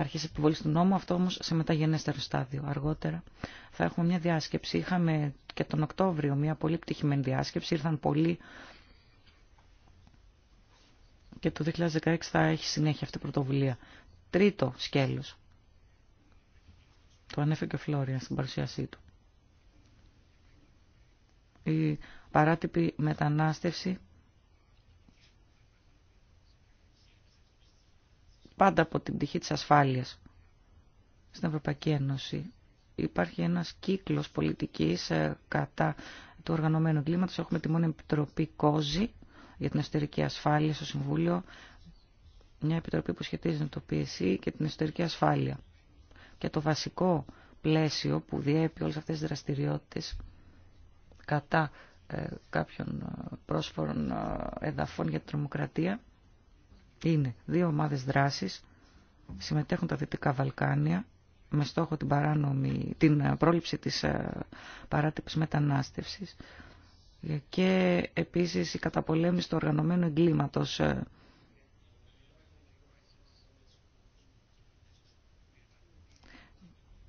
αρχή επιβολή του νόμου, αυτό όμως σε μεταγενέστερο στάδιο. Αργότερα θα έχουμε μια διάσκεψη. Είχαμε και τον Οκτώβριο μια πολύ πτυχημένη διάσκεψη, ήρθαν πολλοί και το 2016 θα έχει συνέχεια αυτή η πρωτοβουλία. Τρίτο σκέλος. Το ανέφερε και ο Φλόρια στην παρουσίασή του. Η παράτυπη μετανάστευση πάντα από την πτυχή της ασφάλειας στην Ευρωπαϊκή Ένωση. Υπάρχει ένας κύκλος πολιτικής ε, κατά του οργανωμένου κλίματος. Έχουμε τη μόνη επιτροπή COSI για την εσωτερική ασφάλεια στο Συμβούλιο, μια επιτροπή που σχετίζεται με το PSE και την εσωτερική ασφάλεια. Και το βασικό πλαίσιο που διέπει όλες αυτές τις δραστηριότητες κατά ε, κάποιων ε, πρόσφορων εδαφών για την τρομοκρατία είναι δύο ομάδες δράσης, συμμετέχουν τα Δυτικά Βαλκάνια, με στόχο την, παράνομη, την ε, πρόληψη της ε, παράτυπης μετανάστευσης και επίσης η καταπολέμηση του οργανωμένου εγκλήματος. Ε,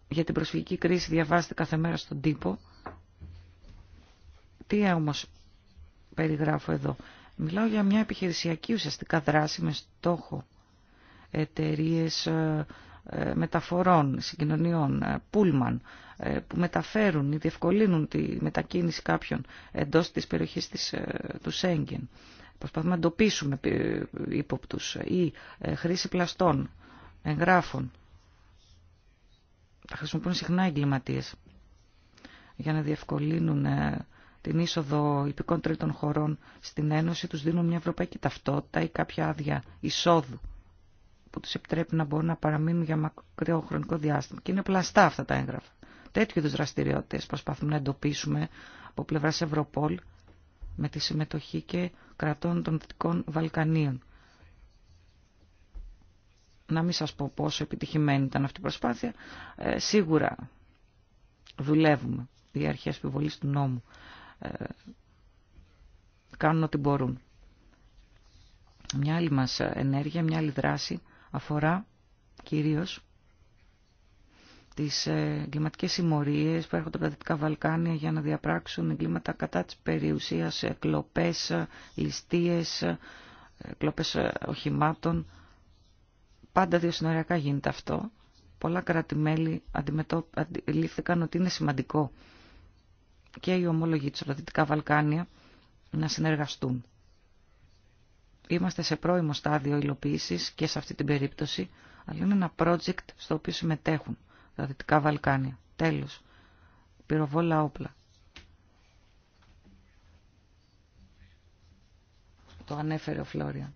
για την προσφυγική κρίση διαβάζεται κάθε μέρα στον τύπο. Τι όμως περιγράφω εδώ. Μιλάω για μια επιχειρησιακή ουσιαστικά δράση με στόχο εταιρείε ε, ε, μεταφορών, συγκοινωνιών, ε, πούλμαν, που μεταφέρουν ή διευκολύνουν τη μετακίνηση κάποιων εντός της περιοχής της, του Σέγγεν. Προσπαθούμε να εντοπίσουμε ύποπτους ή χρήση πλαστών, εγγράφων. Τα χρησιμοποιούν συχνά εγκληματίε για να διευκολύνουν την είσοδο υπηκών τρίτων χωρών στην Ένωση, τους δίνουν μια ευρωπαϊκή ταυτότητα ή κάποια άδεια εισόδου που τους επιτρέπει να μπορούν να παραμείνουν για μακριό χρονικό διάστημα. Και είναι πλαστά αυτά τα έγγραφα. Τέτοιου είδους δραστηριότητες προσπαθούμε να εντοπίσουμε από πλευράς Ευρωπόλ με τη συμμετοχή και κρατών των Δυτικών Βαλκανίων. Να μην σας πω πόσο επιτυχημένη ήταν αυτή η προσπάθεια. Ε, σίγουρα δουλεύουμε οι αρχές επιβολής του νόμου. Ε, κάνουν ό,τι μπορούν. Μια άλλη μας ενέργεια, μια άλλη δράση αφορά κυρίως τις ε, εγκληματικές συμμορίες που έρχονται από τα Δυτικά Βαλκάνια για να διαπράξουν εγκλήματα κατά της περιουσίας, κλοπές, ληστείες, κλοπές ε, οχημάτων. Πάντα διοσυνοριακά γίνεται αυτό. Πολλά κράτη-μέλη αντιλήφθηκαν ότι είναι σημαντικό και οι ομόλογοι της Δυτικά Βαλκάνια να συνεργαστούν. Είμαστε σε πρώιμο στάδιο υλοποίηση και σε αυτή την περίπτωση, αλλά είναι ένα project στο οποίο συμμετέχουν τα Δυτικά Βαλκάνια. Τέλος, πυροβόλα όπλα. Το ανέφερε ο Φλόριαν.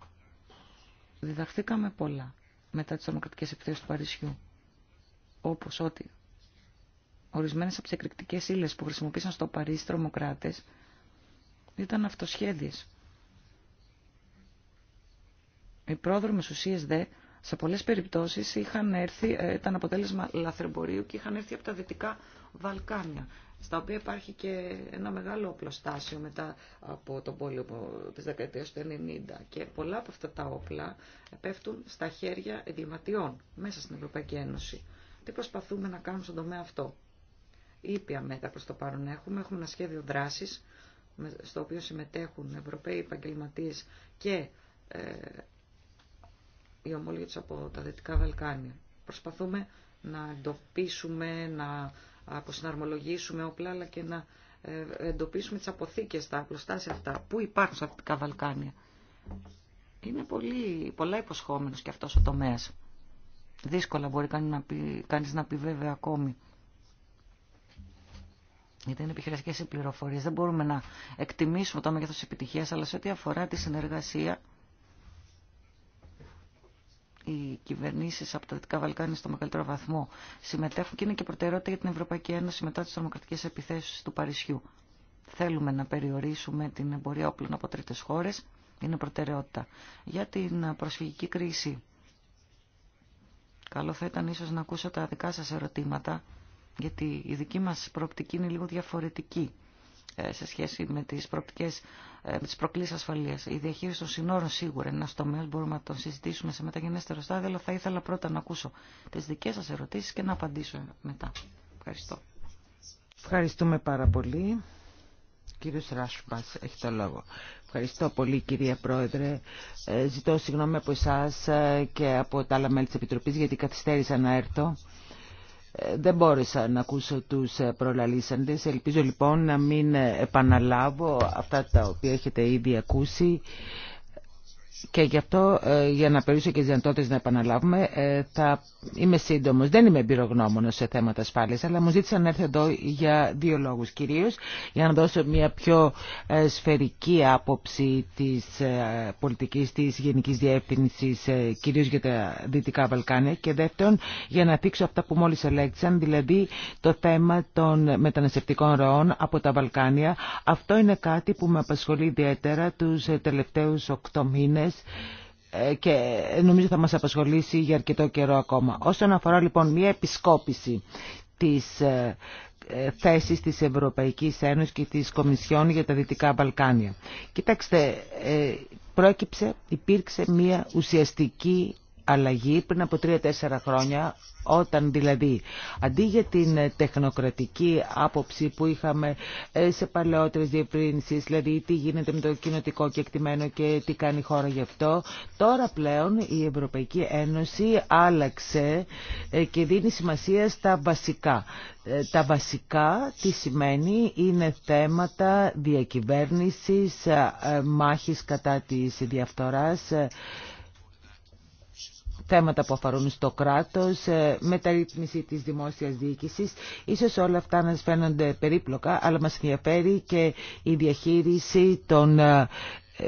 Διδαχθήκαμε πολλά μετά τις δημοκρατικές επιθέσεις του Παρισιού. Όπως ότι ορισμένες από τις εκρηκτικές ύλες που χρησιμοποίησαν στο Παρίσι τρομοκράτες ήταν αυτοσχέδιες. Οι πρόδρομες ουσίες δε σε πολλές περιπτώσεις είχαν έρθει, ε, ήταν αποτέλεσμα λαθρεμπορίου και είχαν έρθει από τα Δυτικά Βαλκάνια, στα οποία υπάρχει και ένα μεγάλο οπλοστάσιο μετά από τον πόλεμο της δεκαετίας του 1990 και πολλά από αυτά τα όπλα πέφτουν στα χέρια εγκληματιών μέσα στην Ευρωπαϊκή Ένωση. Τι προσπαθούμε να κάνουμε στον τομέα αυτό ήπια μέτρα προς το παρόν έχουμε. Έχουμε ένα σχέδιο δράσης στο οποίο συμμετέχουν Ευρωπαίοι επαγγελματίε και ε, οι ομόλογοι τους από τα Δυτικά Βαλκάνια. Προσπαθούμε να εντοπίσουμε, να αποσυναρμολογήσουμε όπλα, αλλά και να ε, εντοπίσουμε τις αποθήκες, τα απλοστάσια αυτά, που υπάρχουν στα Δυτικά Βαλκάνια. Είναι πολύ, πολλά υποσχόμενος και αυτός ο τομέας. Δύσκολα μπορεί κανείς να κανείς να πει βέβαια ακόμη γιατί είναι επιχειρηματικέ οι πληροφορίε. Δεν μπορούμε να εκτιμήσουμε το μέγεθο επιτυχία, αλλά σε ό,τι αφορά τη συνεργασία, οι κυβερνήσει από τα Δυτικά Βαλκάνια στο μεγαλύτερο βαθμό συμμετέχουν και είναι και προτεραιότητα για την Ευρωπαϊκή Ένωση μετά τις τρομοκρατικέ επιθέσεις του Παρισιού. Θέλουμε να περιορίσουμε την εμπορία όπλων από τρίτες χώρες. Είναι προτεραιότητα. Για την προσφυγική κρίση. Καλό θα ήταν ίσως να ακούσω τα δικά σας ερωτήματα γιατί η δική μας προοπτική είναι λίγο διαφορετική ε, σε σχέση με τις, προοπτικές, ε, με προκλήσεις ασφαλείας. Η διαχείριση των συνόρων σίγουρα είναι ένας τομέας, μπορούμε να τον συζητήσουμε σε μεταγενέστερο στάδιο, αλλά θα ήθελα πρώτα να ακούσω τις δικές σας ερωτήσεις και να απαντήσω μετά. Ευχαριστώ. Ευχαριστούμε πάρα πολύ. Κύριος Ράσουμπας έχει το λόγο. Ευχαριστώ πολύ κυρία Πρόεδρε. Ε, ζητώ συγγνώμη από εσάς και από τα άλλα μέλη της Επιτροπής γιατί καθυστέρησα να έρθω. Ε, δεν μπόρεσα να ακούσω τους ε, προλαλήσαντες. Ελπίζω λοιπόν να μην επαναλάβω αυτά τα οποία έχετε ήδη ακούσει. Και γι' αυτό, ε, για να περιορίσω και τι δυνατότητε να επαναλάβουμε, ε, θα είμαι σύντομο. Δεν είμαι εμπειρογνώμονο σε θέματα ασφάλεια, αλλά μου ζήτησαν να έρθω εδώ για δύο λόγου. Κυρίω για να δώσω μια πιο ε, σφαιρική άποψη τη πολιτική τη Γενική Διεύθυνση, κυρίω για τα Δυτικά Βαλκάνια. Και δεύτερον, για να δείξω αυτά που μόλι ελέγξαν, δηλαδή το θέμα των μεταναστευτικών ροών από τα Βαλκάνια. Αυτό είναι κάτι που με απασχολεί ιδιαίτερα του τελευταίου οκτώ μήνε ε, και νομίζω θα μας απασχολήσει για αρκετό καιρό ακόμα. Όσον αφορά λοιπόν μια επισκόπηση της ε, ε, θέσης της Ευρωπαϊκής Ένωσης και της Κομισιόν για τα Δυτικά Βαλκάνια. Κοιτάξτε, πρόκυψε, υπήρξε μια ουσιαστική αλλαγή πριν από 3-4 χρόνια όταν δηλαδή αντί για την τεχνοκρατική άποψη που είχαμε ε, σε παλαιότερες διευρύνσεις δηλαδή τι γίνεται με το κοινοτικό κεκτημένο και τι κάνει η χώρα γι' αυτό τώρα πλέον η Ευρωπαϊκή Ένωση άλλαξε ε, και δίνει σημασία στα βασικά ε, τα βασικά τι σημαίνει είναι θέματα διακυβέρνησης μάχης κατά της διαφθοράς θέματα που αφορούν στο κράτος, ε, μεταρρύθμιση της δημόσιας διοίκησης. Ίσως όλα αυτά να φαίνονται περίπλοκα, αλλά μας ενδιαφέρει και η διαχείριση των ε,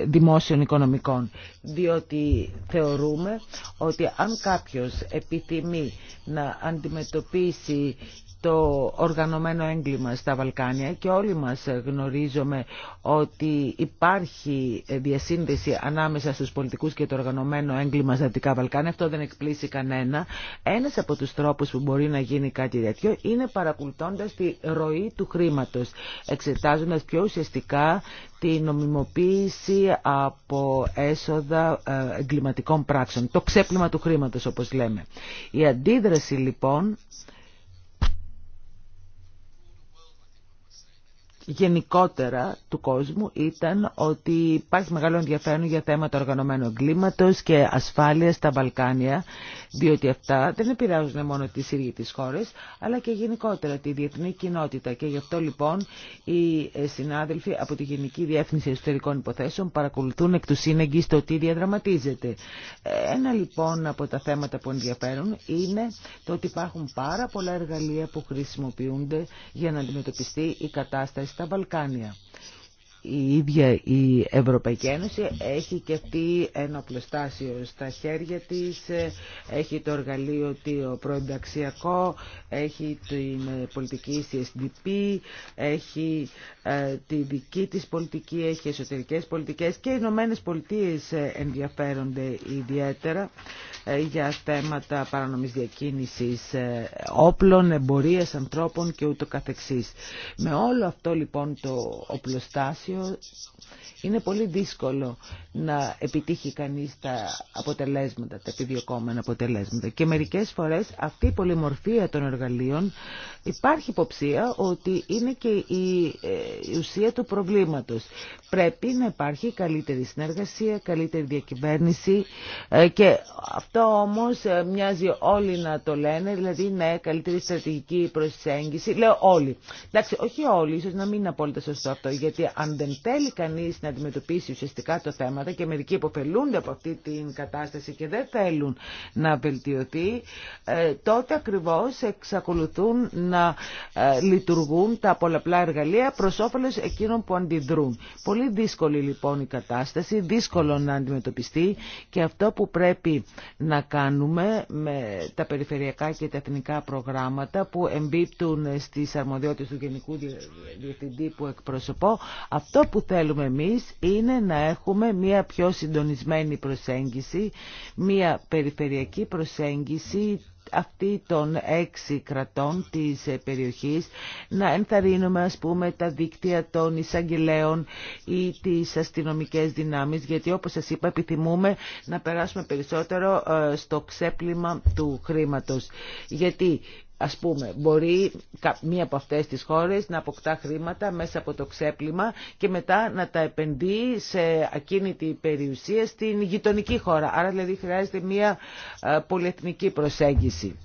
δημόσιων οικονομικών. Διότι θεωρούμε ότι αν κάποιος επιθυμεί να αντιμετωπίσει το οργανωμένο έγκλημα στα Βαλκάνια και όλοι μας γνωρίζουμε ότι υπάρχει διασύνδεση ανάμεσα στους πολιτικούς και το οργανωμένο έγκλημα στα Δυτικά Βαλκάνια. Αυτό δεν εκπλήσει κανένα. Ένας από τους τρόπους που μπορεί να γίνει κάτι τέτοιο είναι παρακολουθώντας τη ροή του χρήματος, εξετάζοντας πιο ουσιαστικά τη νομιμοποίηση από έσοδα ε, εγκληματικών πράξεων, το ξέπλυμα του χρήματος όπως λέμε. Η αντίδραση λοιπόν γενικότερα του κόσμου ήταν ότι υπάρχει μεγάλο ενδιαφέρον για θέματα οργανωμένου εγκλήματος και ασφάλεια στα Βαλκάνια, διότι αυτά δεν επηρεάζουν μόνο τις ίδιες τις χώρες, αλλά και γενικότερα τη διεθνή κοινότητα. Και γι' αυτό λοιπόν οι ε, συνάδελφοι από τη Γενική Διεύθυνση Εσωτερικών Υποθέσεων παρακολουθούν εκ του σύνεγγυ το τι διαδραματίζεται. Ένα λοιπόν από τα θέματα που ενδιαφέρουν είναι το ότι υπάρχουν πάρα πολλά εργαλεία που χρησιμοποιούνται για να αντιμετωπιστεί η κατάσταση στα Βαλκάνια η ίδια η Ευρωπαϊκή Ένωση έχει και αυτή ένα πλωστάσιο στα χέρια της, έχει το εργαλείο το προενταξιακό, έχει την πολιτική CSDP, έχει ε, τη δική της πολιτική, έχει εσωτερικές πολιτικές και οι Ηνωμένε Πολιτείε ε, ενδιαφέρονται ιδιαίτερα ε, για θέματα παρανομής διακίνησης όπλων, εμπορίας ανθρώπων και ούτω καθεξής. Με όλο αυτό λοιπόν το οπλοστάσιο είναι πολύ δύσκολο να επιτύχει κανείς τα αποτελέσματα, τα επιδιωκόμενα αποτελέσματα. Και μερικές φορές αυτή η πολυμορφία των εργαλείων υπάρχει υποψία ότι είναι και η ε, ουσία του προβλήματος. Πρέπει να υπάρχει καλύτερη συνεργασία, καλύτερη διακυβέρνηση ε, και αυτό όμως ε, μοιάζει όλοι να το λένε, δηλαδή ναι, καλύτερη στρατηγική προσέγγιση. Λέω όλοι. Εντάξει, όχι όλοι, ίσως να μην είναι απόλυτα αυτό, γιατί δεν θέλει κανείς να αντιμετωπίσει ουσιαστικά το θέματα και μερικοί υποφελούνται από αυτή την κατάσταση και δεν θέλουν να βελτιωθεί, ε, τότε ακριβώς εξακολουθούν να ε, λειτουργούν τα πολλαπλά εργαλεία προς όφελος εκείνων που αντιδρούν. Πολύ δύσκολη λοιπόν η κατάσταση, δύσκολο να αντιμετωπιστεί και αυτό που πρέπει να κάνουμε με τα περιφερειακά και τα εθνικά προγράμματα που εμπίπτουν στις αρμοδιότητες του Γενικού Διευθυντή που εκπροσωπώ, το που θέλουμε εμείς είναι να έχουμε μια πιο συντονισμένη προσέγγιση, μια περιφερειακή προσέγγιση αυτή των έξι κρατών της περιοχής να ενθαρρύνουμε ας πούμε τα δίκτυα των εισαγγελέων ή τις αστυνομικές δυνάμεις γιατί όπως σας είπα επιθυμούμε να περάσουμε περισσότερο ε, στο ξέπλυμα του χρήματος γιατί Ας πούμε, μπορεί μία από αυτές τις χώρες να αποκτά χρήματα μέσα από το ξέπλυμα και μετά να τα επενδύει σε ακίνητη περιουσία στην γειτονική χώρα. Άρα δηλαδή χρειάζεται μία ε, πολυεθνική προσέγγιση.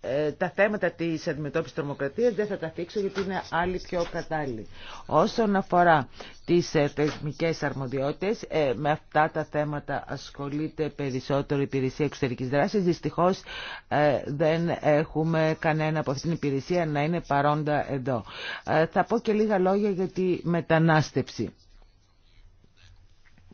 Ε, τα θέματα της αντιμετώπισης τρομοκρατίας δεν θα τα αφήξω γιατί είναι άλλη πιο κατάλληλοι. Όσον αφορά τις ε, θεσμικές αρμοδιότητες, ε, με αυτά τα θέματα ασχολείται περισσότερο η υπηρεσία εξωτερικής δράσης. Δυστυχώς δεν έχουμε κανένα από αυτήν την υπηρεσία να είναι παρόντα εδώ. Θα πω και λίγα λόγια για τη μετανάστευση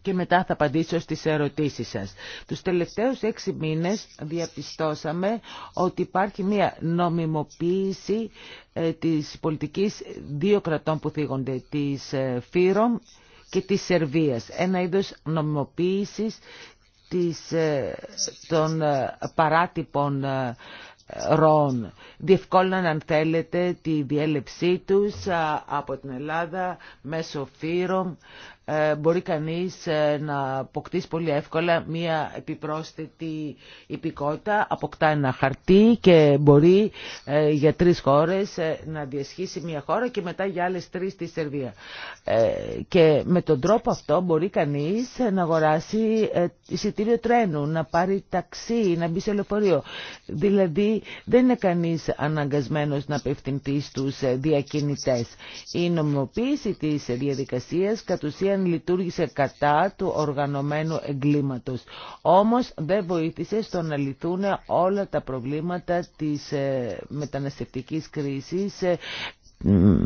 και μετά θα απαντήσω στις ερωτήσεις σας. Τους τελευταίους έξι μήνες διαπιστώσαμε ότι υπάρχει μια νομιμοποίηση ε, της πολιτικής δύο κρατών που θίγονται, της ε, Φύρομ και της Σερβίας. Ένα είδος νομιμοποίησης ε, των παράτυπων ροών. Διευκόλυναν αν θέλετε τη διέλευσή τους από την Ελλάδα μέσω Φύρομ ε, μπορεί κανείς ε, να αποκτήσει πολύ εύκολα μία επιπρόσθετη υπηκότητα, αποκτά ένα χαρτί και μπορεί ε, για τρεις χώρες να διασχίσει μία χώρα και μετά για άλλες τρεις στη Σερβία. Και με τον τρόπο αυτό μπορεί κανείς να αγοράσει εισιτήριο τρένου, να πάρει ταξί, να μπει σε λεωφορείο. Δηλαδή δεν είναι κανείς αναγκασμένος να απευθυνθεί στους διακινητές. Η νομιμοποίηση της διαδικασίας κατ' Δεν λειτουργήσε κατά του οργανωμένου εγκλήματος. Όμως δεν βοήθησε στο να λυθούν όλα τα προβλήματα της ε, μεταναστευτικής κρίσης ε,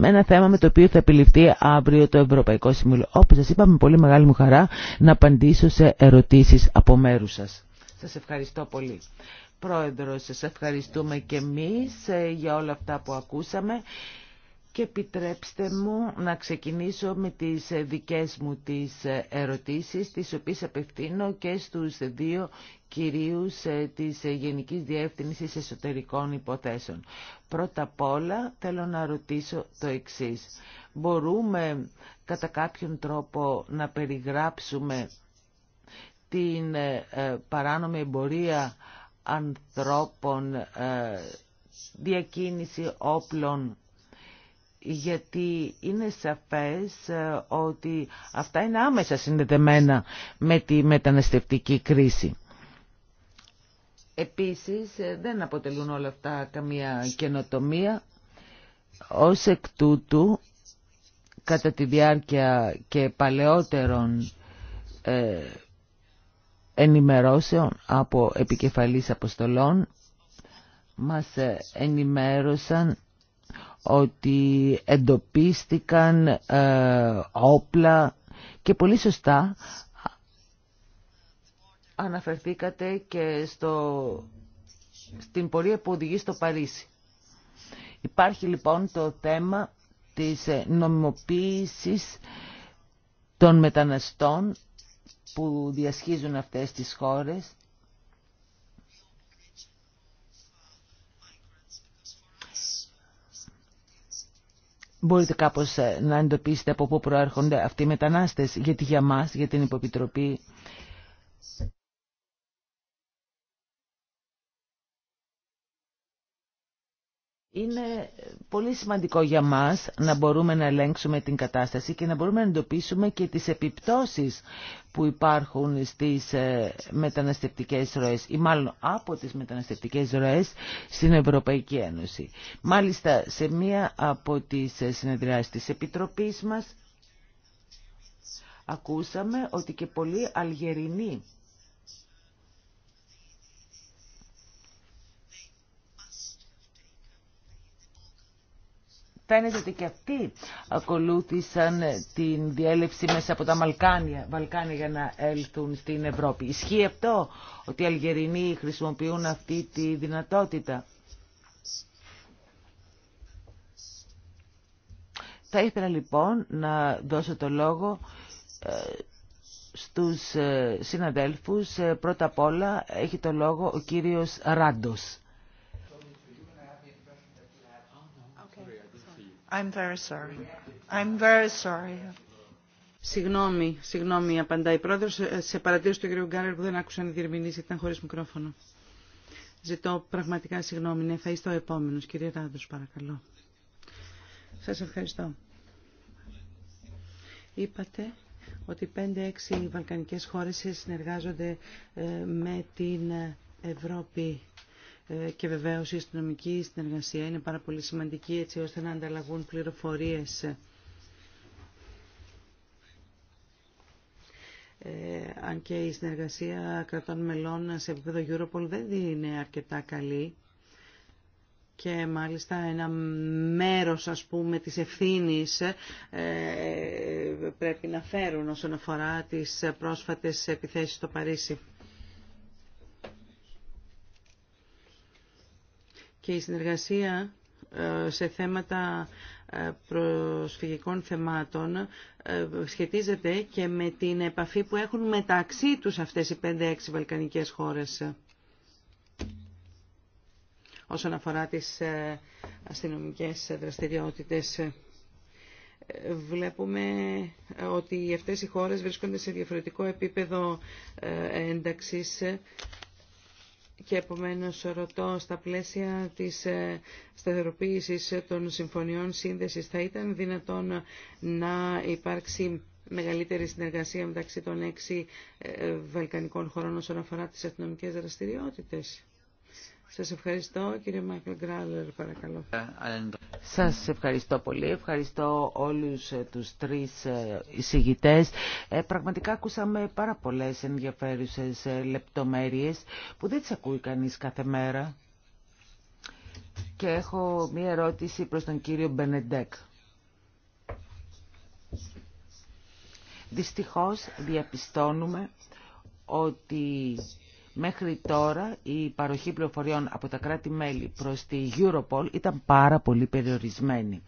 ένα θέμα με το οποίο θα επιληφθεί αύριο το Ευρωπαϊκό Συμβούλιο. Όπως σας είπα με πολύ μεγάλη μου χαρά να απαντήσω σε ερωτήσεις από μέρους σας. Σας ευχαριστώ πολύ. Πρόεδρος, σας ευχαριστούμε και εμείς ε, για όλα αυτά που ακούσαμε και επιτρέψτε μου να ξεκινήσω με τις δικές μου τις ερωτήσεις, τις οποίες απευθύνω και στους δύο κυρίους ε, της Γενικής Διεύθυνσης Εσωτερικών Υποθέσεων. Πρώτα απ' όλα θέλω να ρωτήσω το εξής. Μπορούμε κατά κάποιον τρόπο να περιγράψουμε την ε, ε, παράνομη εμπορία ανθρώπων, διακίνηση όπλων γιατί είναι σαφές ε, ότι αυτά είναι άμεσα συνδεδεμένα με τη μεταναστευτική κρίση. Επίσης ε, δεν αποτελούν όλα αυτά καμία καινοτομία. Ως εκ τούτου, κατά τη διάρκεια και παλαιότερων ε, ενημερώσεων από επικεφαλής αποστολών, μας ε, ενημέρωσαν ότι εντοπίστηκαν ε, όπλα και πολύ σωστά αναφερθήκατε και στο, στην πορεία που οδηγεί στο Παρίσι. Υπάρχει λοιπόν το θέμα της ε, νομιμοποίησης των μεταναστών που διασχίζουν αυτές τις χώρες Μπορείτε κάπως ε, να εντοπίσετε από πού προέρχονται αυτοί οι μετανάστες, γιατί για μας, για την Υποπιτροπή Είναι πολύ σημαντικό για μας να μπορούμε να ελέγξουμε την κατάσταση και να μπορούμε να εντοπίσουμε και τις επιπτώσεις που υπάρχουν στις ε, μεταναστευτικές ροές ή μάλλον από τις μεταναστευτικές ροές στην Ευρωπαϊκή Ένωση. Μάλιστα σε μία από τις ε, συνεδριάσεις της Επιτροπής μας ακούσαμε ότι και πολλοί Αλγερινοί Φαίνεται ότι και αυτοί ακολούθησαν την διέλευση μέσα από τα Μαλκάνια, Βαλκάνια για να έλθουν στην Ευρώπη. Ισχύει αυτό ότι οι Αλγερινοί χρησιμοποιούν αυτή τη δυνατότητα. Θα ήθελα λοιπόν να δώσω το λόγο ε, στους ε, συναδέλφους. Ε, πρώτα απ' όλα έχει το λόγο ο κύριος Ράντος. Συγγνώμη, συγγνώμη, απαντάει η πρόεδρο. Ε, σε παρατήρηση του κ. Γκάλερ που δεν άκουσαν οι ήταν χωρίς μικρόφωνο. Ζητώ πραγματικά συγγνώμη. Ναι, θα είστε ο επόμενος. Κύριε Ράντο, παρακαλώ. Σας ευχαριστώ. Είπατε ότι 5-6 βαλκανικές χώρες συνεργάζονται ε, με την ε, Ευρώπη ε, και βεβαίως η αστυνομική συνεργασία είναι πάρα πολύ σημαντική έτσι ώστε να ανταλλαγούν πληροφορίες. Ε, αν και η συνεργασία κρατών μελών σε επίπεδο Europol δεν είναι αρκετά καλή και μάλιστα ένα μέρος ας πούμε της ευθύνης ε, πρέπει να φέρουν όσον αφορά τις πρόσφατες επιθέσεις στο Παρίσι. και η συνεργασία ε, σε θέματα ε, προσφυγικών θεμάτων ε, σχετίζεται και με την επαφή που έχουν μεταξύ τους αυτές οι 5-6 βαλκανικές χώρες όσον αφορά τις αστυνομικές δραστηριότητες. Βλέπουμε ότι αυτές οι χώρες βρίσκονται σε διαφορετικό επίπεδο ένταξης και επομένως ρωτώ στα πλαίσια της ε, σταθεροποίησης των συμφωνιών σύνδεσης θα ήταν δυνατόν να υπάρξει μεγαλύτερη συνεργασία μεταξύ των έξι ε, ε, βαλκανικών χωρών όσον αφορά τις αστυνομικές δραστηριότητες. Σας ευχαριστώ κύριε Μάικλ Γκράλερ παρακαλώ. Σας ευχαριστώ πολύ. Ευχαριστώ όλους ε, τους τρεις ε, εισηγητές. Ε, πραγματικά ακούσαμε πάρα πολλές ενδιαφέρουσες λεπτομέρειες που δεν τις ακούει κανείς κάθε μέρα. Και έχω μία ερώτηση προς τον κύριο Μπενεντέκ. Δυστυχώς διαπιστώνουμε ότι Μέχρι τώρα η παροχή πληροφοριών από τα κράτη-μέλη προς τη Europol ήταν πάρα πολύ περιορισμένη.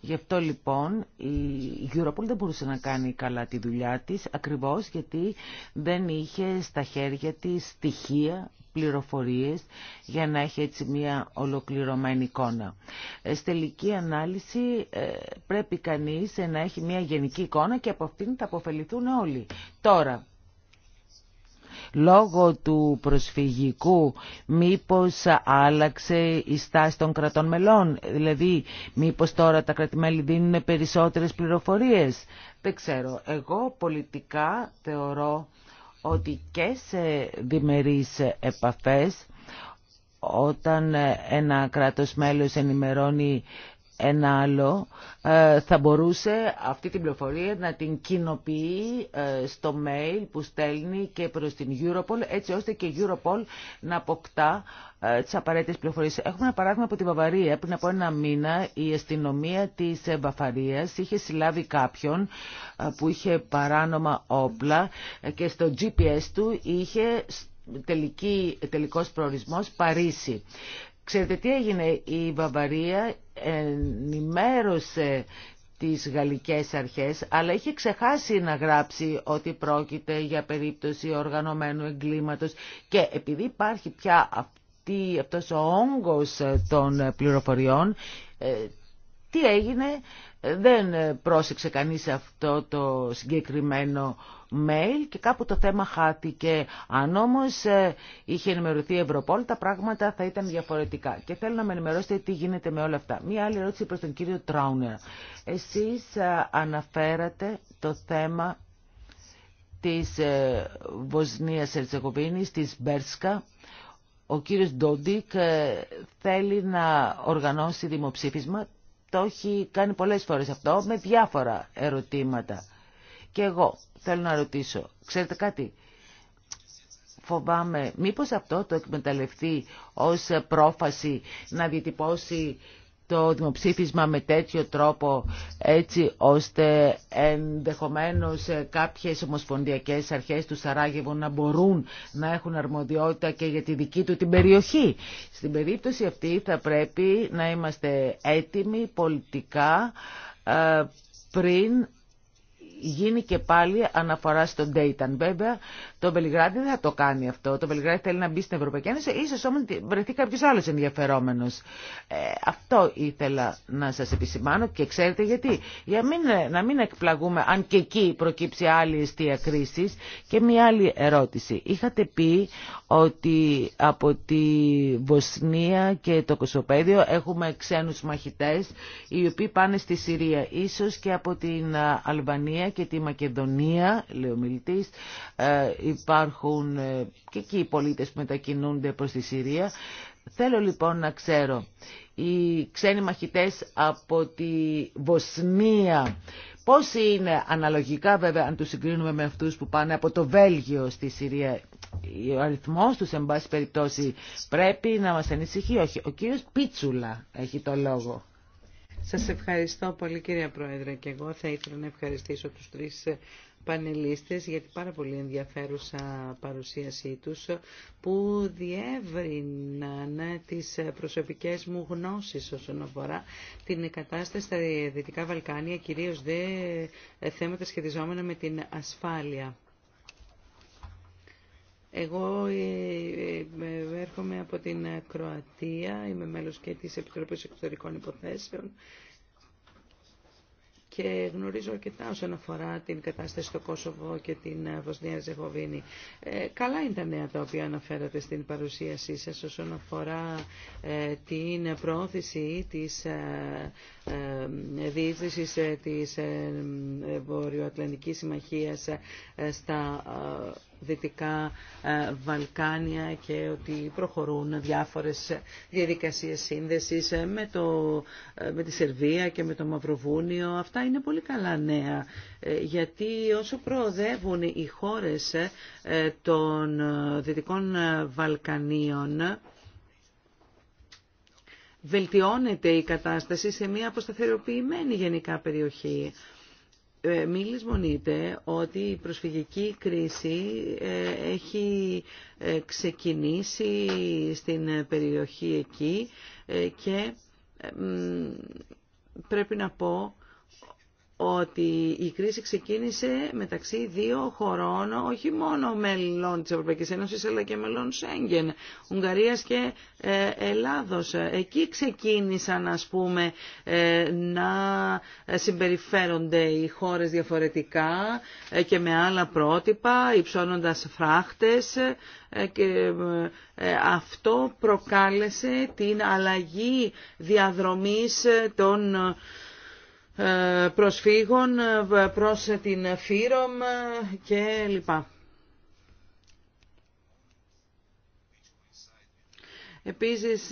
Γι' αυτό λοιπόν η Europol δεν μπορούσε να κάνει καλά τη δουλειά της ακριβώς γιατί δεν είχε στα χέρια της στοιχεία πληροφορίες για να έχει έτσι μια ολοκληρωμένη εικόνα. Ε, στη τελική ανάλυση ε, πρέπει κανείς να έχει μια γενική εικόνα και από αυτήν θα αποφεληθούν όλοι. Τώρα, λόγω του προσφυγικού μήπως άλλαξε η στάση των κρατών μελών, δηλαδή μήπως τώρα τα κρατημέλη δίνουν περισσότερες πληροφορίες. Δεν ξέρω, εγώ πολιτικά θεωρώ ότι και σε διμερείς επαφές όταν ένα κράτος μέλος ενημερώνει ένα άλλο ε, θα μπορούσε αυτή την πληροφορία να την κοινοποιεί ε, στο mail που στέλνει και προς την Europol έτσι ώστε και η Europol να αποκτά ε, τις απαραίτητες πληροφορίες. Έχουμε ένα παράδειγμα από τη Βαβαρία. Πριν από ένα μήνα η αστυνομία της Βαφαρίας είχε συλλάβει κάποιον που είχε παράνομα όπλα και στο GPS του είχε τελική, τελικός προορισμός Παρίσι. Ξέρετε τι έγινε, η Βαβαρία ενημέρωσε τις γαλλικές αρχές, αλλά είχε ξεχάσει να γράψει ότι πρόκειται για περίπτωση οργανωμένου εγκλήματος και επειδή υπάρχει πια αυτή, αυτός ο όγκος των πληροφοριών, ε, τι έγινε, δεν πρόσεξε κανείς αυτό το συγκεκριμένο mail και κάπου το θέμα χάθηκε. Αν όμως ε, είχε ενημερωθεί η Ευρωπόλ, τα πράγματα θα ήταν διαφορετικά. Και θέλω να με ενημερώσετε τι γίνεται με όλα αυτά. Μία άλλη ερώτηση προς τον κύριο Τράουνερ. Εσείς ε, αναφέρατε το θέμα της ε, Βοσνίας Ερτσεκοβίνης, της Μπέρσκα, ο κύριος Ντόντικ θέλει να οργανώσει δημοψήφισμα το έχει κάνει πολλές φορές αυτό με διάφορα ερωτήματα. Και εγώ θέλω να ρωτήσω, ξέρετε κάτι, φοβάμαι μήπως αυτό το εκμεταλλευτεί ως πρόφαση να διατυπώσει το δημοψήφισμα με τέτοιο τρόπο έτσι ώστε ενδεχομένως κάποιες ομοσπονδιακές αρχές του Σαράγεβο να μπορούν να έχουν αρμοδιότητα και για τη δική του την περιοχή. Στην περίπτωση αυτή θα πρέπει να είμαστε έτοιμοι πολιτικά ε, πριν γίνει και πάλι αναφορά στον Dayton. Βέβαια, το Βελιγράδι δεν θα το κάνει αυτό. Το Βελιγράδι θέλει να μπει στην Ευρωπαϊκή Ένωση, σω όμω βρεθεί κάποιο άλλο ενδιαφερόμενο. Ε, αυτό ήθελα να σα επισημάνω και ξέρετε γιατί. Για μην, να μην εκπλαγούμε αν και εκεί προκύψει άλλη αιστεία κρίση. Και μια άλλη ερώτηση. Είχατε πει ότι από τη Βοσνία και το Κοσοπέδιο έχουμε ξένους μαχητές οι οποίοι πάνε στη Συρία ίσως και από την Αλβανία και τη Μακεδονία, λέει ο μιλητής. Ε, υπάρχουν ε, και εκεί οι πολίτες που μετακινούνται προς τη Συρία. Θέλω λοιπόν να ξέρω, οι ξένοι μαχητές από τη Βοσνία, πώς είναι αναλογικά βέβαια αν τους συγκρίνουμε με αυτούς που πάνε από το Βέλγιο στη Συρία, ο αριθμός τους εν πάση περιπτώσει πρέπει να μας ανησυχεί, όχι. Ο κύριος Πίτσουλα έχει το λόγο. Σας ευχαριστώ πολύ κυρία Πρόεδρε και εγώ θα ήθελα να ευχαριστήσω τους τρεις πανελίστες για την πάρα πολύ ενδιαφέρουσα παρουσίασή τους που διεύρυναν τις προσωπικές μου γνώσεις όσον αφορά την κατάσταση στα Δυτικά Βαλκάνια, κυρίως δε θέματα σχετιζόμενα με την ασφάλεια. Εγώ ε, ε, ε, έρχομαι από την Κροατία, είμαι μέλος και της Επιτροπής Εξωτερικών Υποθέσεων και γνωρίζω αρκετά όσον αφορά την κατάσταση στο Κόσοβο και την Βοσνία Ζεχοβίνη. καλά είναι τα νέα τα οποία αναφέρατε στην παρουσίασή σας όσον αφορά την προώθηση της ε, ε, διείσδυσης της Βορειοατλαντικής Συμμαχίας στα Δυτικά ε, Βαλκάνια και ότι προχωρούν διάφορες διαδικασίες σύνδεσης ε, με, το, ε, με τη Σερβία και με το Μαυροβούνιο. Αυτά είναι πολύ καλά νέα γιατί όσο προοδεύουν οι χώρες των Δυτικών Βαλκανίων βελτιώνεται η κατάσταση σε μια αποσταθεροποιημένη γενικά περιοχή. Ε, μην λησμονείτε ότι η προσφυγική κρίση ε, έχει ε, ξεκινήσει στην περιοχή εκεί και πρέπει να πω ότι η κρίση ξεκίνησε μεταξύ δύο χωρών, όχι μόνο μελών της Ευρωπαϊκής Ένωσης, αλλά και μελών Σέγγεν, Ουγγαρίας και ε, Ελλάδος. Εκεί ξεκίνησαν, ας πούμε, ε, να συμπεριφέρονται οι χώρες διαφορετικά ε, και με άλλα πρότυπα, υψώνοντας φράχτες και αυτό προκάλεσε την αλλαγή διαδρομής των ε, προσφύγων ε, προς την Φύρομ ε, και λοιπά. Επίσης,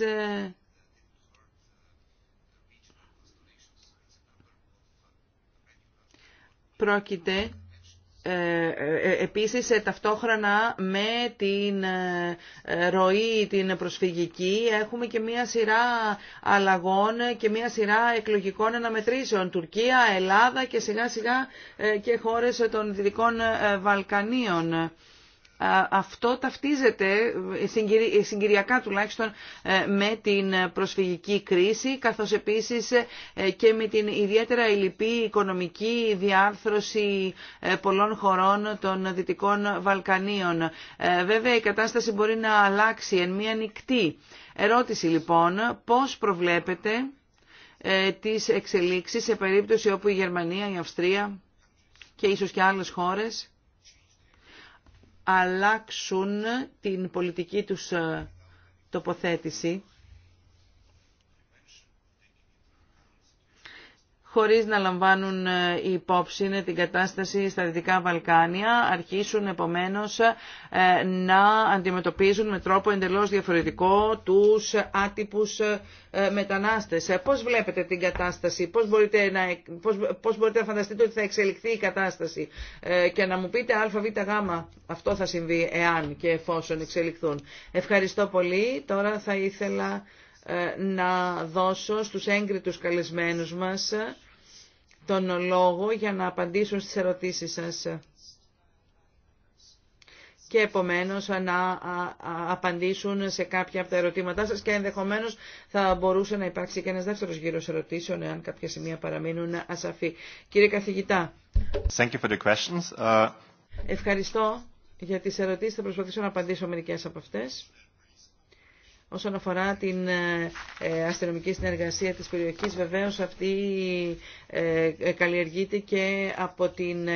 πρόκειται ε, ε, ε, επίσης ταυτόχρονα με την ροή την προσφυγική έχουμε και μία σειρά αλλαγών και μία σειρά εκλογικών αναμετρήσεων. Τουρκία, Ελλάδα και σιγά σιγά και χώρες των Δυτικών Βαλκανίων αυτό ταυτίζεται ε, ε, συγκυριακά τουλάχιστον ε, με την προσφυγική κρίση καθώς επίσης και με την ιδιαίτερα ηλυπή οικονομική διάρθρωση πολλών χωρών των Δυτικών Βαλκανίων. Βέβαια η κατάσταση μπορεί να αλλάξει εν μία νυχτή. Ερώτηση λοιπόν, πώς προβλέπετε τις εξελίξεις σε περίπτωση όπου η Γερμανία, η Αυστρία και ίσως και άλλες χώρες αλλάξουν την πολιτική τους ε, τοποθέτηση χωρίς να λαμβάνουν ε, υπόψη ε, την κατάσταση στα Δυτικά Βαλκάνια, αρχίσουν επομένως ε, να αντιμετωπίζουν με τρόπο εντελώς διαφορετικό τους άτυπους μετανάστες. Πώς βλέπετε την κατάσταση, πώς μπορείτε να, πώς, μπορείτε να φανταστείτε ότι θα εξελιχθεί η κατάσταση και να μου πείτε α, β, γ, αυτό θα συμβεί εάν και εφόσον εξελιχθούν. Ευχαριστώ πολύ. Τώρα θα ήθελα ε, να δώσω στους έγκριτους καλεσμένους μας ε, τον λόγο για να απαντήσουν στις ερωτήσεις σας και επομένως ε, να απαντήσουν σε κάποια από τα ερωτήματά σας και ενδεχομένως θα μπορούσε να υπάρξει και ένας δεύτερος γύρος ερωτήσεων εάν κάποια σημεία παραμείνουν ασαφή. Κύριε Καθηγητά, Thank you for the uh, ευχαριστώ για τις ερωτήσεις. Θα προσπαθήσω να απαντήσω μερικές από αυτές. Όσον αφορά την ε, ε, αστυνομική συνεργασία της περιοχής, βεβαίως αυτή ε, καλλιεργείται και, από την,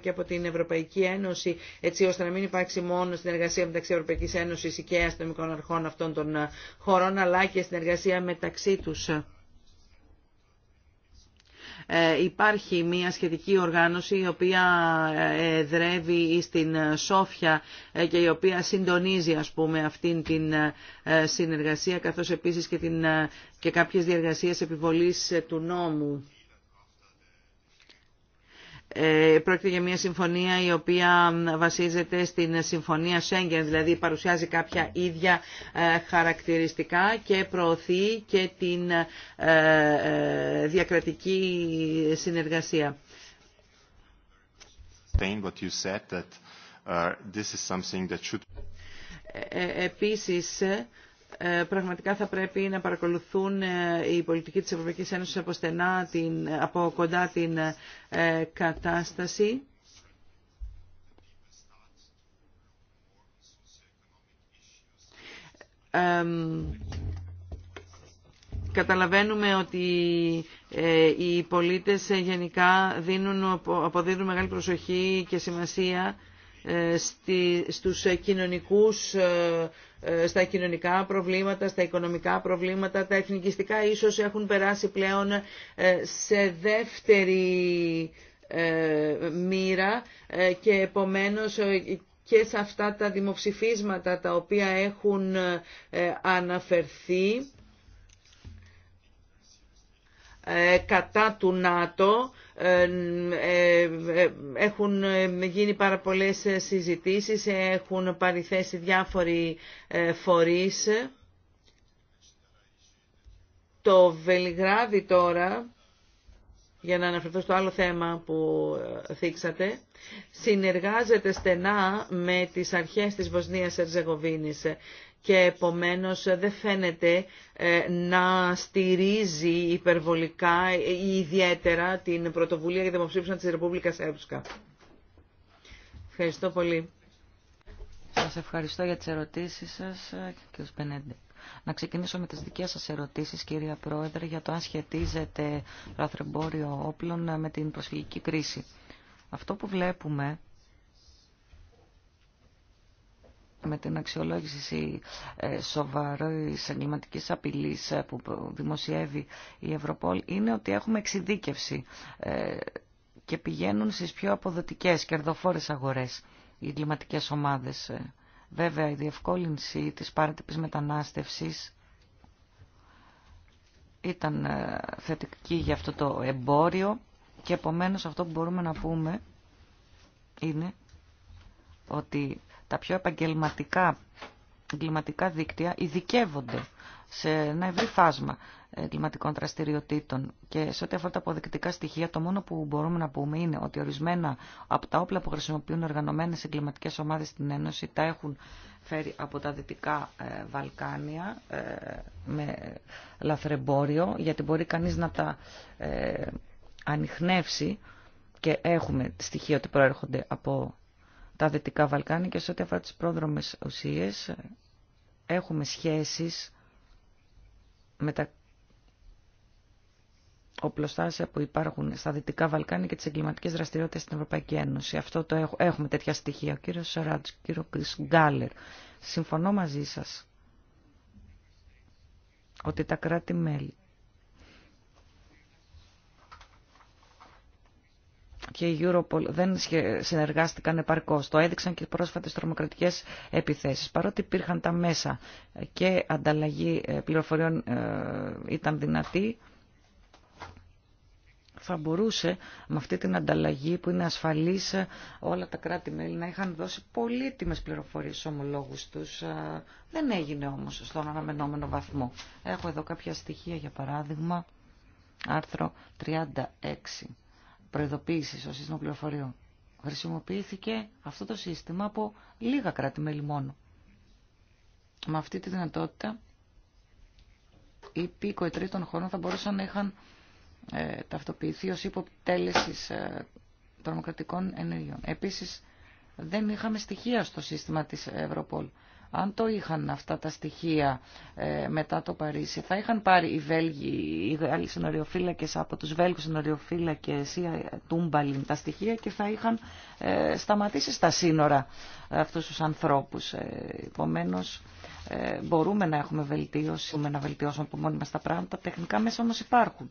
και, από την Ευρωπαϊκή Ένωση, έτσι ώστε να μην υπάρξει μόνο συνεργασία μεταξύ Ευρωπαϊκής Ένωσης και αστυνομικών αρχών αυτών των χωρών, αλλά και συνεργασία μεταξύ τους. Ε, υπάρχει μια σχετική οργάνωση η οποία ε, δρεύει στην ε, Σόφια και η οποία συντονίζει ας πούμε αυτήν την συνεργασία καθώς επίσης και, την, και κάποιες διεργασίες επιβολής του νόμου. Ε, πρόκειται για μια συμφωνία η οποία βασίζεται στην συμφωνία Σέγγεν, δηλαδή παρουσιάζει κάποια ίδια ε, χαρακτηριστικά και προωθεί και την ε, διακρατική συνεργασία. Επίσης, ε, πραγματικά θα πρέπει να παρακολουθούν ε, οι πολιτικοί της Ευρωπαϊκής Ένωσης από, την, από κοντά την ε, κατάσταση. καταλαβαίνουμε ότι οι πολίτες γενικά δίνουν, αποδίδουν μεγάλη προσοχή και σημασία στους κοινωνικούς ε, στα κοινωνικά προβλήματα, στα οικονομικά προβλήματα. Τα εθνικιστικά ίσως έχουν περάσει πλέον ε, σε δεύτερη ε, μοίρα και επομένως και σε αυτά τα δημοψηφίσματα τα οποία έχουν αναφερθεί ε, κατά του ΝΑΤΟ ε, ε, έχουν γίνει πάρα πολλές συζητήσεις, έχουν παριθέσει διάφοροι φορείς. Το Βελιγράδι τώρα, για να αναφερθώ στο άλλο θέμα που θίξατε, συνεργάζεται στενά με τις αρχές της Βοσνίας Ερζεγοβίνης και επομένως δεν φαίνεται ε, να στηρίζει υπερβολικά ή ε, ιδιαίτερα την πρωτοβουλία για δημοψήφισμα της Ρεπούμπλικας Έψκα. Ευχαριστώ πολύ. Σας ευχαριστώ για τις ερωτήσεις σας, ε, κ. Πενέντε. Να ξεκινήσω με τις δικές σας ερωτήσεις, κυρία Πρόεδρε, για το αν σχετίζεται το αθρεμπόριο όπλων με την προσφυγική κρίση. Αυτό που βλέπουμε με την αξιολόγηση ε, σοβαρής εγκληματικής απειλής ε, που δημοσιεύει η Ευρωπόλ είναι ότι έχουμε εξειδίκευση ε, και πηγαίνουν στις πιο αποδοτικές κερδοφόρες αγορές οι εγκληματικές ομάδες. Βέβαια η διευκόλυνση της παράτυπης μετανάστευσης ήταν θετική για αυτό το εμπόριο και επομένως αυτό που μπορούμε να πούμε είναι ότι τα πιο επαγγελματικά εγκληματικά δίκτυα ειδικεύονται σε ένα ευρύ φάσμα εγκληματικών δραστηριοτήτων και σε ό,τι αφορά τα αποδεικτικά στοιχεία, το μόνο που μπορούμε να πούμε είναι ότι ορισμένα από τα όπλα που χρησιμοποιούν οργανωμένε εγκληματικέ ομάδε στην Ένωση τα έχουν φέρει από τα Δυτικά ε, Βαλκάνια ε, με λαθρεμπόριο, γιατί μπορεί κανεί να τα ε, ανοιχνεύσει και έχουμε στοιχεία ότι προέρχονται από τα Δυτικά Βαλκάνια και σε ό,τι αφορά τις πρόδρομες ουσίες έχουμε σχέσεις με τα οπλοστάσια που υπάρχουν στα Δυτικά Βαλκάνια και τις εγκληματικές δραστηριότητες στην Ευρωπαϊκή Ένωση. Αυτό το έχουμε, τέτοια στοιχεία. Ο κύριος Σοράτζ, ο κύριος Γκάλερ, συμφωνώ μαζί σας ότι τα κράτη-μέλη και η Europol δεν συνεργάστηκαν επαρκώς. Το έδειξαν και οι πρόσφατες τρομοκρατικές επιθέσεις. Παρότι υπήρχαν τα μέσα και ανταλλαγή ε, πληροφοριών ε, ήταν δυνατή, θα μπορούσε με αυτή την ανταλλαγή που είναι ασφαλής ε, όλα τα κράτη-μέλη να είχαν δώσει πολύτιμες πληροφορίες στους ομολόγους τους. Δεν έγινε όμως στον αναμενόμενο βαθμό. Έχω εδώ κάποια στοιχεία για παράδειγμα, άρθρο 36 προειδοποίησης, ο σύστημα πληροφοριών. Χρησιμοποιήθηκε αυτό το σύστημα από λίγα κράτη-μέλη μόνο. Με αυτή τη δυνατότητα οι πήκοοι τρίτων χωρών θα μπορούσαν να είχαν ε, ταυτοποιηθεί ω υποτέλεση ε, τρομοκρατικών ενεργειών. Επίσης, δεν είχαμε στοιχεία στο σύστημα της Ευρωπόλ αν το είχαν αυτά τα στοιχεία ε, μετά το Παρίσι, θα είχαν πάρει οι Βέλγοι, οι Γάλλοι συνοριοφύλακε από τους Βέλγους συνοριοφύλακε ή ε, Τούμπαλιν τα στοιχεία και θα είχαν ε, σταματήσει στα σύνορα αυτούς τους ανθρώπους. Επομένως, μπορούμε να έχουμε βελτίωση, μπορούμε να βελτιώσουμε από μόνοι μας τα πράγματα, τεχνικά μέσα όμω υπάρχουν.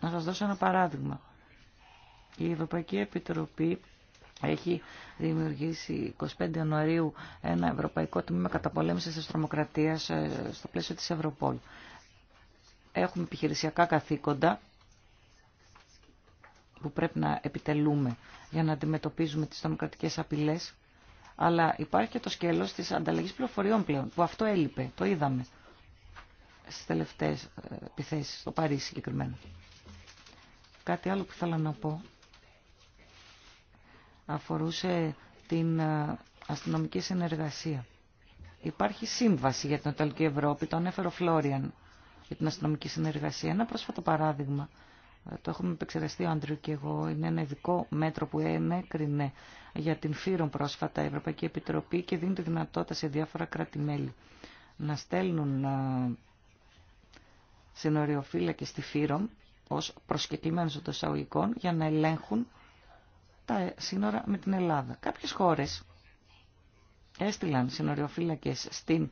Να σα δώσω ένα παράδειγμα. Η Ευρωπαϊκή Επιτροπή έχει δημιουργήσει 25 Ιανουαρίου ένα Ευρωπαϊκό Τμήμα Καταπολέμησης της Τρομοκρατίας ε, στο πλαίσιο της Ευρωπόλ. Έχουμε επιχειρησιακά καθήκοντα που πρέπει να επιτελούμε για να αντιμετωπίζουμε τις τρομοκρατικές απειλές, αλλά υπάρχει και το σκέλος της ανταλλαγής πληροφοριών πλέον, που αυτό έλειπε, το είδαμε στις τελευταίες ε, επιθέσεις, στο Παρίσι συγκεκριμένα. Κάτι άλλο που θέλω να πω αφορούσε την ε, αστυνομική συνεργασία. Υπάρχει σύμβαση για την Ιταλική Ευρώπη, τον έφερε ο Φλόριαν για την αστυνομική συνεργασία. Ένα πρόσφατο παράδειγμα, ε, το έχουμε επεξεργαστεί ο Άντριου και εγώ, είναι ένα ειδικό μέτρο που ενέκρινε για την Φύρον πρόσφατα η Ευρωπαϊκή Επιτροπή και δίνει τη δυνατότητα σε διάφορα κράτη-μέλη να στέλνουν ε, συνοριοφύλακες στη Φύρον ως προσκεκλημένους των εισαγωγικών για να ελέγχουν τα σύνορα με την Ελλάδα. Κάποιες χώρες έστειλαν συνοριοφύλακες στην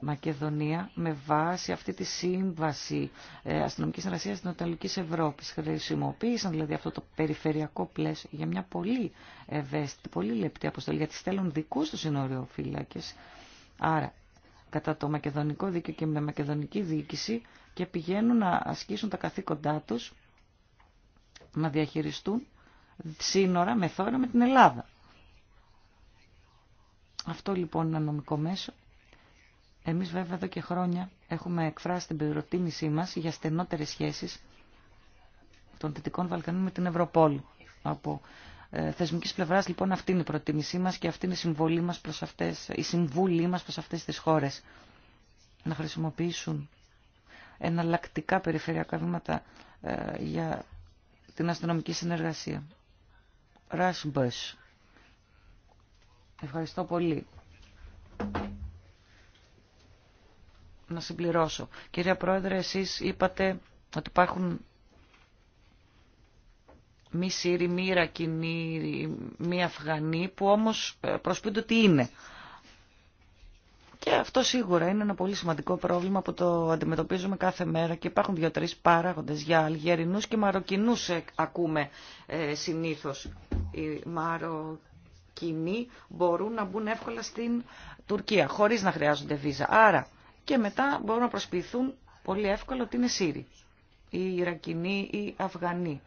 Μακεδονία με βάση αυτή τη σύμβαση ε, αστυνομικής συνεργασίας της Νοτιοανατολικής Ευρώπης. Χρησιμοποίησαν δηλαδή αυτό το περιφερειακό πλαίσιο για μια πολύ ευαίσθητη, πολύ λεπτή αποστολή, γιατί στέλνουν δικούς τους συνοριοφύλακες. Άρα, κατά το μακεδονικό δίκαιο και με μακεδονική διοίκηση και πηγαίνουν να ασκήσουν τα καθήκοντά τους, να διαχειριστούν σύνορα μεθόρα με την Ελλάδα. Αυτό λοιπόν είναι ένα νομικό μέσο. Εμείς βέβαια εδώ και χρόνια έχουμε εκφράσει την προτίμησή μας για στενότερες σχέσεις των Δυτικών Βαλκανίων με την Ευρωπόλη. Από ε, θεσμικής πλευράς λοιπόν αυτή είναι η προτίμησή μας και αυτή είναι η συμβολή μας προς αυτές, η συμβούλή μας προς αυτές τις χώρες. Να χρησιμοποιήσουν εναλλακτικά περιφερειακά βήματα ε, για την αστυνομική συνεργασία. Rasmus. Ευχαριστώ πολύ. Να συμπληρώσω. Κυρία Πρόεδρε, εσείς είπατε ότι υπάρχουν μη Σύριοι, μη Ιρακινοί, μη Αφγανοί που όμως ε, προσποιούνται ότι είναι. Και αυτό σίγουρα είναι ένα πολύ σημαντικό πρόβλημα που το αντιμετωπίζουμε κάθε μέρα και υπάρχουν δύο-τρεις παράγοντες για Αλγερινούς και Μαροκινούς ε, ακούμε ε, συνήθως. Οι Μαροκινοί μπορούν να μπουν εύκολα στην Τουρκία χωρίς να χρειάζονται βίζα. Άρα και μετά μπορούν να προσποιηθούν πολύ εύκολα ότι είναι Σύριοι ή Ιρακινοί ή Αφγανοί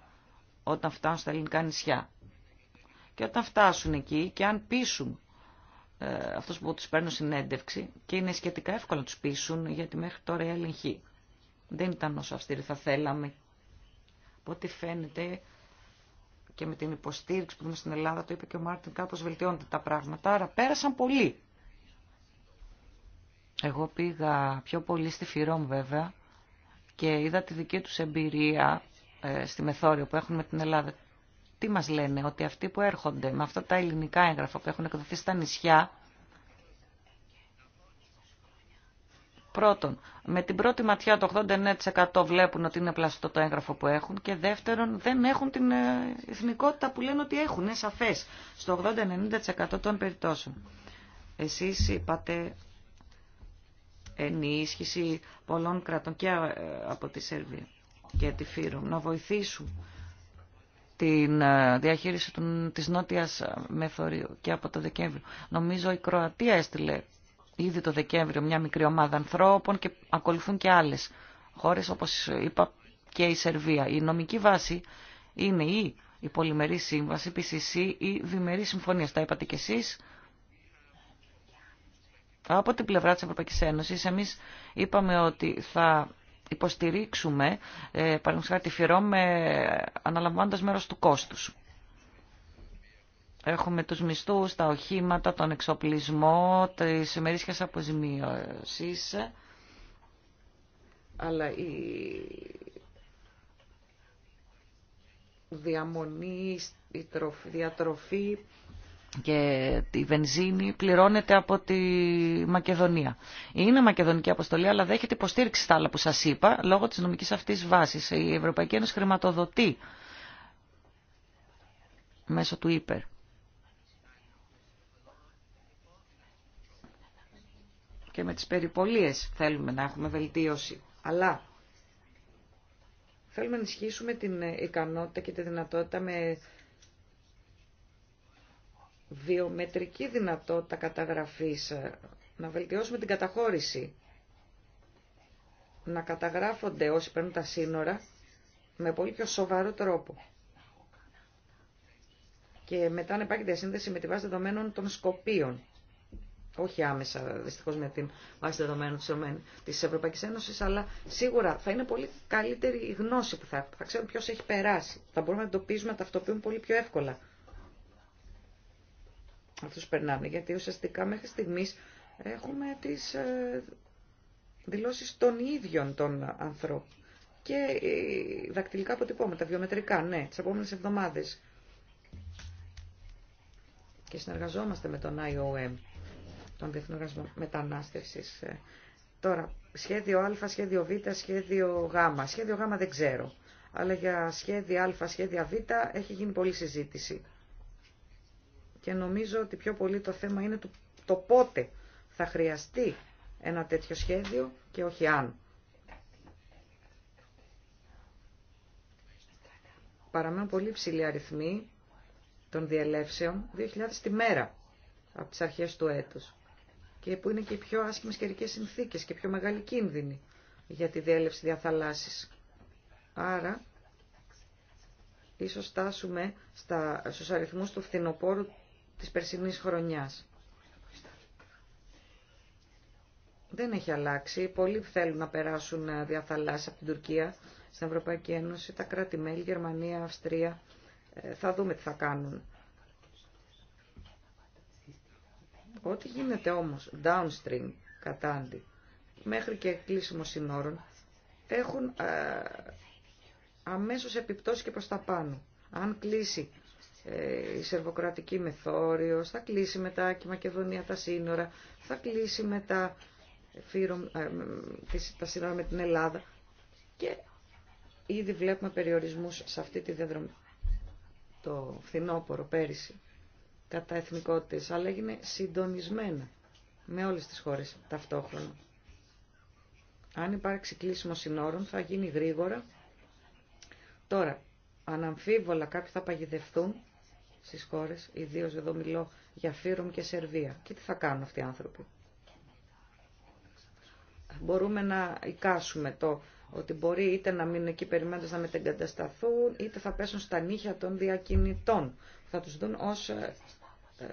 όταν φτάνουν στα ελληνικά νησιά. Και όταν φτάσουν εκεί και αν πείσουν ε, αυτούς που τους παίρνουν συνέντευξη και είναι σχετικά εύκολο να τους πείσουν γιατί μέχρι τώρα η έλεγχη δεν ήταν όσο αυστηρή θα θέλαμε. Από ό,τι φαίνεται και με την υποστήριξη που δούμε στην Ελλάδα, το είπε και ο Μάρτιν, κάπως βελτιώνται τα πράγματα, άρα πέρασαν πολύ. Εγώ πήγα πιο πολύ στη Φιρόμ βέβαια και είδα τη δική τους εμπειρία ε, στη Μεθόριο που έχουν με την Ελλάδα τι μας λένε, ότι αυτοί που έρχονται με αυτά τα ελληνικά έγγραφα που έχουν εκδοθεί στα νησιά, Πρώτον, με την πρώτη ματιά το 89% βλέπουν ότι είναι πλαστό το έγγραφο που έχουν και δεύτερον δεν έχουν την ε, εθνικότητα που λένε ότι έχουν, είναι σαφές, στο 80-90% των περιπτώσεων. Εσείς είπατε ενίσχυση πολλών κρατών και ε, από τη Σερβία και τη Φύρο να βοηθήσουν την ε, διαχείριση της Νότιας ε, Μεθορίου και από το Δεκέμβριο. Νομίζω η Κροατία έστειλε ήδη το Δεκέμβριο μια μικρή ομάδα ανθρώπων και ακολουθούν και άλλες χώρες όπως είπα και η Σερβία. Η νομική βάση είναι ή η πολυμερή σύμβαση, PCC ή διμερή συμφωνία. Τα είπατε και εσείς. Από την πλευρά της Ευρωπαϊκής Ένωσης εμείς είπαμε ότι θα υποστηρίξουμε, ε, παραδείγματος τη ε, αναλαμβάνοντας μέρος του κόστους. Έχουμε τους μισθούς, τα οχήματα, τον εξοπλισμό, τις μερίσχες αποζημίωσεις, αλλά η διαμονή, η διατροφή και τη βενζίνη πληρώνεται από τη Μακεδονία. Είναι μακεδονική αποστολή, αλλά δέχεται υποστήριξη στα άλλα που σας είπα, λόγω της νομικής αυτής βάσης. Η Ευρωπαϊκή Ένωση χρηματοδοτεί μέσω του ΙΠΕΡ. Και με τις περιπολίες θέλουμε να έχουμε βελτίωση. Αλλά θέλουμε να ενισχύσουμε την ικανότητα και τη δυνατότητα με βιομετρική δυνατότητα καταγραφής, ε, να βελτιώσουμε την καταχώρηση, να καταγράφονται όσοι παίρνουν τα σύνορα με πολύ πιο σοβαρό τρόπο. Και μετά να υπάρχει διασύνδεση με τη βάση δεδομένων των Σκοπίων. Όχι άμεσα δυστυχώς με την βάση δεδομένων της Ευρωπαϊκής Ένωσης, αλλά σίγουρα θα είναι πολύ καλύτερη η γνώση που θα, θα ξέρουν ποιος έχει περάσει. Θα μπορούμε να εντοπίζουμε, να ταυτοποιούμε πολύ πιο εύκολα αυτούς περνάνε Γιατί ουσιαστικά μέχρι στιγμής έχουμε τις ε, δηλώσεις των ίδιων των ανθρώπων. Και δακτυλικά αποτυπώματα, βιομετρικά, ναι, τις επόμενες εβδομάδες. Και συνεργαζόμαστε με τον IOM, τον Διεθνή Οργανισμό Μετανάστευσης. Ε, τώρα, σχέδιο Α, σχέδιο Β, σχέδιο Γ. Σχέδιο Γ δεν ξέρω. Αλλά για σχέδιο Α, σχέδιο Β έχει γίνει πολλή συζήτηση και νομίζω ότι πιο πολύ το θέμα είναι το πότε θα χρειαστεί ένα τέτοιο σχέδιο και όχι αν. Παραμένουν πολύ ψηλοί αριθμοί των διελεύσεων, 2.000 τη μέρα από τις αρχές του έτους και που είναι και οι πιο άσχημες καιρικέ συνθήκες και πιο μεγάλη κίνδυνη για τη διέλευση διαθαλάσσης. Άρα, ίσως στάσουμε στα, στους αριθμούς του φθινοπόρου της περσινής χρονιάς. Δεν έχει αλλάξει. Πολλοί θέλουν να περάσουν ε, διαθαλάσσια από την Τουρκία στην Ευρωπαϊκή Ένωση. Τα κράτη-μέλη, Γερμανία, Αυστρία, ε, θα δούμε τι θα κάνουν. Ό,τι γίνεται όμως downstream, κατάντι, μέχρι και κλείσιμο συνόρων, έχουν α, ε, αμέσως επιπτώσει και προς τα πάνω. Αν κλείσει ε, η Σερβοκρατική Μεθόριος, θα κλείσει μετά και η Μακεδονία τα σύνορα, θα κλείσει μετά ε, τα σύνορα με την Ελλάδα και ήδη βλέπουμε περιορισμούς σε αυτή τη διαδρομή. Το φθινόπωρο πέρυσι κατά εθνικότητες, αλλά έγινε συντονισμένα με όλες τις χώρες ταυτόχρονα. Αν υπάρξει κλείσιμο συνόρων θα γίνει γρήγορα. Τώρα, αναμφίβολα κάποιοι θα παγιδευτούν Στι χώρε. Ιδίω εδώ μιλώ για Φιρούμ και Σερβία. Και τι θα κάνουν αυτοί οι άνθρωποι. Μπορούμε να εικάσουμε το ότι μπορεί είτε να μείνουν εκεί περιμένοντας να μετεγκατασταθούν, είτε θα πέσουν στα νύχια των διακινητών. Θα τους δουν ως ε, ε,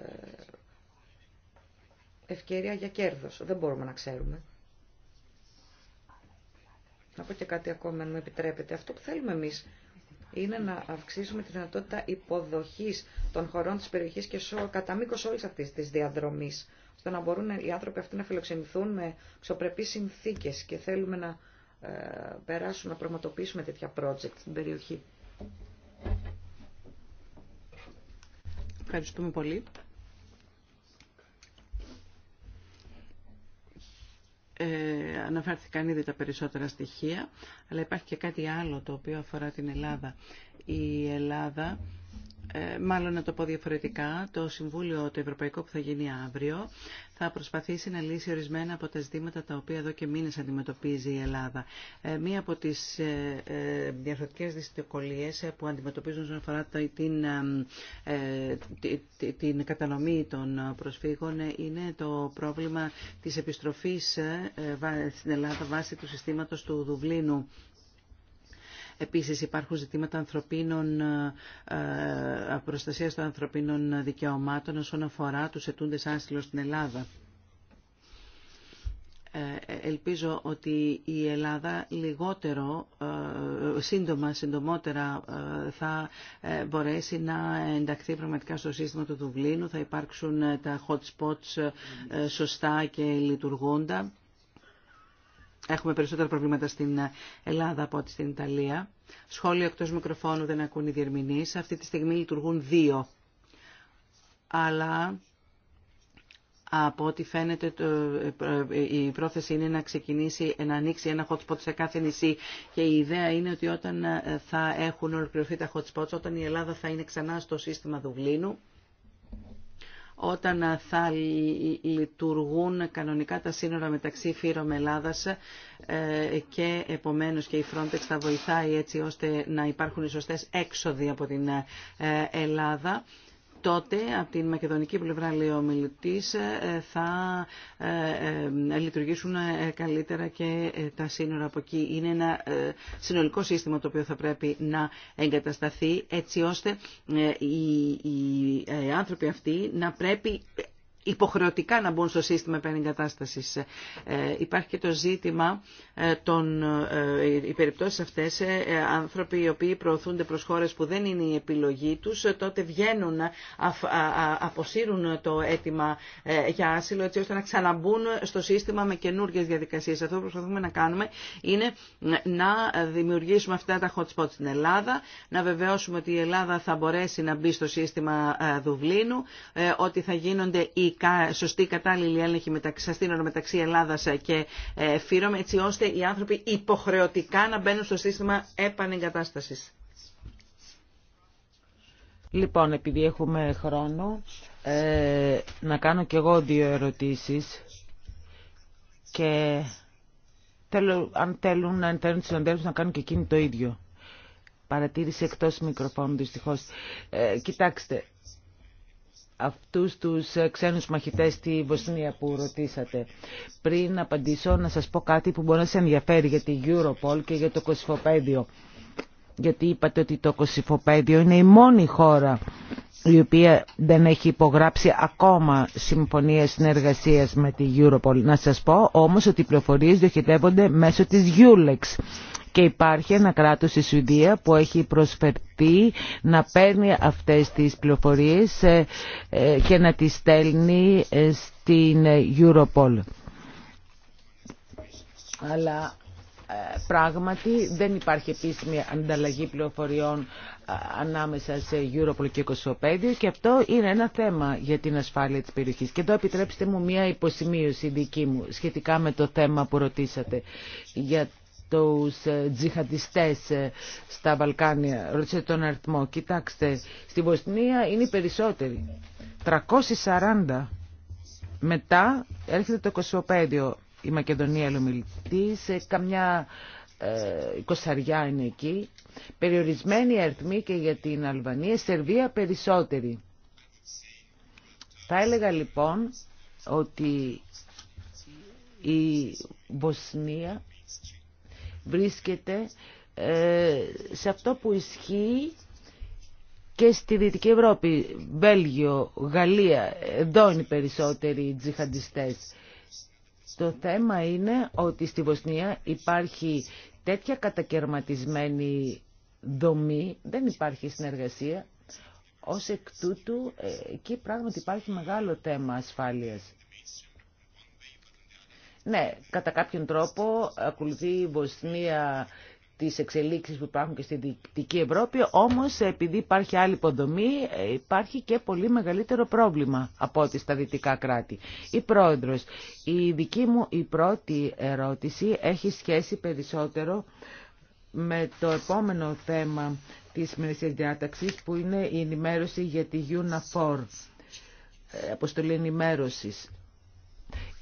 ευκαιρία για κέρδος. Δεν μπορούμε να ξέρουμε. Να πω και κάτι ακόμα, αν μου επιτρέπετε. Αυτό που θέλουμε εμείς είναι να αυξήσουμε τη δυνατότητα υποδοχής των χωρών της περιοχής και κατά μήκο όλη αυτή τη διαδρομή, ώστε να μπορούν οι άνθρωποι αυτοί να φιλοξενηθούν με ξοπρεπείς συνθήκε και θέλουμε να ε, να πραγματοποιήσουμε τέτοια project στην περιοχή. Ευχαριστούμε πολύ. Ε, αναφέρθηκαν ήδη τα περισσότερα στοιχεία, αλλά υπάρχει και κάτι άλλο το οποίο αφορά την Ελλάδα. Η Ελλάδα ε, μάλλον να το πω διαφορετικά, το Συμβούλιο το Ευρωπαϊκό που θα γίνει αύριο θα προσπαθήσει να λύσει ορισμένα από τα ζητήματα τα οποία εδώ και μήνες αντιμετωπίζει η Ελλάδα. Ε, μία από τις ε, ε, διαφορετικές ε, που αντιμετωπίζουν όσον αφορά την, ε, την κατανομή των προσφύγων είναι το πρόβλημα της επιστροφής στην Ελλάδα βάσει του συστήματος του Δουβλίνου. Επίσης υπάρχουν ζητήματα ανθρωπίνων ε, προστασίας των ανθρωπίνων δικαιωμάτων όσον αφορά τους ετούντες άσυλο στην Ελλάδα. Ε, ε, ελπίζω ότι η Ελλάδα λιγότερο, σύντομα, συντομότερα θα μπορέσει να ενταχθεί πραγματικά στο σύστημα του Δουβλίνου. Θα υπάρξουν τα hot spots σωστά και λειτουργούντα Έχουμε περισσότερα προβλήματα στην Ελλάδα από ό,τι στην Ιταλία. Σχόλια εκτό μικροφώνου δεν ακούν οι διερμηνείς. Αυτή τη στιγμή λειτουργούν δύο. Αλλά από ό,τι φαίνεται ε, η πρόθεση είναι να ξεκινήσει, να ανοίξει ένα hot spot σε κάθε νησί και η ιδέα είναι ότι όταν ε, θα έχουν ολοκληρωθεί τα hot spots, όταν η Ελλάδα θα είναι ξανά στο σύστημα Δουβλίνου, όταν θα λειτουργούν κανονικά τα σύνορα μεταξύ Φύρων Ελλάδας ε, και επομένως και η Frontex θα βοηθάει έτσι ώστε να υπάρχουν οι σωστές έξοδοι από την ε, Ελλάδα τότε από την μακεδονική πλευρά, λέει ο μιλητής, ε, θα ε, ε, λειτουργήσουν καλύτερα και τα σύνορα από εκεί. Είναι ένα συνολικό σύστημα το οποίο θα πρέπει να εγκατασταθεί έτσι ώστε οι άνθρωποι αυτοί να πρέπει υποχρεωτικά να μπουν στο σύστημα επανεγκατάστασης. Ε, υπάρχει και το ζήτημα ε, των περιπτώσεων περιπτώσεις αυτές, ε, άνθρωποι οι οποίοι προωθούνται προς χώρες που δεν είναι η επιλογή τους, τότε βγαίνουν, αποσύρουν το αίτημα για άσυλο έτσι ώστε να ξαναμπούν στο σύστημα με καινούργιες διαδικασίες. Αυτό που προσπαθούμε να κάνουμε είναι να δημιουργήσουμε αυτά τα hot spots στην Ελλάδα, να βεβαιώσουμε ότι η Ελλάδα θα μπορέσει να μπει στο σύστημα Δουβλίνου, ότι θα γίνονται οι σωστή κατάλληλη έλεγχη μεταξύ, σύνορα μεταξύ Ελλάδας ε, και ε, Φύρων, έτσι ώστε οι άνθρωποι υποχρεωτικά να μπαίνουν στο σύστημα επανεγκατάστασης. Λοιπόν, επειδή έχουμε χρόνο, ε, να κάνω κι εγώ δύο ερωτήσεις και θέλω, αν θέλουν, να θέλουν τους συναντέλφους να κάνουν και εκείνοι το ίδιο. Παρατήρηση εκτός μικροφώνου, δυστυχώς. κοιτάξτε, αυτούς τους ε, ξένους μαχητές στη Βοσνία που ρωτήσατε. Πριν απαντήσω να σας πω κάτι που μπορεί να σε ενδιαφέρει για τη Europol και για το Κωσυφοπαίδιο. Γιατί είπατε ότι το Κωσυφοπαίδιο είναι η μόνη χώρα η οποία δεν έχει υπογράψει ακόμα συμφωνία συνεργασίας με τη Europol. Να σας πω όμως ότι οι πληροφορίες διοχετεύονται μέσω της Eulex και υπάρχει ένα κράτος στη Σουηδία που έχει προσφερθεί να παίρνει αυτές τις πληροφορίες ε, ε, και να τις στέλνει ε, στην Europol. Αλλά πράγματι δεν υπάρχει επίσημη ανταλλαγή πληροφοριών ανάμεσα σε Europol και 25 και αυτό είναι ένα θέμα για την ασφάλεια της περιοχής. Και εδώ επιτρέψτε μου μία υποσημείωση δική μου σχετικά με το θέμα που ρωτήσατε για τους ε, τζιχαντιστές ε, στα Βαλκάνια. Ρωτήσε τον αριθμό. Κοιτάξτε, στη Βοσνία είναι οι περισσότεροι. 340. Μετά έρχεται το 25 η Μακεδονία σε καμιά ε, Κοσαριά είναι εκεί. Περιορισμένοι αριθμοί και για την Αλβανία, Σερβία περισσότεροι. Θα έλεγα λοιπόν ότι η Βοσνία βρίσκεται ε, σε αυτό που ισχύει και στη Δυτική Ευρώπη, Βέλγιο, Γαλλία, εδώ είναι οι περισσότεροι τζιχαντιστές. Το θέμα είναι ότι στη Βοσνία υπάρχει τέτοια κατακαιρματισμένη δομή, δεν υπάρχει συνεργασία, ως εκ τούτου ε, εκεί πράγματι υπάρχει μεγάλο θέμα ασφάλειας. Ναι, κατά κάποιον τρόπο ακολουθεί η Βοσνία της εξελίξεις που υπάρχουν και στη Δυτική Ευρώπη, όμως επειδή υπάρχει άλλη υποδομή, υπάρχει και πολύ μεγαλύτερο πρόβλημα από ό,τι στα δυτικά κράτη. Η πρόεδρος, η δική μου η πρώτη ερώτηση έχει σχέση περισσότερο με το επόμενο θέμα της μερικής διάταξης που είναι η ενημέρωση για τη UNAFOR, ε, αποστολή ενημέρωσης.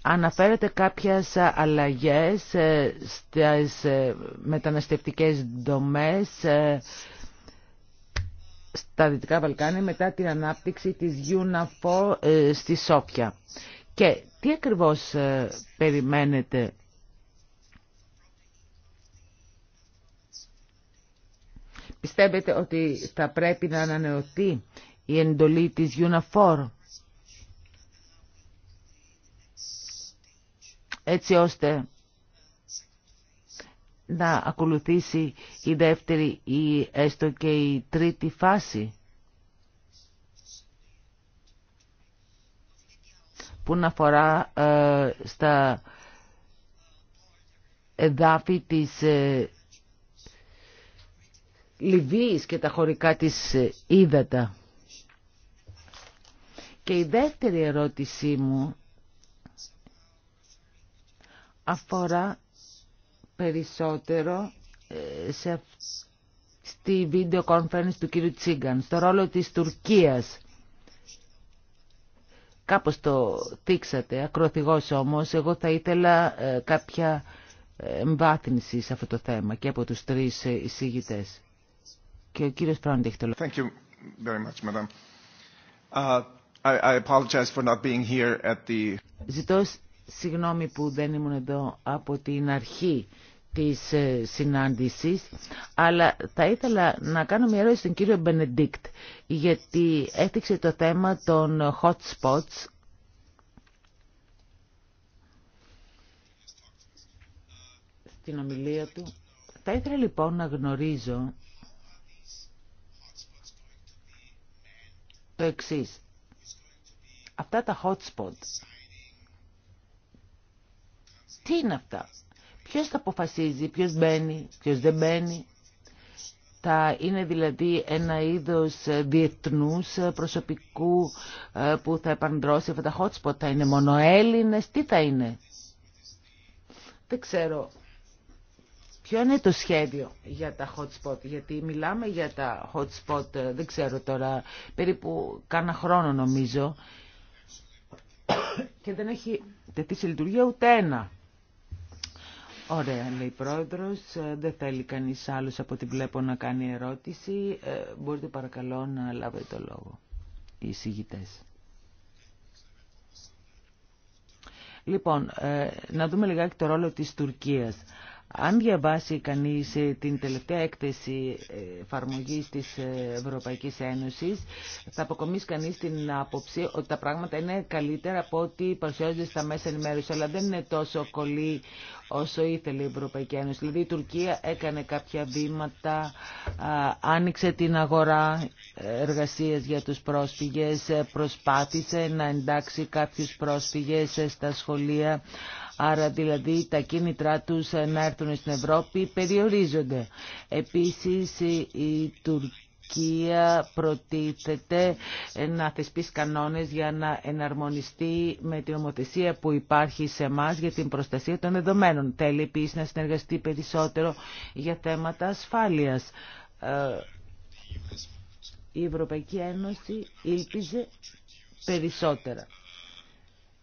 Αναφέρεται κάποιες αλλαγές ε, στις ε, μεταναστευτικές δομές ε, στα Δυτικά Βαλκάνια μετά την ανάπτυξη της UNAFOR στη Σόφια. Και τι ακριβώς περιμένετε Πιστεύετε ότι θα πρέπει να ανανεωθεί η εντολή της UNAFOR έτσι ώστε να ακολουθήσει η δεύτερη ή έστω και η τρίτη φάση που να αφορά ε, στα εδάφη της ε, Λιβύης και τα χωρικά της Ήδατα. Ε, και η δεύτερη ερώτησή μου αφορά περισσότερο ε, σε, στη βιντεο conference του κύριου Τσίγκαν, στο ρόλο της Τουρκίας. Κάπως το θίξατε, ακροθυγός όμως, εγώ θα ήθελα ε, κάποια ε, εμβάθυνση σε αυτό το θέμα και από τους τρεις ε, εισηγητές. Και ο κύριος Πρόντι έχει το λόγο. Συγγνώμη που δεν ήμουν εδώ από την αρχή της ε, συνάντησης, αλλά θα ήθελα να κάνω μια ερώτηση στον κύριο Μπενεντίκτ, γιατί έθιξε το θέμα των hot spots. Στην ομιλία του. Θα ήθελα λοιπόν να γνωρίζω το εξής. Αυτά τα hot spots τι είναι αυτά. Ποιος τα αποφασίζει, ποιος μπαίνει, ποιος δεν μπαίνει. Θα είναι δηλαδή ένα είδος ε, διεθνούς ε, προσωπικού ε, που θα επαντρώσει αυτά τα hot spot. Θα είναι μόνο Έλληνες, τι θα είναι. Δεν ξέρω. Ποιο είναι το σχέδιο για τα hot spot, γιατί μιλάμε για τα hot spot, δεν ξέρω τώρα, περίπου κάνα χρόνο νομίζω και δεν έχει τεθεί σε λειτουργία ούτε ένα. Ωραία, λέει η πρόεδρος. Ε, δεν θέλει κανείς άλλος από την βλέπω να κάνει ερώτηση. Ε, μπορείτε παρακαλώ να λάβετε το λόγο, οι εισηγητές. Λοιπόν, ε, να δούμε λιγάκι το ρόλο της Τουρκίας. Αν διαβάσει κανείς ε, την τελευταία έκθεση ε, εφαρμογή της Ευρωπαϊκής Ένωσης, θα αποκομίσει κανείς την άποψη ότι τα πράγματα είναι καλύτερα από ό,τι παρουσιάζονται στα μέσα ενημέρωση, αλλά δεν είναι τόσο κολλή όσο ήθελε η Ευρωπαϊκή Ένωση. Δηλαδή η Τουρκία έκανε κάποια βήματα, άνοιξε την αγορά εργασίας για τους πρόσφυγες, προσπάθησε να εντάξει κάποιους πρόσφυγες στα σχολεία, Άρα δηλαδή τα κίνητρά τους να έρθουν στην Ευρώπη περιορίζονται. Επίσης η Τουρκία προτίθεται να θεσπίσει κανόνες για να εναρμονιστεί με την ομοθεσία που υπάρχει σε εμά για την προστασία των δεδομένων. Θέλει επίση να συνεργαστεί περισσότερο για θέματα ασφάλειας. Ε, η Ευρωπαϊκή Ένωση ήλπιζε περισσότερα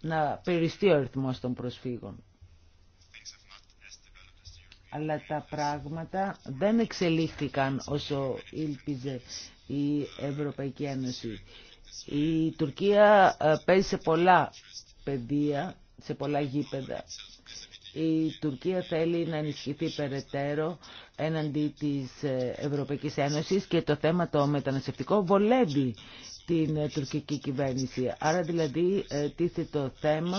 να περιστεί ο αριθμός των προσφύγων. Αλλά τα πράγματα δεν εξελίχθηκαν όσο ήλπιζε η Ευρωπαϊκή Ένωση. Η Τουρκία ε, παίζει σε πολλά παιδεία, σε πολλά γήπεδα. Η Τουρκία θέλει να ενισχυθεί περαιτέρω έναντι της ε, Ευρωπαϊκής Ένωσης και το θέμα το μεταναστευτικό βολεύει την ε, τουρκική κυβέρνηση. Άρα δηλαδή ε, τίθεται το θέμα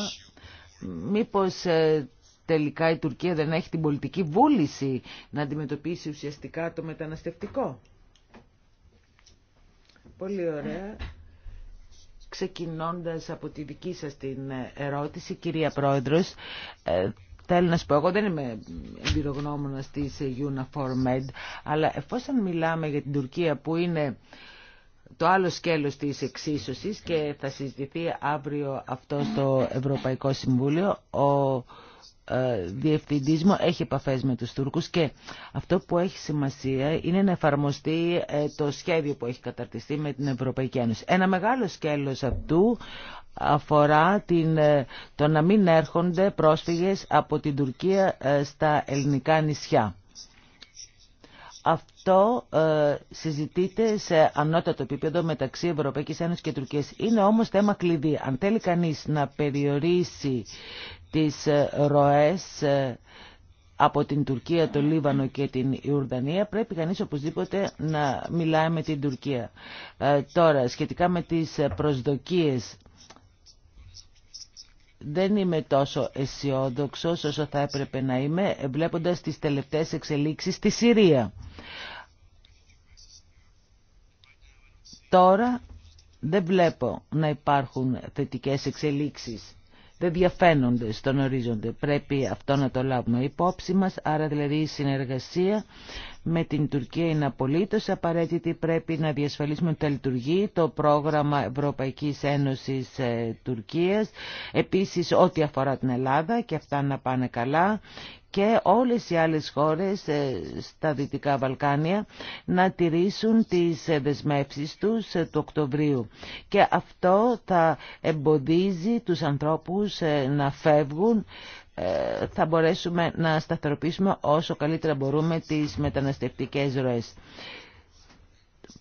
μήπως ε, τελικά η Τουρκία δεν έχει την πολιτική βούληση να αντιμετωπίσει ουσιαστικά το μεταναστευτικό. Πολύ ωραία. Ξεκινώντας από τη δική σας την ερώτηση, κυρία Πρόεδρος, Θέλω να σου πω, εγώ δεν είμαι εμπειρογνώμονα τη UNAFOR αλλά εφόσον μιλάμε για την Τουρκία που είναι το άλλο σκέλος της εξίσωσης και θα συζητηθεί αύριο αυτό στο Ευρωπαϊκό Συμβούλιο. Ο ε, μου έχει επαφές με τους Τούρκους και αυτό που έχει σημασία είναι να εφαρμοστεί ε, το σχέδιο που έχει καταρτιστεί με την Ευρωπαϊκή Ένωση. Ένα μεγάλο σκέλος αυτού αφορά την, ε, το να μην έρχονται πρόσφυγες από την Τουρκία ε, στα ελληνικά νησιά. Το ε, συζητείται σε ανώτατο επίπεδο μεταξύ Ευρωπαϊκής Ένωσης και Τουρκίας. Είναι όμως θέμα κλειδί. Αν θέλει κανείς να περιορίσει τις ε, ροές ε, από την Τουρκία, το Λίβανο και την Ιουρδανία, πρέπει κανείς οπωσδήποτε να μιλάει με την Τουρκία. Ε, τώρα, σχετικά με τις προσδοκίες δεν είμαι τόσο αισιόδοξο όσο θα έπρεπε να είμαι βλέποντας τις τελευταίες εξελίξεις στη Συρία. Τώρα δεν βλέπω να υπάρχουν θετικές εξελίξεις. Δεν διαφαίνονται στον ορίζοντα. Πρέπει αυτό να το λάβουμε υπόψη μας, άρα δηλαδή η συνεργασία με την Τουρκία είναι απολύτω απαραίτητη. Πρέπει να διασφαλίσουμε ότι θα λειτουργεί το πρόγραμμα Ευρωπαϊκής Ένωσης ε, Τουρκίας. Επίσης ό,τι αφορά την Ελλάδα και αυτά να πάνε καλά και όλες οι άλλες χώρες ε, στα Δυτικά Βαλκάνια να τηρήσουν τις ε, δεσμεύσεις τους του Οκτωβρίου. Και αυτό θα εμποδίζει τους ανθρώπους να φεύγουν ε, θα μπορέσουμε να σταθεροποιήσουμε όσο καλύτερα μπορούμε τις μεταναστευτικές ροές.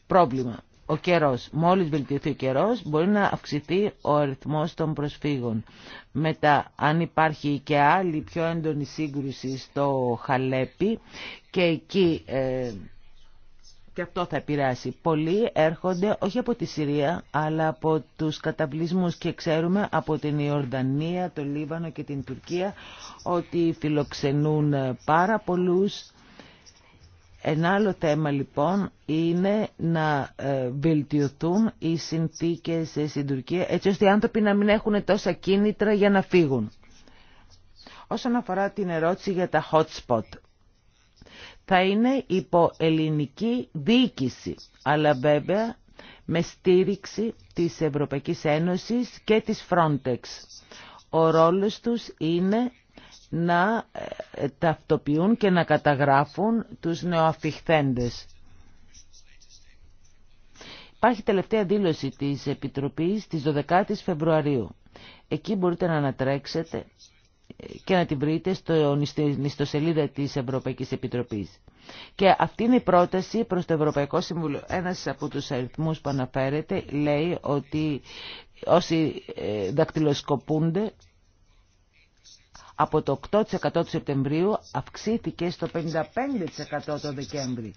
Πρόβλημα. Ο καιρός. Μόλις βελτιωθεί ο καιρός μπορεί να αυξηθεί ο αριθμός των προσφύγων. Μετά αν υπάρχει και άλλη πιο έντονη σύγκρουση στο Χαλέπι και εκεί... Ε, και αυτό θα επηρεάσει. Πολλοί έρχονται όχι από τη Συρία, αλλά από τους καταβλισμούς και ξέρουμε από την Ιορδανία, το Λίβανο και την Τουρκία ότι φιλοξενούν ε, πάρα πολλούς. Ένα άλλο θέμα λοιπόν είναι να ε, βελτιωθούν οι συνθήκες ε, στην Τουρκία έτσι ώστε οι άνθρωποι να μην έχουν τόσα κίνητρα για να φύγουν. Όσον αφορά την ερώτηση για τα hot spot, θα είναι υπό ελληνική διοίκηση, αλλά βέβαια με στήριξη της Ευρωπαϊκής Ένωσης και της Frontex. Ο ρόλος τους είναι να ε, ταυτοποιούν και να καταγράφουν τους νεοαφιχθέντες. Υπάρχει τελευταία δήλωση της Επιτροπής της 12 η Φεβρουαρίου. Εκεί μπορείτε να ανατρέξετε και να την βρείτε στο, στην ιστοσελίδα της Ευρωπαϊκής Επιτροπής. Και αυτή είναι η πρόταση προς το Ευρωπαϊκό Συμβουλίο. Ένας από τους αριθμούς που αναφέρεται λέει ότι όσοι ε, δακτυλοσκοπούνται από το 8% του Σεπτεμβρίου αυξήθηκε στο 55% το Δεκέμβρη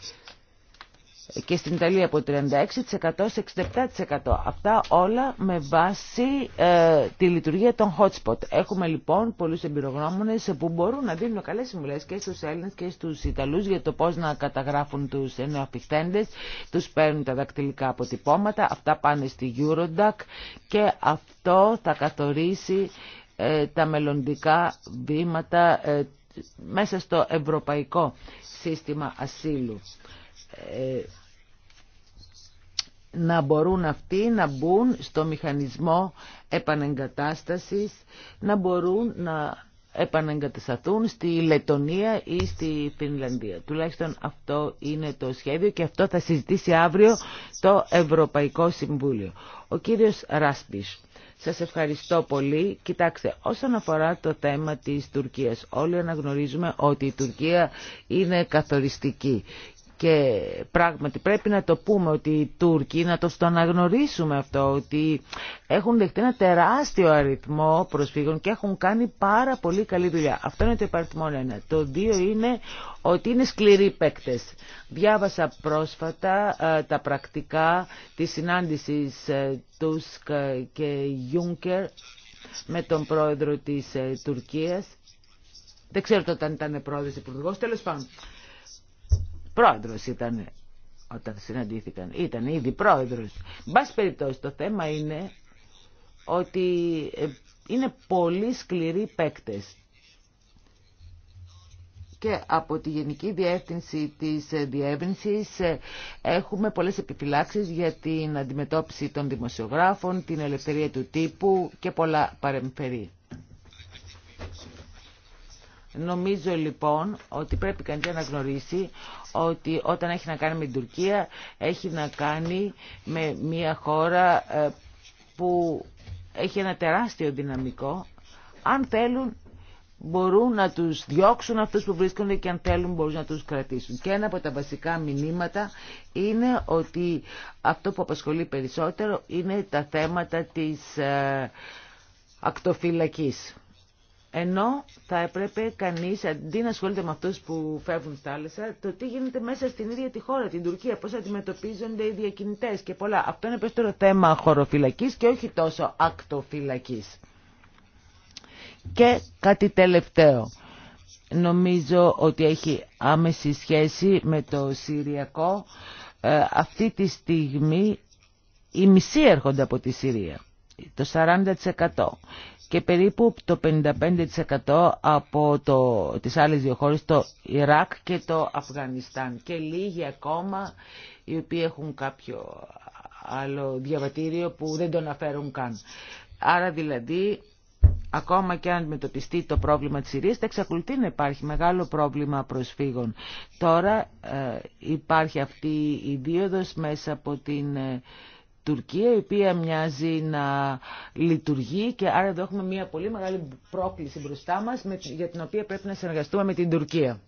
και στην Ιταλία από 36% σε 67%. Αυτά όλα με βάση ε, τη λειτουργία των hotspot. Έχουμε λοιπόν πολλούς εμπειρογνώμονες που μπορούν να δίνουν καλές συμβουλές και στους Έλληνες και στους Ιταλούς για το πώς να καταγράφουν τους νεοαφιχθέντες, τους παίρνουν τα δακτυλικά αποτυπώματα, αυτά πάνε στη Eurodac και αυτό θα καθορίσει ε, τα μελλοντικά βήματα ε, μέσα στο ευρωπαϊκό σύστημα ασύλου. Ε, να μπορούν αυτοί να μπουν στο μηχανισμό επανεγκατάστασης, να μπορούν να επανεγκατασταθούν στη Λετωνία ή στη Φινλανδία. Τουλάχιστον αυτό είναι το σχέδιο και αυτό θα συζητήσει αύριο το Ευρωπαϊκό Συμβούλιο. Ο κύριος Ράσπης. Σας ευχαριστώ πολύ. Κοιτάξτε, όσον αφορά το θέμα της Τουρκίας, όλοι αναγνωρίζουμε ότι η Τουρκία είναι καθοριστική και πράγματι πρέπει να το πούμε ότι οι Τούρκοι, να το αναγνωρίσουμε αυτό, ότι έχουν δεχτεί ένα τεράστιο αριθμό προσφύγων και έχουν κάνει πάρα πολύ καλή δουλειά. Αυτό είναι το υπαριθμό ένα. Το δύο είναι ότι είναι σκληροί παίκτε. Διάβασα πρόσφατα ε, τα πρακτικά της συνάντησης ε, Τούσκ ε, και Γιούνκερ με τον πρόεδρο της ε, Τουρκίας. Δεν ξέρω τότε αν ήταν πρόεδρος υπουργός, τέλος πάντων πρόεδρος ήταν όταν συναντήθηκαν. Ήταν ήδη πρόεδρος. Μπας περιπτώσει το θέμα είναι ότι ε, είναι πολύ σκληροί παίκτες και από τη Γενική Διεύθυνση της ε, Διεύνησης ε, έχουμε πολλές επιφυλάξεις για την αντιμετώπιση των δημοσιογράφων, την ελευθερία του τύπου και πολλά παρεμφερή. Νομίζω λοιπόν ότι πρέπει κανείς να γνωρίσει ότι όταν έχει να κάνει με την Τουρκία έχει να κάνει με μια χώρα ε, που έχει ένα τεράστιο δυναμικό. Αν θέλουν μπορούν να τους διώξουν αυτούς που βρίσκονται και αν θέλουν μπορούν να τους κρατήσουν. Και ένα από τα βασικά μηνύματα είναι ότι αυτό που απασχολεί περισσότερο είναι τα θέματα της ε, ακτοφυλακής. Ενώ θα έπρεπε κανείς, αντί να ασχολείται με αυτούς που φεύγουν στη θάλασσα, το τι γίνεται μέσα στην ίδια τη χώρα, την Τουρκία, πώς αντιμετωπίζονται οι διακινητές και πολλά. Αυτό είναι περισσότερο θέμα χωροφυλακής και όχι τόσο ακτοφυλακής. Και κάτι τελευταίο. Νομίζω ότι έχει άμεση σχέση με το Συριακό. Ε, αυτή τη στιγμή οι μισοί έρχονται από τη Συρία. Το 40% και περίπου το 55% από το, τις άλλες δύο χώρες, το Ιράκ και το Αφγανιστάν και λίγοι ακόμα οι οποίοι έχουν κάποιο άλλο διαβατήριο που δεν το αναφέρουν καν. Άρα δηλαδή ακόμα και αν αντιμετωπιστεί το πρόβλημα της Συρίας, θα εξακολουθεί να υπάρχει μεγάλο πρόβλημα προσφύγων. Τώρα ε, υπάρχει αυτή η δίωδος μέσα από την ε, Τουρκία η οποία μοιάζει να λειτουργεί και άρα εδώ έχουμε μια πολύ μεγάλη πρόκληση μπροστά μας για την οποία πρέπει να συνεργαστούμε με την Τουρκία.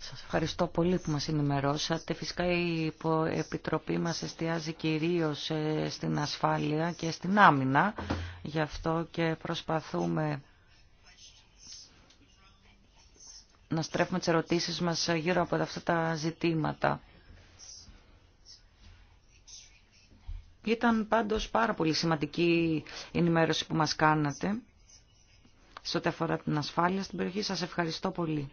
Σας ευχαριστώ πολύ που μας ενημερώσατε. Φυσικά η Επιτροπή μας εστιάζει κυρίως ε, στην ασφάλεια και στην άμυνα. Γι' αυτό και προσπαθούμε να στρέφουμε τις ερωτήσεις μας γύρω από αυτά τα ζητήματα. Ήταν πάντως πάρα πολύ σημαντική η ενημέρωση που μας κάνατε σε ό,τι αφορά την ασφάλεια στην περιοχή. Σας ευχαριστώ πολύ.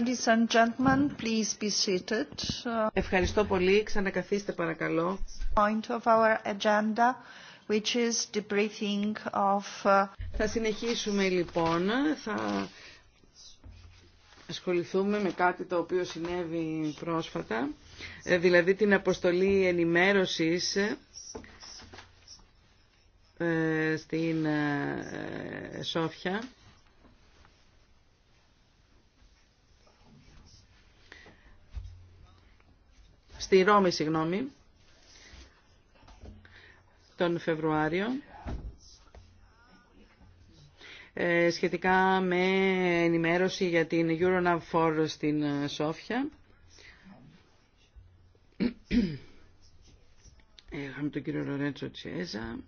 be Ευχαριστώ πολύ. Ξανακαθίστε παρακαλώ. is of... Uh, Θα συνεχίσουμε λοιπόν. Θα ασχοληθούμε με κάτι το οποίο συνέβη πρόσφατα, ε, δηλαδή την αποστολή ενημέρωσης ε, στην ε, Σόφια. στη Ρώμη, συγγνώμη, τον Φεβρουάριο ε, σχετικά με ενημέρωση για την Euronav4 στην ε, Σόφια. Ε, είχαμε τον κύριο Λορέντσο Τσέζα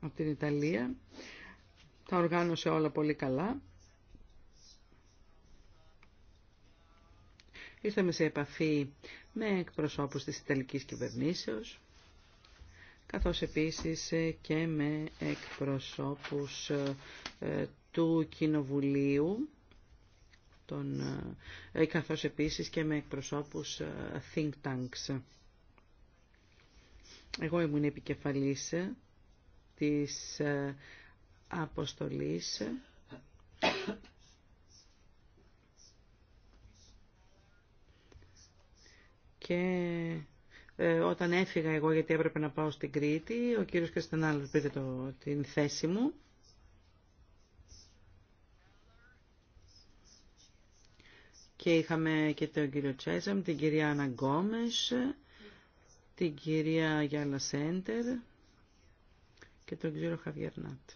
από την Ιταλία. Τα οργάνωσε όλα πολύ καλά. Ήρθαμε σε επαφή με εκπροσώπους της Ιταλικής Κυβερνήσεως, καθώς επίσης και με εκπροσώπους ε, του Κοινοβουλίου, τον, ε, καθώς επίσης και με εκπροσώπους ε, think tanks. Εγώ ήμουν επικεφαλής της αποστολής και ε, όταν έφυγα εγώ γιατί έπρεπε να πάω στην Κρήτη, ο κύριος Καστανάλος πήρε το, την θέση μου. Και είχαμε και τον κύριο Τσέζαμ, την κυρία Άννα Γκόμες, την κυρία Γιάλα Σέντερ και τον κύριο Χαβιερνάτ.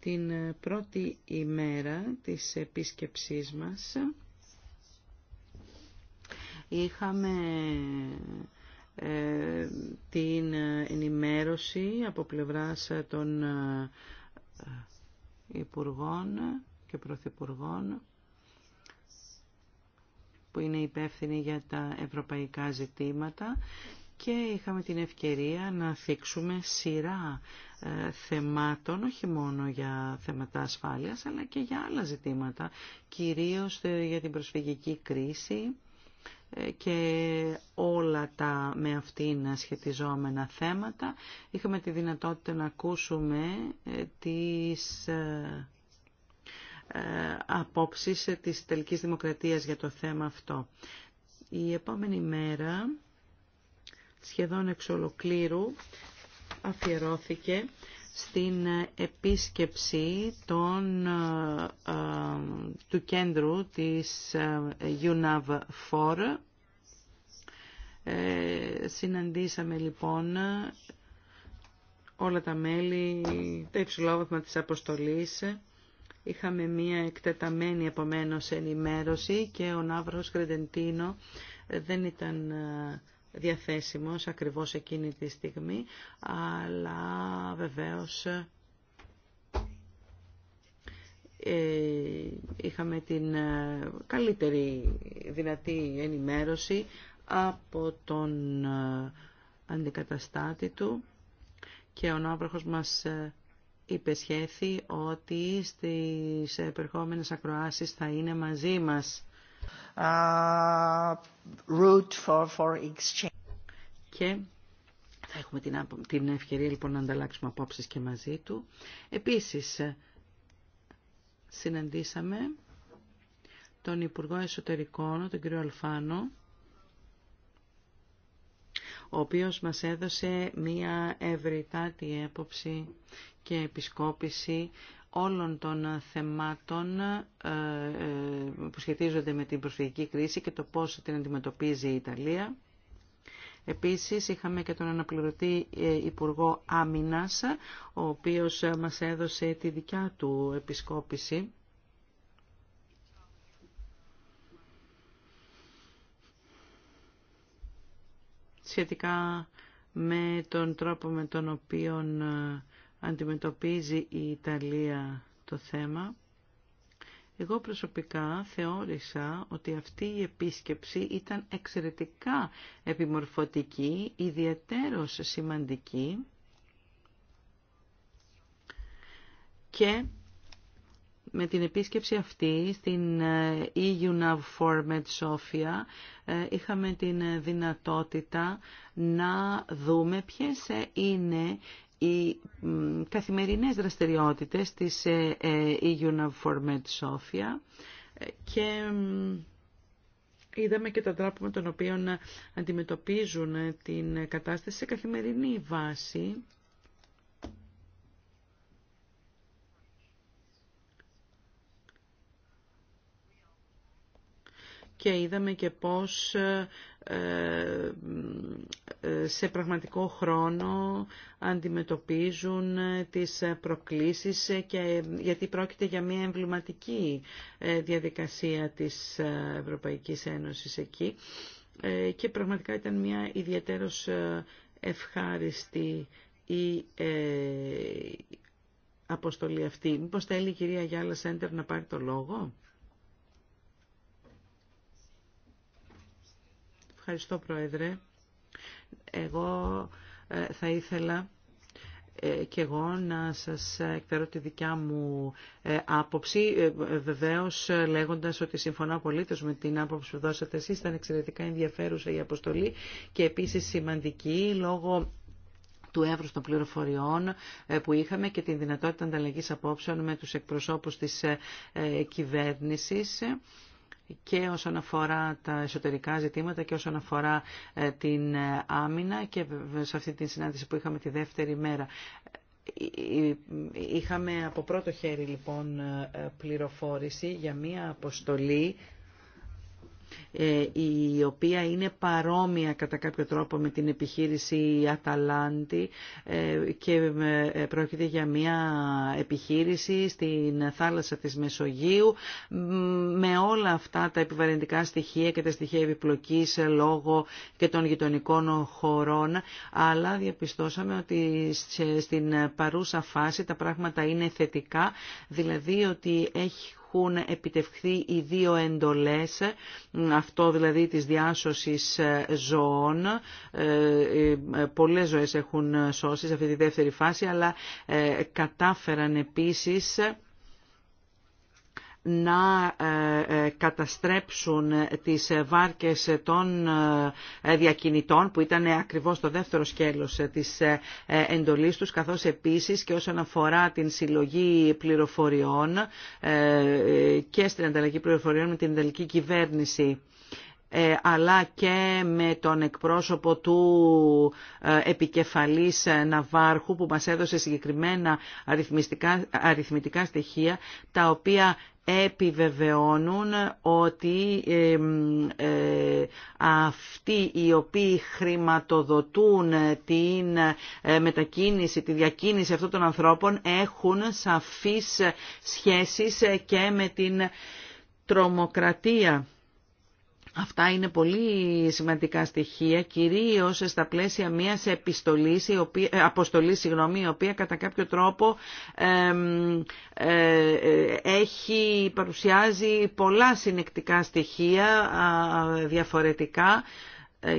Την πρώτη ημέρα της επίσκεψής μας, είχαμε ε, την ενημέρωση από πλευράς των ε, υπουργών και πρωθυπουργών που είναι υπεύθυνοι για τα ευρωπαϊκά ζητήματα και είχαμε την ευκαιρία να θίξουμε σειρά ε, θεμάτων, όχι μόνο για θέματα ασφάλειας, αλλά και για άλλα ζητήματα, κυρίως για την προσφυγική κρίση και όλα τα με αυτήν σχετιζόμενα θέματα. Είχαμε τη δυνατότητα να ακούσουμε ε, τις ε, ε, απόψεις της τελικής δημοκρατίας για το θέμα αυτό. Η επόμενη μέρα, σχεδόν εξ ολοκλήρου, αφιερώθηκε στην επίσκεψη των, ε, ε, του κέντρου της ε, UNAV4. συναντήσαμε λοιπόν όλα τα μέλη, τα υψηλόβαθμα της αποστολής. Είχαμε μία εκτεταμένη επομένως ενημέρωση και ο Ναύρος Κρεντεντίνο δεν ήταν διαθέσιμος ακριβώς εκείνη τη στιγμή, αλλά βεβαίως ε, είχαμε την ε, καλύτερη δυνατή ενημέρωση από τον ε, αντικαταστάτη του και ο Ναύροχος μας υπεσχέθη ότι στις επερχόμενες ακροάσεις θα είναι μαζί μας Uh, route for, for exchange. Και θα έχουμε την, την ευκαιρία λοιπόν να ανταλλάξουμε απόψεις και μαζί του. Επίσης, συναντήσαμε τον Υπουργό Εσωτερικών, τον κύριο Αλφάνο, ο οποίος μας έδωσε μία ευρυτάτη έποψη και επισκόπηση όλων των θεμάτων ε, ε, που σχετίζονται με την προσφυγική κρίση και το πώς την αντιμετωπίζει η Ιταλία. Επίσης είχαμε και τον αναπληρωτή ε, Υπουργό Άμυνα, ο οποίος μας έδωσε τη δικιά του επισκόπηση. Σχετικά με τον τρόπο με τον οποίο αντιμετωπίζει η Ιταλία το θέμα. Εγώ προσωπικά θεώρησα ότι αυτή η επίσκεψη ήταν εξαιρετικά επιμορφωτική, ιδιαίτερος σημαντική και με την επίσκεψη αυτή στην ε, e Nav Format Sofia ε, είχαμε την ε, δυνατότητα να δούμε ποιες είναι οι καθημερινές δραστηριότητες της ε, ε, EU for Med Sofia ε, και είδαμε και τον τρόπο με τον αντιμετωπίζουν την κατάσταση σε καθημερινή βάση. Και είδαμε και πώς σε πραγματικό χρόνο αντιμετωπίζουν τις προκλήσεις και γιατί πρόκειται για μια εμβληματική ε, διαδικασία της ε, Ευρωπαϊκής Ένωσης εκεί ε, και πραγματικά ήταν μια ιδιαίτερος ευχάριστη η αποστολή αυτή. Μήπως θέλει η κυρία Γιάλα Σέντερ να πάρει το λόγο. Ευχαριστώ, Πρόεδρε. Εγώ ε, θα ήθελα ε, και εγώ να σας εκφέρω τη δικιά μου ε, άποψη, βεβαίως λέγοντας ότι συμφωνώ απολύτως με την άποψη που δώσατε εσείς, ήταν εξαιρετικά ενδιαφέρουσα η αποστολή και επίσης σημαντική λόγω του έυρους των πληροφοριών που είχαμε και την δυνατότητα ανταλλαγής απόψεων με τους εκπροσώπους της κυβέρνησης και όσον αφορά τα εσωτερικά ζητήματα και όσον αφορά ε, την ε, άμυνα και σε αυτή τη συνάντηση που είχαμε τη δεύτερη μέρα. Ε, είχαμε από πρώτο χέρι λοιπόν πληροφόρηση για μία αποστολή ε, η οποία είναι παρόμοια κατά κάποιο τρόπο με την επιχείρηση Αταλάντη ε, και ε, πρόκειται για μια επιχείρηση στην θάλασσα της Μεσογείου με όλα αυτά τα επιβαρυντικά στοιχεία και τα στοιχεία επιπλοκής λόγω και των γειτονικών χωρών αλλά διαπιστώσαμε ότι στην παρούσα φάση τα πράγματα είναι θετικά δηλαδή ότι έχει έχουν επιτευχθεί οι δύο εντολές, αυτό δηλαδή της διάσωσης ζωών. Ε, ε, πολλές ζωές έχουν σώσει σε αυτή τη δεύτερη φάση, αλλά ε, κατάφεραν επίσης να ε, ε, καταστρέψουν τις βάρκες των ε, διακινητών που ήταν ακριβώς το δεύτερο σκέλος της εντολής τους καθώς επίσης και όσον αφορά την συλλογή πληροφοριών και στην ανταλλαγή πληροφοριών με την Ιταλική κυβέρνηση. Ε, αλλά και με τον εκπρόσωπο του ε, επικεφαλής ε, ναβάρχου που μας έδωσε συγκεκριμένα αριθμητικά στοιχεία τα οποία επιβεβαιώνουν ότι αυτοί οι οποίοι χρηματοδοτούν την μετακίνηση, τη διακίνηση αυτών των ανθρώπων έχουν σαφείς σχέσεις και με την τρομοκρατία. Αυτά είναι πολύ σημαντικά στοιχεία, κυρίως στα πλαίσια μιας επιστολής, η οποία, ε, αποστολής, συγγνώμη, η οποία κατά κάποιο τρόπο ε, ε, έχει, παρουσιάζει πολλά συνεκτικά στοιχεία διαφορετικά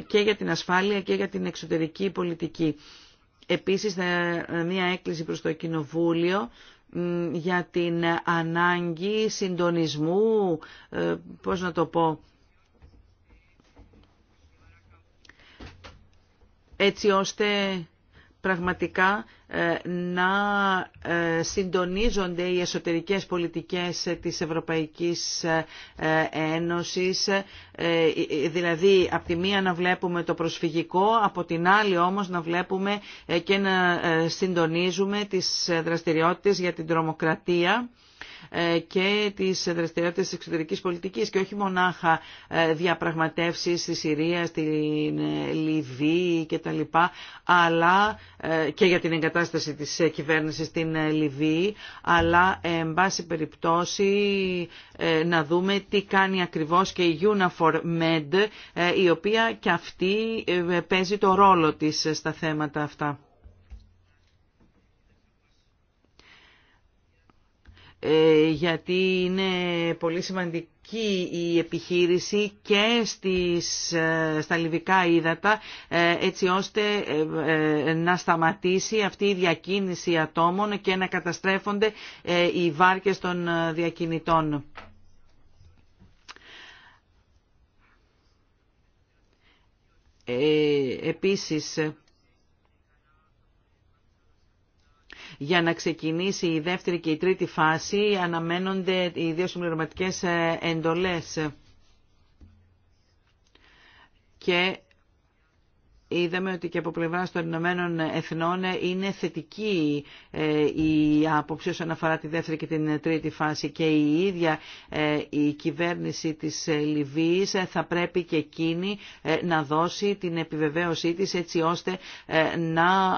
και για την ασφάλεια και για την εξωτερική πολιτική. Επίσης, μια έκκληση προς το Κοινοβούλιο για την ανάγκη συντονισμού, πώς να το πω, έτσι ώστε πραγματικά ε, να ε, συντονίζονται οι εσωτερικές πολιτικές της Ευρωπαϊκής ε, Ένωσης, δηλαδή από τη μία να βλέπουμε το προσφυγικό, από την άλλη όμως να βλέπουμε και να συντονίζουμε τις δραστηριότητες για την τρομοκρατία ε, και τις δραστηριότητες της εξωτερικής πολιτικής και όχι μονάχα ε, διαπραγματεύσεις στη Συρία, στην ε, Λιβύη και τα λοιπά, αλλά και για την εγκατάσταση της κυβέρνησης στην Λιβύη, αλλά εν πάση περιπτώσει να δούμε τι κάνει ακριβώς και η UNAFOR MED, η οποία και αυτή παίζει το ρόλο της στα θέματα αυτά. Ε, γιατί είναι πολύ σημαντική η επιχείρηση και στις, ε, στα λιβικά ύδατα ε, έτσι ώστε να σταματήσει αυτή η διακίνηση ατόμων και να καταστρέφονται οι βάρκες των διακινητών. Ε, επίσης, Για να ξεκινήσει η δεύτερη και η τρίτη φάση αναμένονται οι δύο συμπληρωματικές ε, εντολές. Και Είδαμε ότι και από πλευρά των Ηνωμένων Εθνών είναι θετική ε, η άποψη όσον αφορά τη δεύτερη και την τρίτη φάση και η ίδια ε, η κυβέρνηση της Λιβύης θα πρέπει και εκείνη ε, να δώσει την επιβεβαίωσή της έτσι ώστε να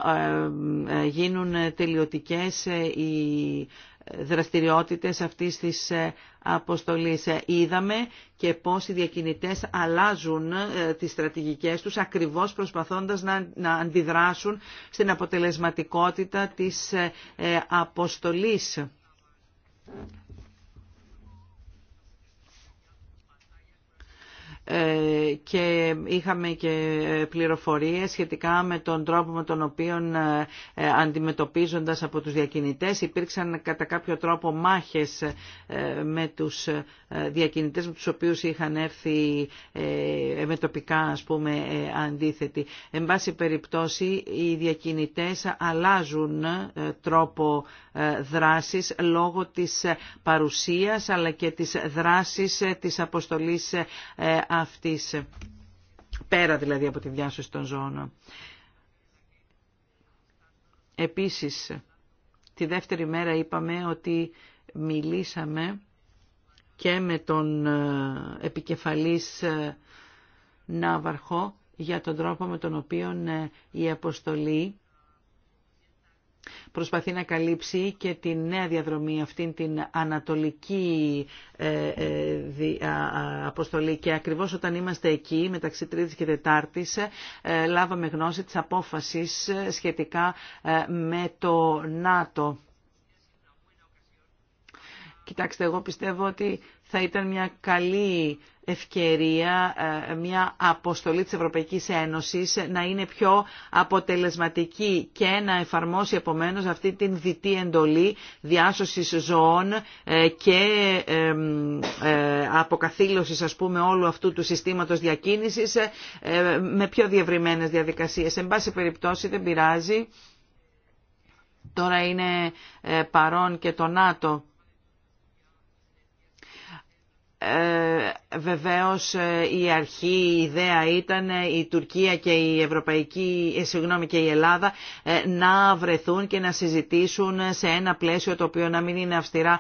γίνουν τελειωτικές οι δραστηριότητες αυτής της ε, αποστολής. Ε, είδαμε και πώς οι διακινητές αλλάζουν ε, τις στρατηγικές τους ακριβώς προσπαθώντας να αντιδράσουν στην αποτελεσματικότητα της αποστολής. Ε, και είχαμε και πληροφορίες σχετικά με τον τρόπο με τον οποίο ε, ε, αντιμετωπίζοντας από τους διακινητές υπήρξαν κατά κάποιο τρόπο μάχες με τους διακινητές με τους οποίους είχαν έρθει με τοπικά ας πούμε αντίθετοι. Εν πάση περιπτώσει οι διακινητές αλλάζουν τρόπο δράσης λόγω της παρουσίας αλλά και της δράσης της αποστολής αυτής, πέρα δηλαδή από τη διάσωση των ζώων. Επίσης, τη δεύτερη μέρα είπαμε ότι μιλήσαμε και με τον ε, επικεφαλής ε, Ναύαρχο για τον τρόπο με τον οποίο ε, η αποστολή προσπαθεί να καλύψει και τη νέα διαδρομή, αυτήν την ανατολική ε, ε, αποστολή και ακριβώς όταν είμαστε εκεί μεταξύ Τρίτης και Τετάρτης ε, λάβαμε γνώση της απόφασης σχετικά με το ΝΑΤΟ. Κοιτάξτε, εγώ πιστεύω ότι θα ήταν μια καλή ευκαιρία ε, μια αποστολή της Ευρωπαϊκής Ένωσης να είναι πιο αποτελεσματική και να εφαρμόσει επομένως αυτή την διτή εντολή διάσωσης ζώων ε, και ε, αποκαθήλωσης ας πούμε όλου αυτού του συστήματος διακίνησης με πιο διευρυμένες διαδικασίες. Εν πάση περιπτώσει δεν πειράζει. Τώρα είναι παρόν και το ΝΑΤΟ. Ε, βεβαίως ε, η αρχή, η ιδέα ήταν ε, η Τουρκία και η, Ευρωπαϊκή, συγγνώμη, η Ελλάδα να βρεθούν και να συζητήσουν σε ένα πλαίσιο το οποίο να μην είναι αυστηρά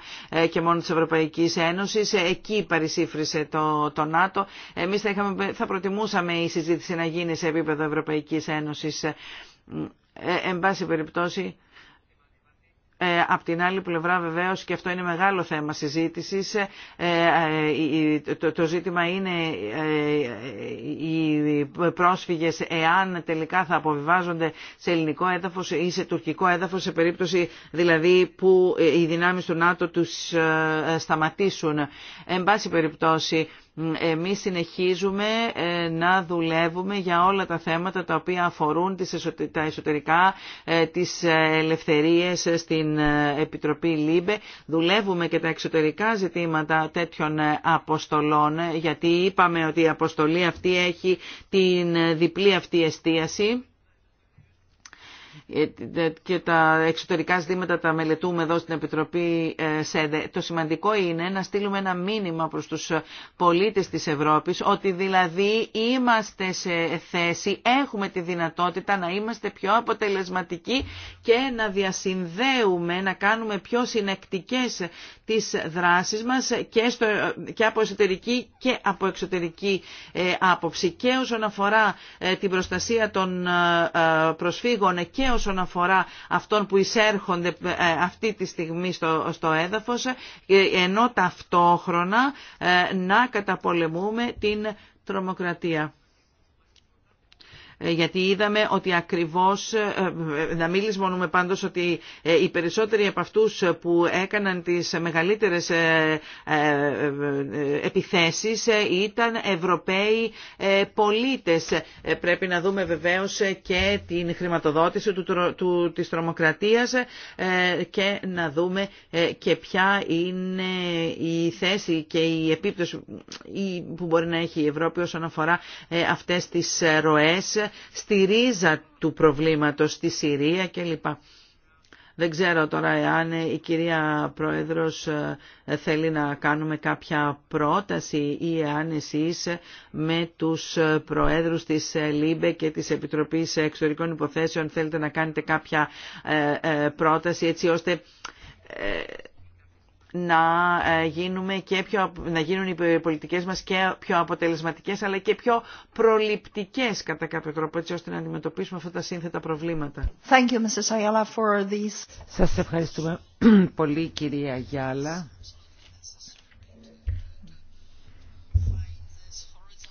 και μόνο της Ευρωπαϊκής Ένωσης. Εκεί παρισύφρισε το, το ΝΑΤΟ. Εμείς θα, είχαμε, θα προτιμούσαμε η συζήτηση να γίνει σε επίπεδο Ευρωπαϊκής Ένωσης. εν πάση περιπτώσει ε, απ' την άλλη πλευρά βεβαίως και αυτό είναι μεγάλο θέμα συζήτησης. Ε, ε, το ζήτημα είναι οι πρόσφυγες εάν τελικά θα αποβιβάζονται σε ελληνικό έδαφος ή σε τουρκικό έδαφος σε περίπτωση δηλαδή που οι δυνάμεις του ΝΑΤΟ τους σταματήσουν. Εν πάση περιπτώσει εμείς συνεχίζουμε ε, να δουλεύουμε για όλα τα θέματα τα οποία αφορούν τα εσωτερικά, ε, τις ε, ελευθερίες στην Επιτροπή ΛΥΜΠΕ. Δουλεύουμε και τα εξωτερικά ζητήματα τέτοιων αποστολών, γιατί είπαμε ότι η αποστολή αυτή έχει την διπλή αυτή εστίαση ε, και τα εξωτερικά ζητήματα τα μελετούμε εδώ στην Επιτροπή ε, ΣΕΔΕ. Το σημαντικό είναι να στείλουμε ένα μήνυμα προς τους πολίτες της Ευρώπης ότι δηλαδή είμαστε σε θέση, έχουμε τη δυνατότητα να είμαστε πιο αποτελεσματικοί και να διασυνδέουμε, να κάνουμε πιο συνεκτικές τις δράσεις μας και, στο, και από εσωτερική και από εξωτερική ε, άποψη και όσον αφορά ε, την προστασία των ε, προσφύγων και όσον αφορά αυτών που εισέρχονται αυτή τη στιγμή στο, στο έδαφος ενώ ταυτόχρονα να καταπολεμούμε την τρομοκρατία. Ε, γιατί είδαμε ότι ακριβώς, ε, ε, να μην λησμονούμε πάντως ότι οι περισσότεροι από αυτούς που έκαναν τις μεγαλύτερες επιθέσεις ήταν Ευρωπαίοι πολίτες. Πρέπει να δούμε βεβαίως και την χρηματοδότηση του, της τρομοκρατίας και να δούμε και ποια είναι η θέση και η επίπτωση που μπορεί να έχει η Ευρώπη όσον αφορά αυτές τις ροές στη ρίζα του προβλήματος, στη Συρία κλπ. Δεν ξέρω τώρα εάν η κυρία Πρόεδρος ε, θέλει να κάνουμε κάποια πρόταση ή εάν εσείς με τους ε, Προέδρους της ε, ΛΥΜΠΕ και της Επιτροπής Εξωτερικών Υποθέσεων θέλετε να κάνετε κάποια πρόταση έτσι ώστε να, ε, γίνουμε και πιο, να γίνουν οι πολιτικές μας και πιο αποτελεσματικές αλλά και πιο προληπτικές κατά κάποιο τρόπο έτσι ώστε να αντιμετωπίσουμε αυτά τα σύνθετα προβλήματα. Thank you, for Σας ευχαριστούμε πολύ κυρία Γιάλα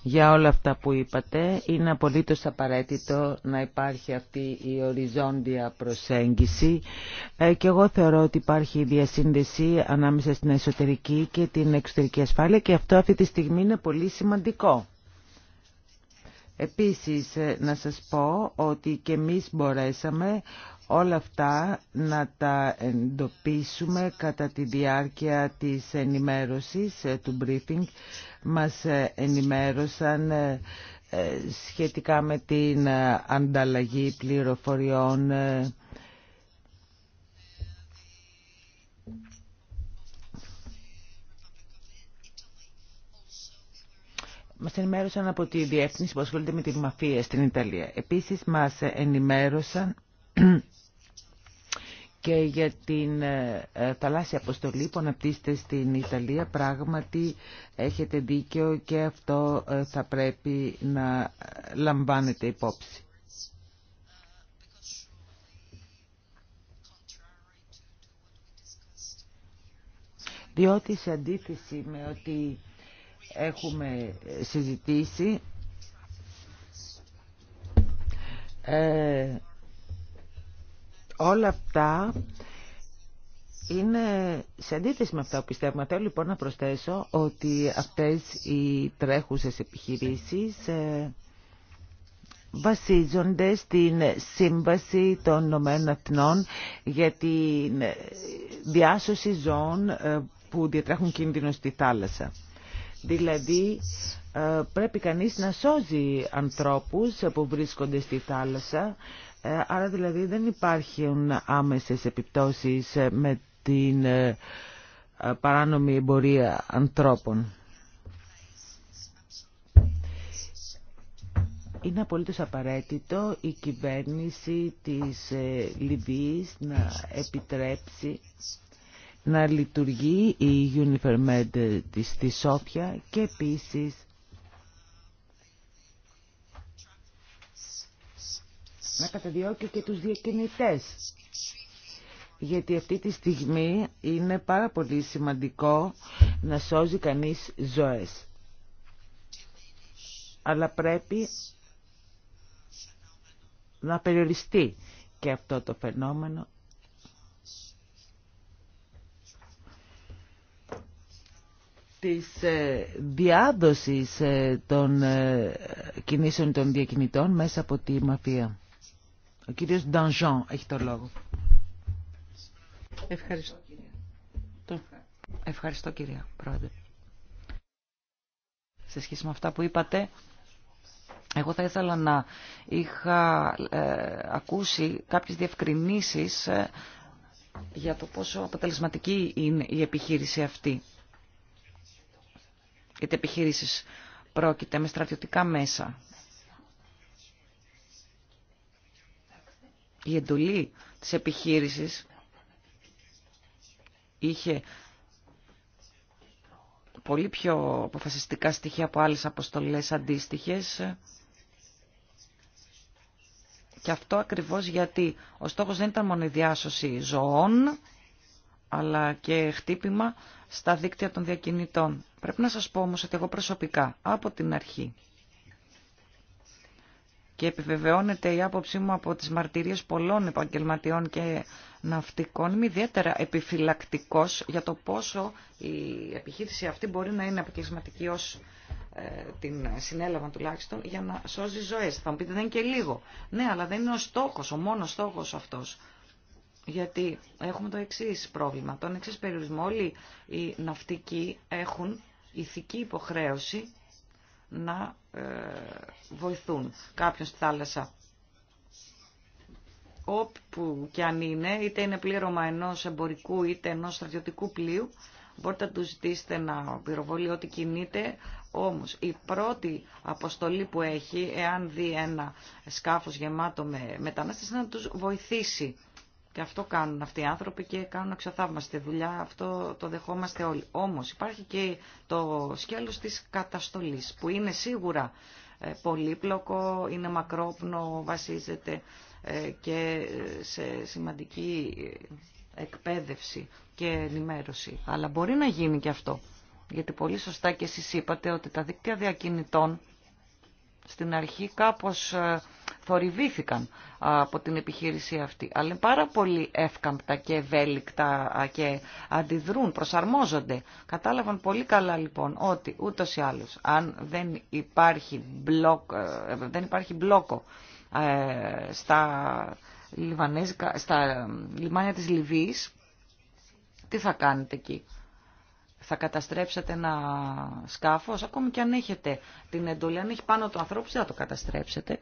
για όλα αυτά που είπατε. Είναι απολύτως απαραίτητο να υπάρχει αυτή η οριζόντια προσέγγιση ε, και εγώ θεωρώ ότι υπάρχει διασύνδεση ανάμεσα στην εσωτερική και την εξωτερική ασφάλεια και αυτό αυτή τη στιγμή είναι πολύ σημαντικό. Επίσης, ε, να σας πω ότι και εμείς μπορέσαμε όλα αυτά να τα εντοπίσουμε κατά τη διάρκεια της ενημέρωσης ε, του briefing. Μας ε, ενημέρωσαν ε, σχετικά με την ανταλλαγή πληροφοριών Μας ενημέρωσαν από τη διεύθυνση που ασχολείται με τη μαφία στην Ιταλία. Επίσης μας ενημέρωσαν και για την ε, ε, θαλάσσια αποστολή που αναπτύσσεται στην Ιταλία. Πράγματι έχετε δίκιο και αυτό ε, θα πρέπει να λαμβάνετε υπόψη. διότι σε αντίθεση με ότι έχουμε συζητήσει όλα αυτά είναι σε αντίθεση με αυτά που πιστεύουμε. Θέλω λοιπόν να προσθέσω ότι αυτές οι τρέχουσες επιχειρήσεις ε, βασίζονται στην Σύμβαση των Ηνωμένων Εθνών για τη διάσωση ζώων ε, που διατρέχουν κίνδυνο στη θάλασσα. Δηλαδή ε, πρέπει κανείς να σώζει ανθρώπους που βρίσκονται στη θάλασσα ε, άρα δηλαδή δεν υπάρχουν άμεσες επιπτώσεις ε, με την ε, παράνομη εμπορία ανθρώπων. Είναι απολύτως απαραίτητο η κυβέρνηση της Λιβύης να επιτρέψει να λειτουργεί η Uniformed της, στη Σόφια και επίσης να καταδιώκει και τους διακινητές. Γιατί αυτή τη στιγμή είναι πάρα πολύ σημαντικό να σώζει κανείς ζωές. Αλλά πρέπει να περιοριστεί και αυτό το φαινόμενο της ε, διάδοσης ε, των ε, κινήσεων των διακινητών μέσα από τη μαφία. Ο κύριος Ντανζόν έχει το λόγο. Ευχαριστώ. Ευχαριστώ κυρία Πρόεδρε. Σε σχέση με αυτά που είπατε, εγώ θα ήθελα να είχα ε, ακούσει κάποιες διευκρινήσεις ε, για το πόσο αποτελεσματική είναι η επιχείρηση αυτή. Γιατί επιχείρησης πρόκειται με στρατιωτικά μέσα η εντολή της επιχείρησης είχε πολύ πιο αποφασιστικά στοιχεία από άλλες αποστολές αντίστοιχες και αυτό ακριβώς γιατί ο στόχος δεν ήταν μόνο η διάσωση ζωών αλλά και χτύπημα στα δίκτυα των διακινητών. Πρέπει να σας πω όμως ότι εγώ προσωπικά από την αρχή και επιβεβαιώνεται η άποψή μου από τις μαρτυρίες πολλών επαγγελματιών και ναυτικών. Είμαι ιδιαίτερα επιφυλακτικός για το πόσο η επιχείρηση αυτή μπορεί να είναι αποκλεισματική ως ε, την συνέλαβα τουλάχιστον για να σώζει ζωές. Θα μου πείτε δεν είναι και λίγο. Ναι, αλλά δεν είναι ο στόχος, ο μόνος στόχος αυτός. Γιατί έχουμε το εξή πρόβλημα, τον εξή περιορισμό. Όλοι οι ναυτικοί έχουν ηθική υποχρέωση να ε, βοηθούν κάποιον στη θάλασσα. Όπου και αν είναι, είτε είναι πλήρωμα ενός εμπορικού είτε ενός στρατιωτικού πλοίου, μπορείτε να του ζητήσετε να πυροβολεί ό,τι κινείται. Όμως η πρώτη αποστολή που έχει, εάν δει ένα σκάφος γεμάτο με μετανάστες, είναι να τους βοηθήσει και αυτό κάνουν αυτοί οι άνθρωποι και κάνουν αξιοθαύμαστη δουλειά. Αυτό το δεχόμαστε όλοι. Όμως υπάρχει και το σκέλος της καταστολής που είναι σίγουρα ε, πολύπλοκο, είναι μακρόπνο, βασίζεται ε, και ε, σε σημαντική εκπαίδευση και ενημέρωση. Αλλά μπορεί να γίνει και αυτό. Γιατί πολύ σωστά και εσείς είπατε ότι τα δίκτυα διακινητών στην αρχή κάπως θορυβήθηκαν από την επιχείρηση αυτή. Αλλά είναι πάρα πολύ εύκαμπτα και ευέλικτα και αντιδρούν, προσαρμόζονται. Κατάλαβαν πολύ καλά λοιπόν ότι ούτως ή άλλως αν δεν υπάρχει, μπλοκ, ε, δεν υπάρχει μπλόκο ε, στα, Λιβανέζικα, στα ε, λιμάνια της Λιβύης, τι θα κάνετε εκεί. Θα καταστρέψετε ένα σκάφος, ακόμη και αν έχετε την εντολή, αν έχει πάνω το ανθρώπου, θα το καταστρέψετε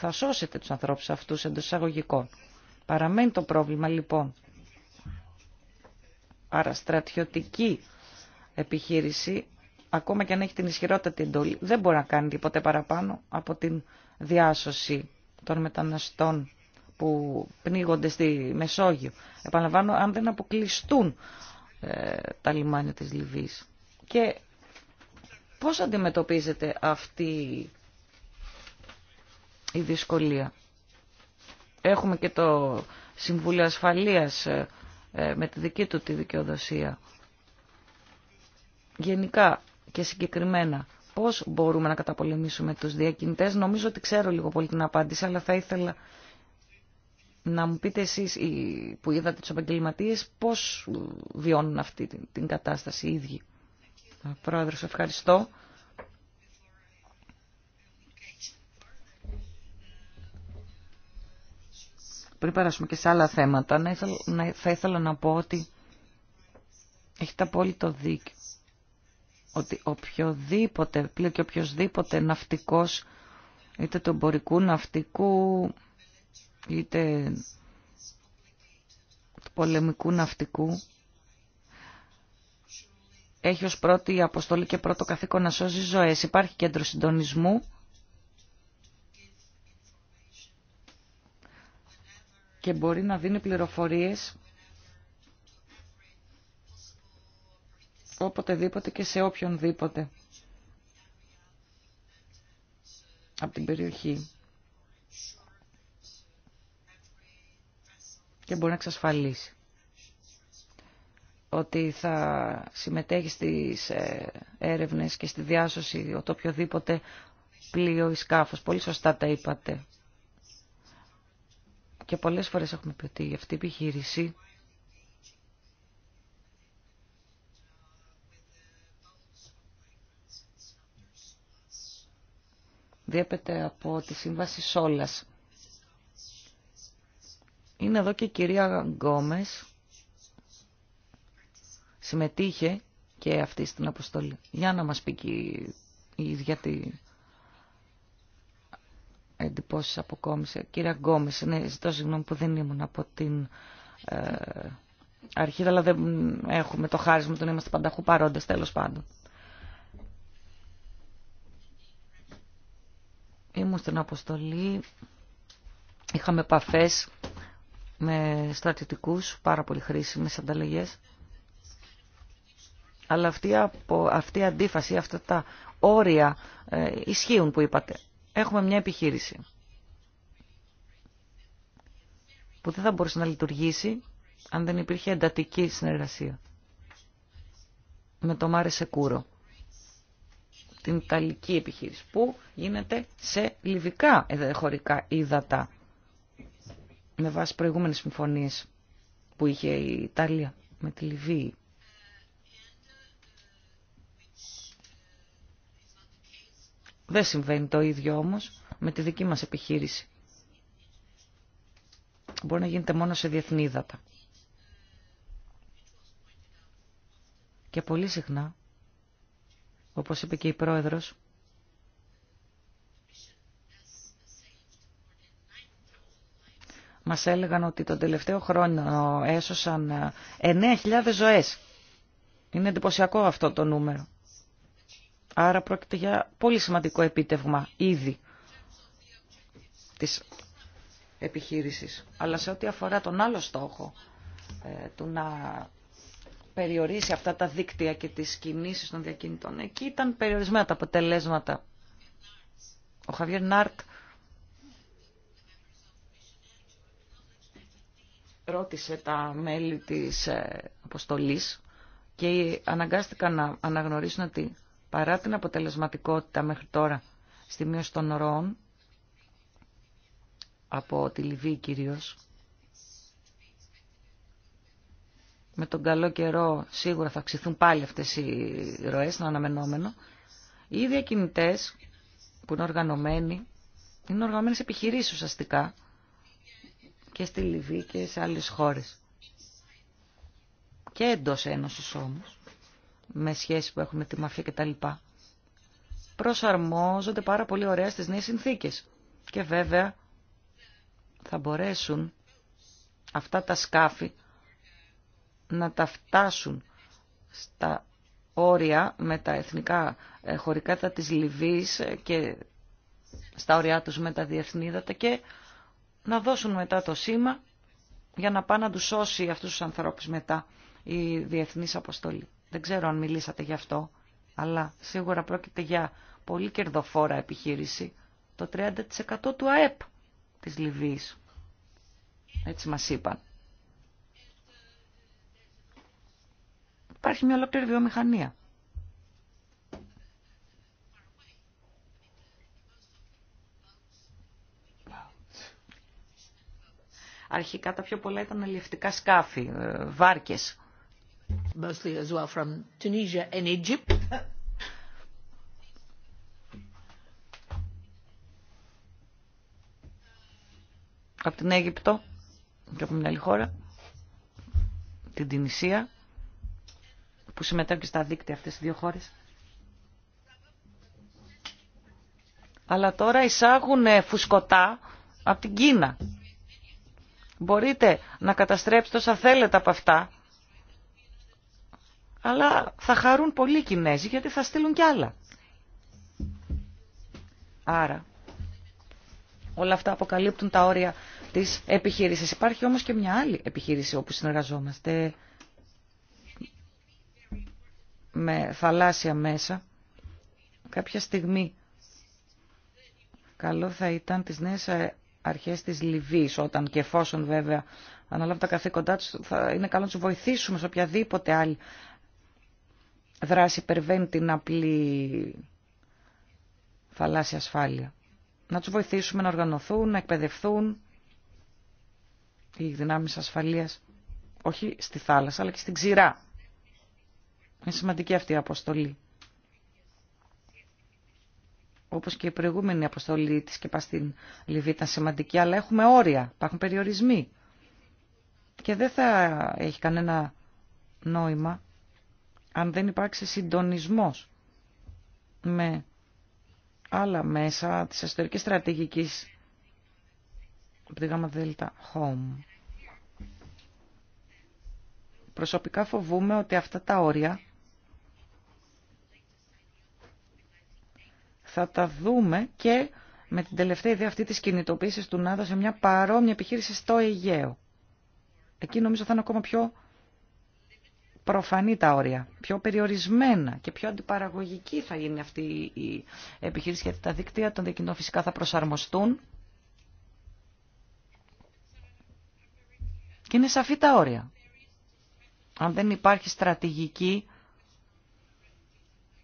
θα σώσετε τους ανθρώπους αυτούς εντός εισαγωγικών. Παραμένει το πρόβλημα λοιπόν. Άρα στρατιωτική επιχείρηση, ακόμα και αν έχει την την εντολή, δεν μπορεί να κάνει τίποτε παραπάνω από την διάσωση των μεταναστών που πνίγονται στη Μεσόγειο. Επαναλαμβάνω, αν δεν αποκλειστούν ε, τα λιμάνια της Λιβύης. Και πώς αντιμετωπίζετε αυτή η δυσκολία. Έχουμε και το Συμβούλιο Ασφαλείας ε, ε, με τη δική του τη δικαιοδοσία. Γενικά και συγκεκριμένα, πώς μπορούμε να καταπολεμήσουμε τους διακινητές. Νομίζω ότι ξέρω λίγο πολύ την απάντηση, αλλά θα ήθελα να μου πείτε εσείς που είδατε τους επαγγελματίε πώς ε, βιώνουν αυτή την κατάσταση οι ίδιοι. Πρόεδρος, ευχαριστώ. πριν περάσουμε και σε άλλα θέματα, να ήθελα, να, θα ήθελα να πω ότι έχετε απόλυτο δίκιο ότι οποιοδήποτε πλέον και οποιοδήποτε ναυτικός, είτε του εμπορικού ναυτικού, είτε του πολεμικού ναυτικού, έχει ως πρώτη αποστολή και πρώτο καθήκον να σώζει ζωές. Υπάρχει κέντρο συντονισμού και μπορεί να δίνει πληροφορίες οποτεδήποτε και σε οποιονδήποτε από την περιοχή. Και μπορεί να εξασφαλίσει ότι θα συμμετέχει στις ε, έρευνες και στη διάσωση οποιοδήποτε πλοίο ή σκάφος. Πολύ σωστά τα είπατε. Και πολλές φορές έχουμε πει ότι αυτή η επιχείρηση διέπεται από τη σύμβαση Σόλας. Είναι εδώ και η κυρία Γκόμες συμμετείχε και αυτή στην αποστολή. Για να μας πει και η ίδια τη εντυπώσεις αποκόμισε. Κύριε Γκόμε, ναι, ζητώ συγγνώμη που δεν ήμουν από την ε, αρχή, αλλά δεν έχουμε το χάρισμα του να είμαστε πανταχού παρόντε τέλο πάντων. Ήμουν στην αποστολή, είχαμε επαφέ με στρατιωτικούς, πάρα πολύ χρήσιμε ανταλλαγές. Αλλά αυτή, αυτή η αντίφαση, αυτά τα όρια ε, ισχύουν που είπατε έχουμε μια επιχείρηση που δεν θα μπορούσε να λειτουργήσει αν δεν υπήρχε εντατική συνεργασία με το Μάρε Σεκούρο, την Ιταλική επιχείρηση, που γίνεται σε λιβικά χωρικά ύδατα, με βάση προηγούμενες συμφωνίες που είχε η Ιταλία με τη Λιβύη. Δεν συμβαίνει το ίδιο όμως με τη δική μας επιχείρηση. Μπορεί να γίνεται μόνο σε διεθνή ύδατα. Και πολύ συχνά, όπως είπε και η πρόεδρος, μας έλεγαν ότι τον τελευταίο χρόνο έσωσαν 9.000 ε, ζωές. Είναι εντυπωσιακό αυτό το νούμερο. Άρα πρόκειται για πολύ σημαντικό επίτευγμα ήδη της επιχείρησης. Αλλά σε ό,τι αφορά τον άλλο στόχο ε, του να περιορίσει αυτά τα δίκτυα και τις κινήσεις των διακινητών, εκεί ήταν περιορισμένα τα αποτελέσματα. Ο Χαβιέρ Νάρτ ρώτησε τα μέλη της ε, αποστολής και αναγκάστηκαν να αναγνωρίσουν ότι Παρά την αποτελεσματικότητα μέχρι τώρα στη μείωση των ροών, από τη Λιβύη κυρίως, με τον καλό καιρό σίγουρα θα αυξηθούν πάλι αυτές οι ροές, είναι αναμενόμενο. Οι διακινητές που είναι οργανωμένοι, είναι οργανωμένες επιχειρήσεις ουσιαστικά και στη Λιβύη και σε άλλες χώρες. Και εντός Ένωσης όμως με σχέση που έχουν με τη μαφία κτλ. Προσαρμόζονται πάρα πολύ ωραία στις νέες συνθήκες. Και βέβαια θα μπορέσουν αυτά τα σκάφη να τα φτάσουν στα όρια με τα εθνικά ε, χωρικά της Λιβύης ε, και στα όρια τους με τα διεθνίδατα και να δώσουν μετά το σήμα για να πάνε να τους σώσει αυτούς τους ανθρώπους μετά η διεθνής αποστολή. Δεν ξέρω αν μιλήσατε γι' αυτό, αλλά σίγουρα πρόκειται για πολύ κερδοφόρα επιχείρηση, το 30% του ΑΕΠ της Λιβύης. Έτσι μας είπαν. Υπάρχει μια ολόκληρη βιομηχανία. Αρχικά τα πιο πολλά ήταν αλληλευτικά σκάφη, ε, βάρκες mostly Από την Αίγυπτο και από μια άλλη χώρα, την Τινησία, που συμμετέχουν στα δίκτυα αυτές οι δύο χώρες. Αλλά τώρα εισάγουν ε, φουσκωτά από την Κίνα. Μπορείτε να καταστρέψετε όσα θέλετε από αυτά, αλλά θα χαρούν πολλοί Κινέζοι γιατί θα στείλουν κι άλλα. Άρα, όλα αυτά αποκαλύπτουν τα όρια της επιχείρησης. Υπάρχει όμως και μια άλλη επιχείρηση όπου συνεργαζόμαστε με θαλάσσια μέσα. Κάποια στιγμή καλό θα ήταν τις νέες αρχές της Λιβύης, όταν και εφόσον βέβαια αναλάβουν τα καθήκοντά τους, θα είναι καλό να τους βοηθήσουμε σε οποιαδήποτε άλλη δράση υπερβαίνει την απλή θαλάσσια ασφάλεια. Να τους βοηθήσουμε να οργανωθούν, να εκπαιδευτούν οι δυνάμεις ασφαλείας, όχι στη θάλασσα, αλλά και στην ξηρά. Είναι σημαντική αυτή η αποστολή. Όπως και η προηγούμενη αποστολή της και στην Λιβύη ήταν σημαντική, αλλά έχουμε όρια, υπάρχουν περιορισμοί. Και δεν θα έχει κανένα νόημα αν δεν υπάρξει συντονισμός με άλλα μέσα της εσωτερικής στρατηγικής από τη γάμα δέλτα home. Προσωπικά φοβούμε ότι αυτά τα όρια θα τα δούμε και με την τελευταία ιδέα αυτή της κινητοποίησης του ΝΑΔΑ σε μια παρόμοια επιχείρηση στο Αιγαίο. Εκεί νομίζω θα είναι ακόμα πιο προφανή τα όρια, πιο περιορισμένα και πιο αντιπαραγωγική θα γίνει αυτή η επιχείρηση γιατί τα δίκτυα των διακοινών φυσικά θα προσαρμοστούν και είναι σαφή τα όρια. Αν δεν υπάρχει στρατηγική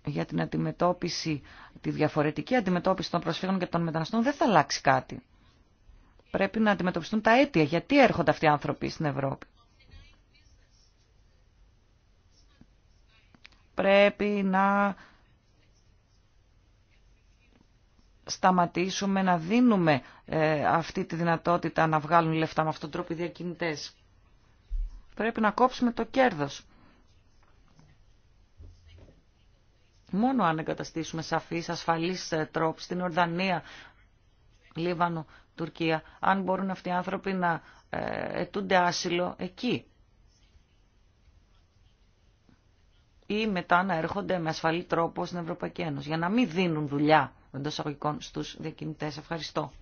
για την αντιμετώπιση, τη διαφορετική αντιμετώπιση των προσφύγων και των μεταναστών, δεν θα αλλάξει κάτι. Πρέπει να αντιμετωπιστούν τα αίτια. Γιατί έρχονται αυτοί οι άνθρωποι στην Ευρώπη. πρέπει να σταματήσουμε να δίνουμε ε, αυτή τη δυνατότητα να βγάλουν λεφτά με αυτόν τον τρόπο οι διακινητές. Πρέπει να κόψουμε το κέρδος. Μόνο αν εγκαταστήσουμε σαφείς, ασφαλείς ε, τρόπους στην Ορδανία, Λίβανο, Τουρκία, αν μπορούν αυτοί οι άνθρωποι να ε, ετούνται άσυλο εκεί. ή μετά να έρχονται με ασφαλή τρόπο στην Ευρωπαϊκή Ένωση για να μην δίνουν δουλειά εντό αγωγικών στους διακινητέ. Ευχαριστώ.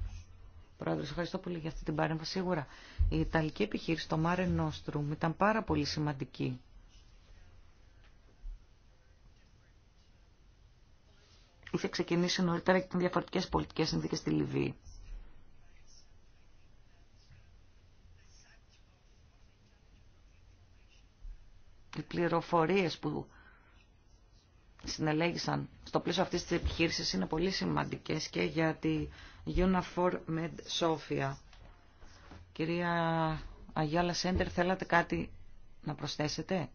Πρόεδρε, ευχαριστώ πολύ για αυτή την παρέμβαση. Σίγουρα η Ιταλική επιχείρηση, το Mare Nostrum, ήταν πάρα πολύ σημαντική. Είχε ξεκινήσει νωρίτερα και ήταν διαφορετικέ πολιτικές συνθήκε στη Λιβύη. οι πληροφορίες που συνελέγησαν στο πλαίσιο αυτής της επιχείρησης είναι πολύ σημαντικές και για τη Unifor Med Sofia. Κυρία Αγιάλα Σέντερ, θέλατε κάτι να προσθέσετε?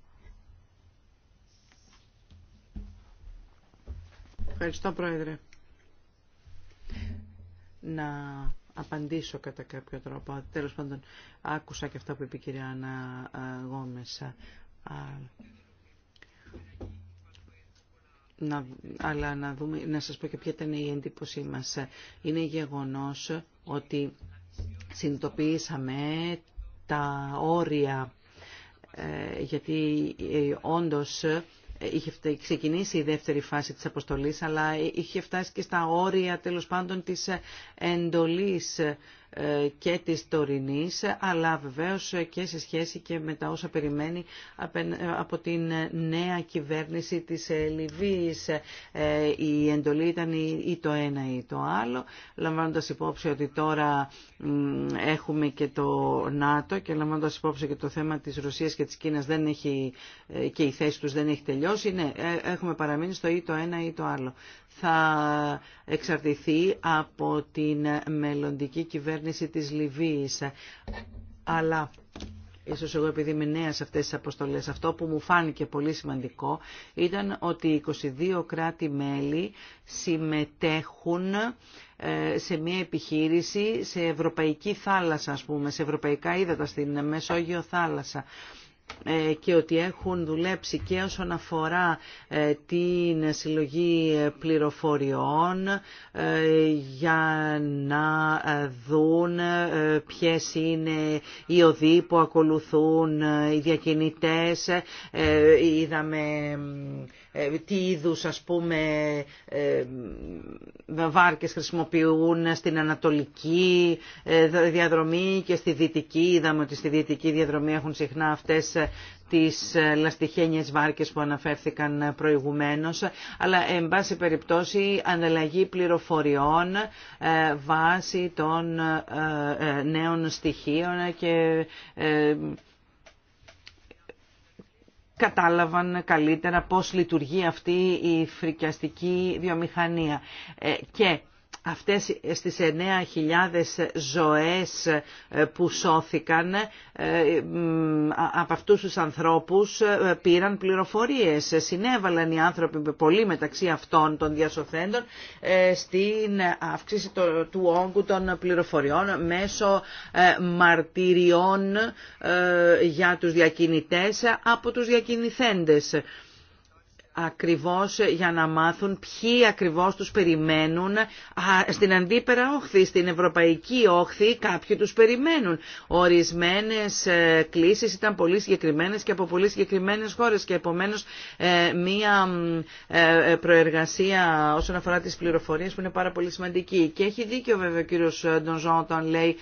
Ευχαριστώ, Πρόεδρε. Να απαντήσω κατά κάποιο τρόπο. Τέλος πάντων, άκουσα και αυτά που είπε η κυρία Άννα να, αλλά να, δούμε, να σας πω και ποια ήταν η εντύπωσή μας. Είναι γεγονός ότι συνειδητοποιήσαμε τα όρια, ε, γιατί ε, όντως ε, είχε ξεκινήσει η δεύτερη φάση της αποστολής, αλλά είχε φτάσει και στα όρια τέλος πάντων της εντολής και της τωρινής, αλλά βεβαίως και σε σχέση και με τα όσα περιμένει από την νέα κυβέρνηση της Λιβύης. Ε, η εντολή ήταν ή το ένα ή το άλλο, λαμβάνοντας υπόψη ότι τώρα έχουμε και το ΝΑΤΟ και λαμβάνοντας υπόψη και το θέμα της Ρωσίας και της Κίνας δεν έχει, ε, και η θέση τους δεν έχει τελειώσει, ναι, ε, έχουμε παραμείνει στο ή το ένα ή το άλλο. Θα εξαρτηθεί από την μελλοντική κυβέρνηση κυβέρνηση της Λιβύης. Αλλά ίσως εγώ επειδή είμαι νέα σε αυτές τις αποστολές, αυτό που μου φάνηκε πολύ σημαντικό ήταν ότι 22 κράτη-μέλη συμμετέχουν ε, σε μια επιχείρηση σε ευρωπαϊκή θάλασσα, ας πούμε, σε ευρωπαϊκά ύδατα στην Μεσόγειο θάλασσα. Ε, και ότι έχουν δουλέψει και όσον αφορά ε, την συλλογή πληροφοριών ε, για να δουν ποιες είναι οι οδοί που ακολουθούν οι διακινητές. Είδαμε ε, τι είδους ας πούμε ε, βάρκες χρησιμοποιούν στην ανατολική ε, διαδρομή και στη δυτική. Είδαμε ότι στη δυτική διαδρομή έχουν συχνά αυτές τις λαστιχένιες βάρκες που αναφέρθηκαν προηγουμένως, αλλά εν πάση περιπτώσει ανταλλαγή πληροφοριών βάσει των νέων στοιχείων και κατάλαβαν καλύτερα πώς λειτουργεί αυτή η φρικιαστική βιομηχανία. Ε, και αυτές στις 9.000 ζωές ε, που σώθηκαν ε, από αυτούς τους ανθρώπους ε, πήραν πληροφορίες. Συνέβαλαν οι άνθρωποι πολύ μεταξύ αυτών των διασωθέντων στην αύξηση του όγκου των πληροφοριών μέσω μαρτυριών για τους διακινητές από τους διακινηθέντες ακριβώς για να μάθουν ποιοι ακριβώς τους περιμένουν στην αντίπερα όχθη, στην ευρωπαϊκή όχθη κάποιοι τους περιμένουν. Ορισμένες ε, κλήσεις ήταν πολύ συγκεκριμένες και από πολύ συγκεκριμένες χώρες και επομένως ε, μία ε, προεργασία όσον αφορά τις πληροφορίες που είναι πάρα πολύ σημαντική. Και έχει δίκιο βέβαια ο κύριος Ντονζόν όταν λέει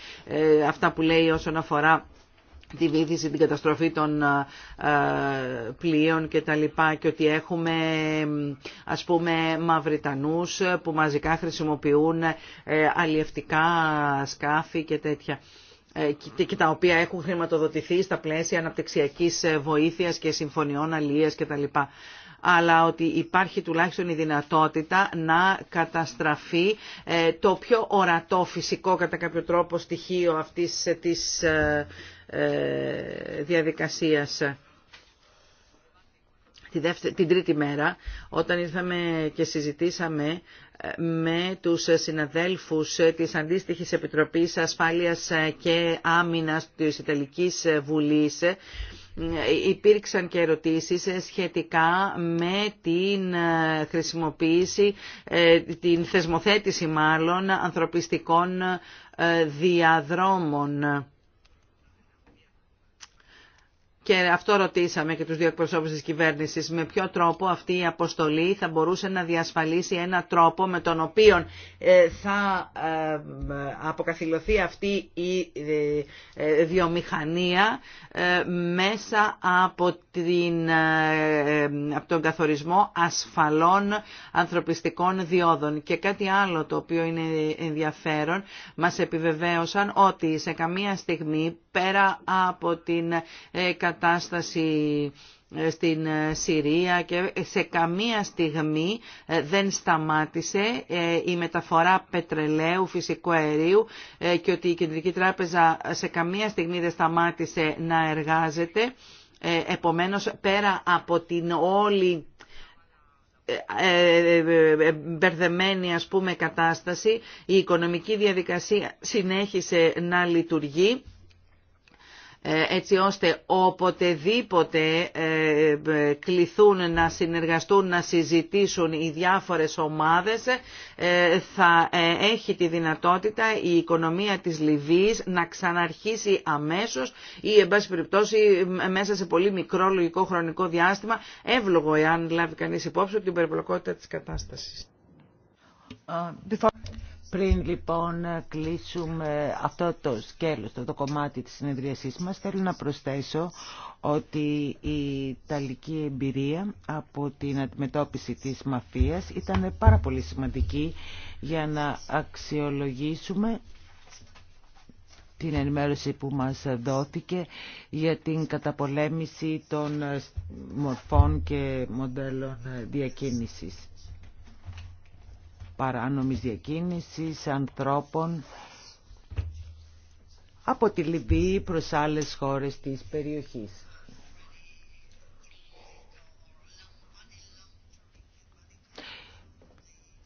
αυτά που λέει όσον αφορά τη την καταστροφή των ε, ε, πλοίων και τα λοιπά και ότι έχουμε ας πούμε Μαυριτανούς που μαζικά χρησιμοποιούν ε, αλλιευτικά σκάφη και τέτοια και τα οποία έχουν χρηματοδοτηθεί στα πλαίσια αναπτυξιακής βοήθειας και συμφωνιών τα κτλ. Αλλά ότι υπάρχει τουλάχιστον η δυνατότητα να καταστραφεί το πιο ορατό φυσικό κατά κάποιο τρόπο στοιχείο αυτής της ε, διαδικασίας την τρίτη μέρα, όταν ήρθαμε και συζητήσαμε ε, με τους συναδέλφους της αντίστοιχης Επιτροπής Ασφάλειας και Άμυνας της Ιταλικής Βουλής, ε, υπήρξαν και ερωτήσεις σχετικά με την χρησιμοποίηση, την θεσμοθέτηση μάλλον ανθρωπιστικών διαδρόμων και αυτό ρωτήσαμε και τους δύο εκπροσώπους της κυβέρνησης, με ποιο τρόπο αυτή η αποστολή θα μπορούσε να διασφαλίσει ένα τρόπο με τον οποίο ε, θα ε, ε, αποκαθιλωθεί αυτή η βιομηχανία μέσα από, την, από τον καθορισμό ασφαλών ανθρωπιστικών διόδων. Και κάτι άλλο το οποίο είναι ενδιαφέρον, μας επιβεβαίωσαν ότι σε καμία στιγμή πέρα από την ε, κατάσταση ε, στην ε, Συρία και σε καμία στιγμή δεν σταμάτησε η μεταφορά πετρελαίου, φυσικού αερίου και ότι η Κεντρική Τράπεζα σε καμία στιγμή δεν σταμάτησε να εργάζεται. Επομένως, πέρα από την όλη μπερδεμένη ας πούμε κατάσταση, η οικονομική διαδικασία συνέχισε να λειτουργεί ε, έτσι ώστε οποτεδήποτε ε, κληθούν να συνεργαστούν, να συζητήσουν οι διάφορες ομάδες, ε, θα έχει τη δυνατότητα η οικονομία της Λιβύης να ξαναρχίσει αμέσως ή, εν πάση περιπτώσει, μέσα σε πολύ μικρό λογικό χρονικό διάστημα, εύλογο εάν λάβει κανείς υπόψη την περιπλοκότητα της κατάστασης. Uh, πριν λοιπόν κλείσουμε αυτό το σκέλος, το, το κομμάτι της συνεδρίασής μας, θέλω να προσθέσω ότι η Ιταλική εμπειρία από την αντιμετώπιση της μαφίας ήταν πάρα πολύ σημαντική για να αξιολογήσουμε την ενημέρωση που μας δόθηκε για την καταπολέμηση των μορφών και μοντέλων διακίνησης παράνομης διακίνησης ανθρώπων από τη Λιβύη προς άλλες χώρες της περιοχής.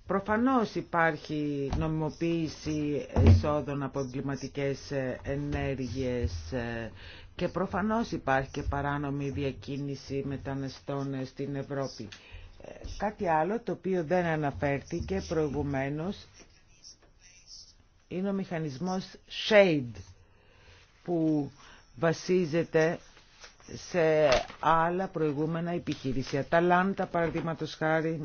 Προφανώς υπάρχει νομιμοποίηση εισόδων από εγκληματικέ ενέργειες και προφανώς υπάρχει και παράνομη διακίνηση μεταναστών στην Ευρώπη. Κάτι άλλο το οποίο δεν αναφέρθηκε προηγουμένως είναι ο μηχανισμός SHADE που βασίζεται σε άλλα προηγούμενα επιχειρήσια. Τα λάντα παραδείγματος χάρη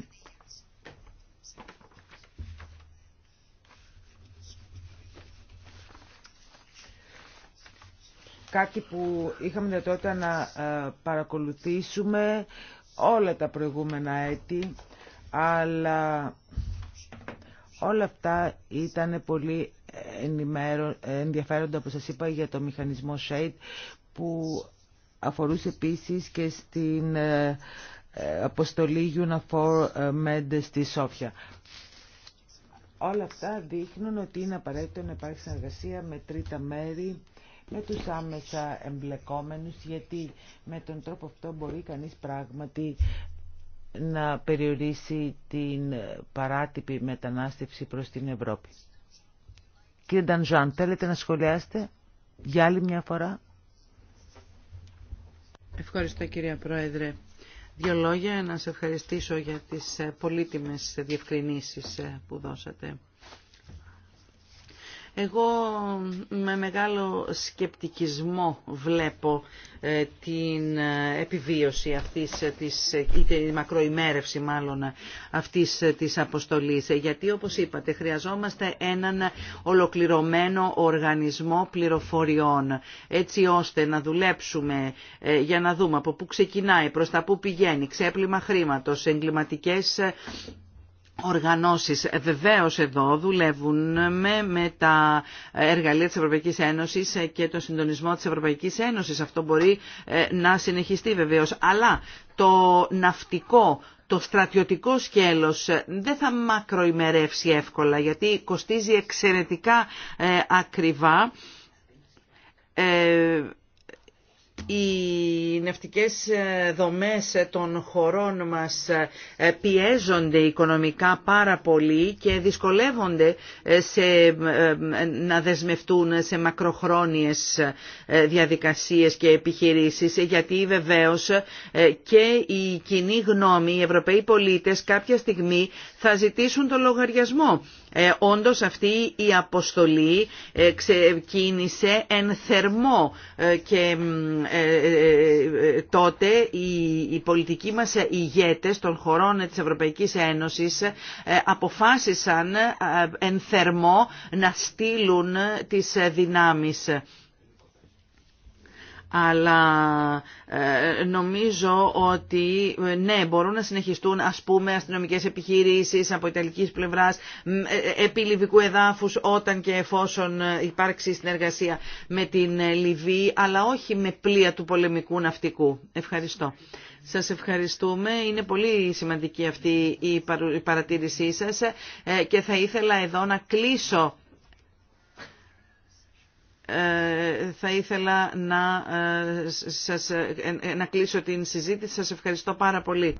κάτι που είχαμε τότε να ε, παρακολουθήσουμε όλα τα προηγούμενα έτη, αλλά όλα αυτά ήταν πολύ ενδιαφέροντα, όπως σας είπα, για το μηχανισμό SHADE, που αφορούσε επίσης και στην ε, ε, αποστολή UNAFOR ε, MED στη Σόφια. Όλα αυτά δείχνουν ότι είναι απαραίτητο να υπάρχει συνεργασία με τρίτα μέρη με τους άμεσα εμπλεκόμενους, γιατί με τον τρόπο αυτό μπορεί κανείς πράγματι να περιορίσει την παράτυπη μετανάστευση προς την Ευρώπη. Κύριε Ντανζάν, θέλετε να σχολιάσετε για άλλη μια φορά. Ευχαριστώ κυρία Πρόεδρε. Δύο λόγια να σε ευχαριστήσω για τις ε, πολύτιμες διευκρινήσεις ε, που δώσατε. Εγώ με μεγάλο σκεπτικισμό βλέπω ε, την ε, επιβίωση αυτής ε, της, ή τη μακροημέρευση μάλλον αυτής της αποστολής. Γιατί όπως είπατε χρειαζόμαστε έναν ολοκληρωμένο οργανισμό πληροφοριών έτσι ώστε να δουλέψουμε για να δούμε από πού ξεκινάει, προς τα πού πηγαίνει, ξέπλυμα χρήματος, εγκληματικές οργανώσεις. Ε, βεβαίως εδώ δουλεύουν με τα εργαλεία της Ευρωπαϊκής Ένωσης και το συντονισμό της Ευρωπαϊκής Ένωσης. Αυτό μπορεί ε, να συνεχιστεί βεβαίως. Αλλά το ναυτικό το στρατιωτικό σκέλος ε, δεν θα μακροημερεύσει εύκολα γιατί κοστίζει εξαιρετικά ακριβά οι νευτικές ε, δομές των χωρών μας ε, πιέζονται οικονομικά πάρα πολύ και δυσκολεύονται ε, σε, να δεσμευτούν σε μακροχρόνιες διαδικασίες και επιχειρήσεις γιατί βεβαίως και οι κοινή γνώμη, οι Ευρωπαίοι πολίτες κάποια στιγμή θα ζητήσουν το λογαριασμό ε, όντως αυτή η αποστολή ε, ξεκίνησε εν θερμό ε, και τότε οι πολιτικοί μας ηγέτες των χωρών της Ευρωπαϊκής Ένωσης αποφάσισαν εν θερμό να στείλουν τις δυνάμεις αλλά ε, νομίζω ότι ναι μπορούν να συνεχιστούν ας πούμε αστυνομικές επιχειρήσεις από ιταλικής πλευράς ε, επί λιβικού εδάφους όταν και εφόσον ε, υπάρξει συνεργασία με την Λιβύη αλλά όχι με πλοία του πολεμικού ναυτικού. Ευχαριστώ. Σας ευχαριστούμε. Είναι πολύ σημαντική αυτή η παρατήρησή σας και θα ήθελα εδώ να κλείσω ε, θα ήθελα ε, ε, να, κλείσω την συζήτηση. Σας ευχαριστώ πάρα πολύ.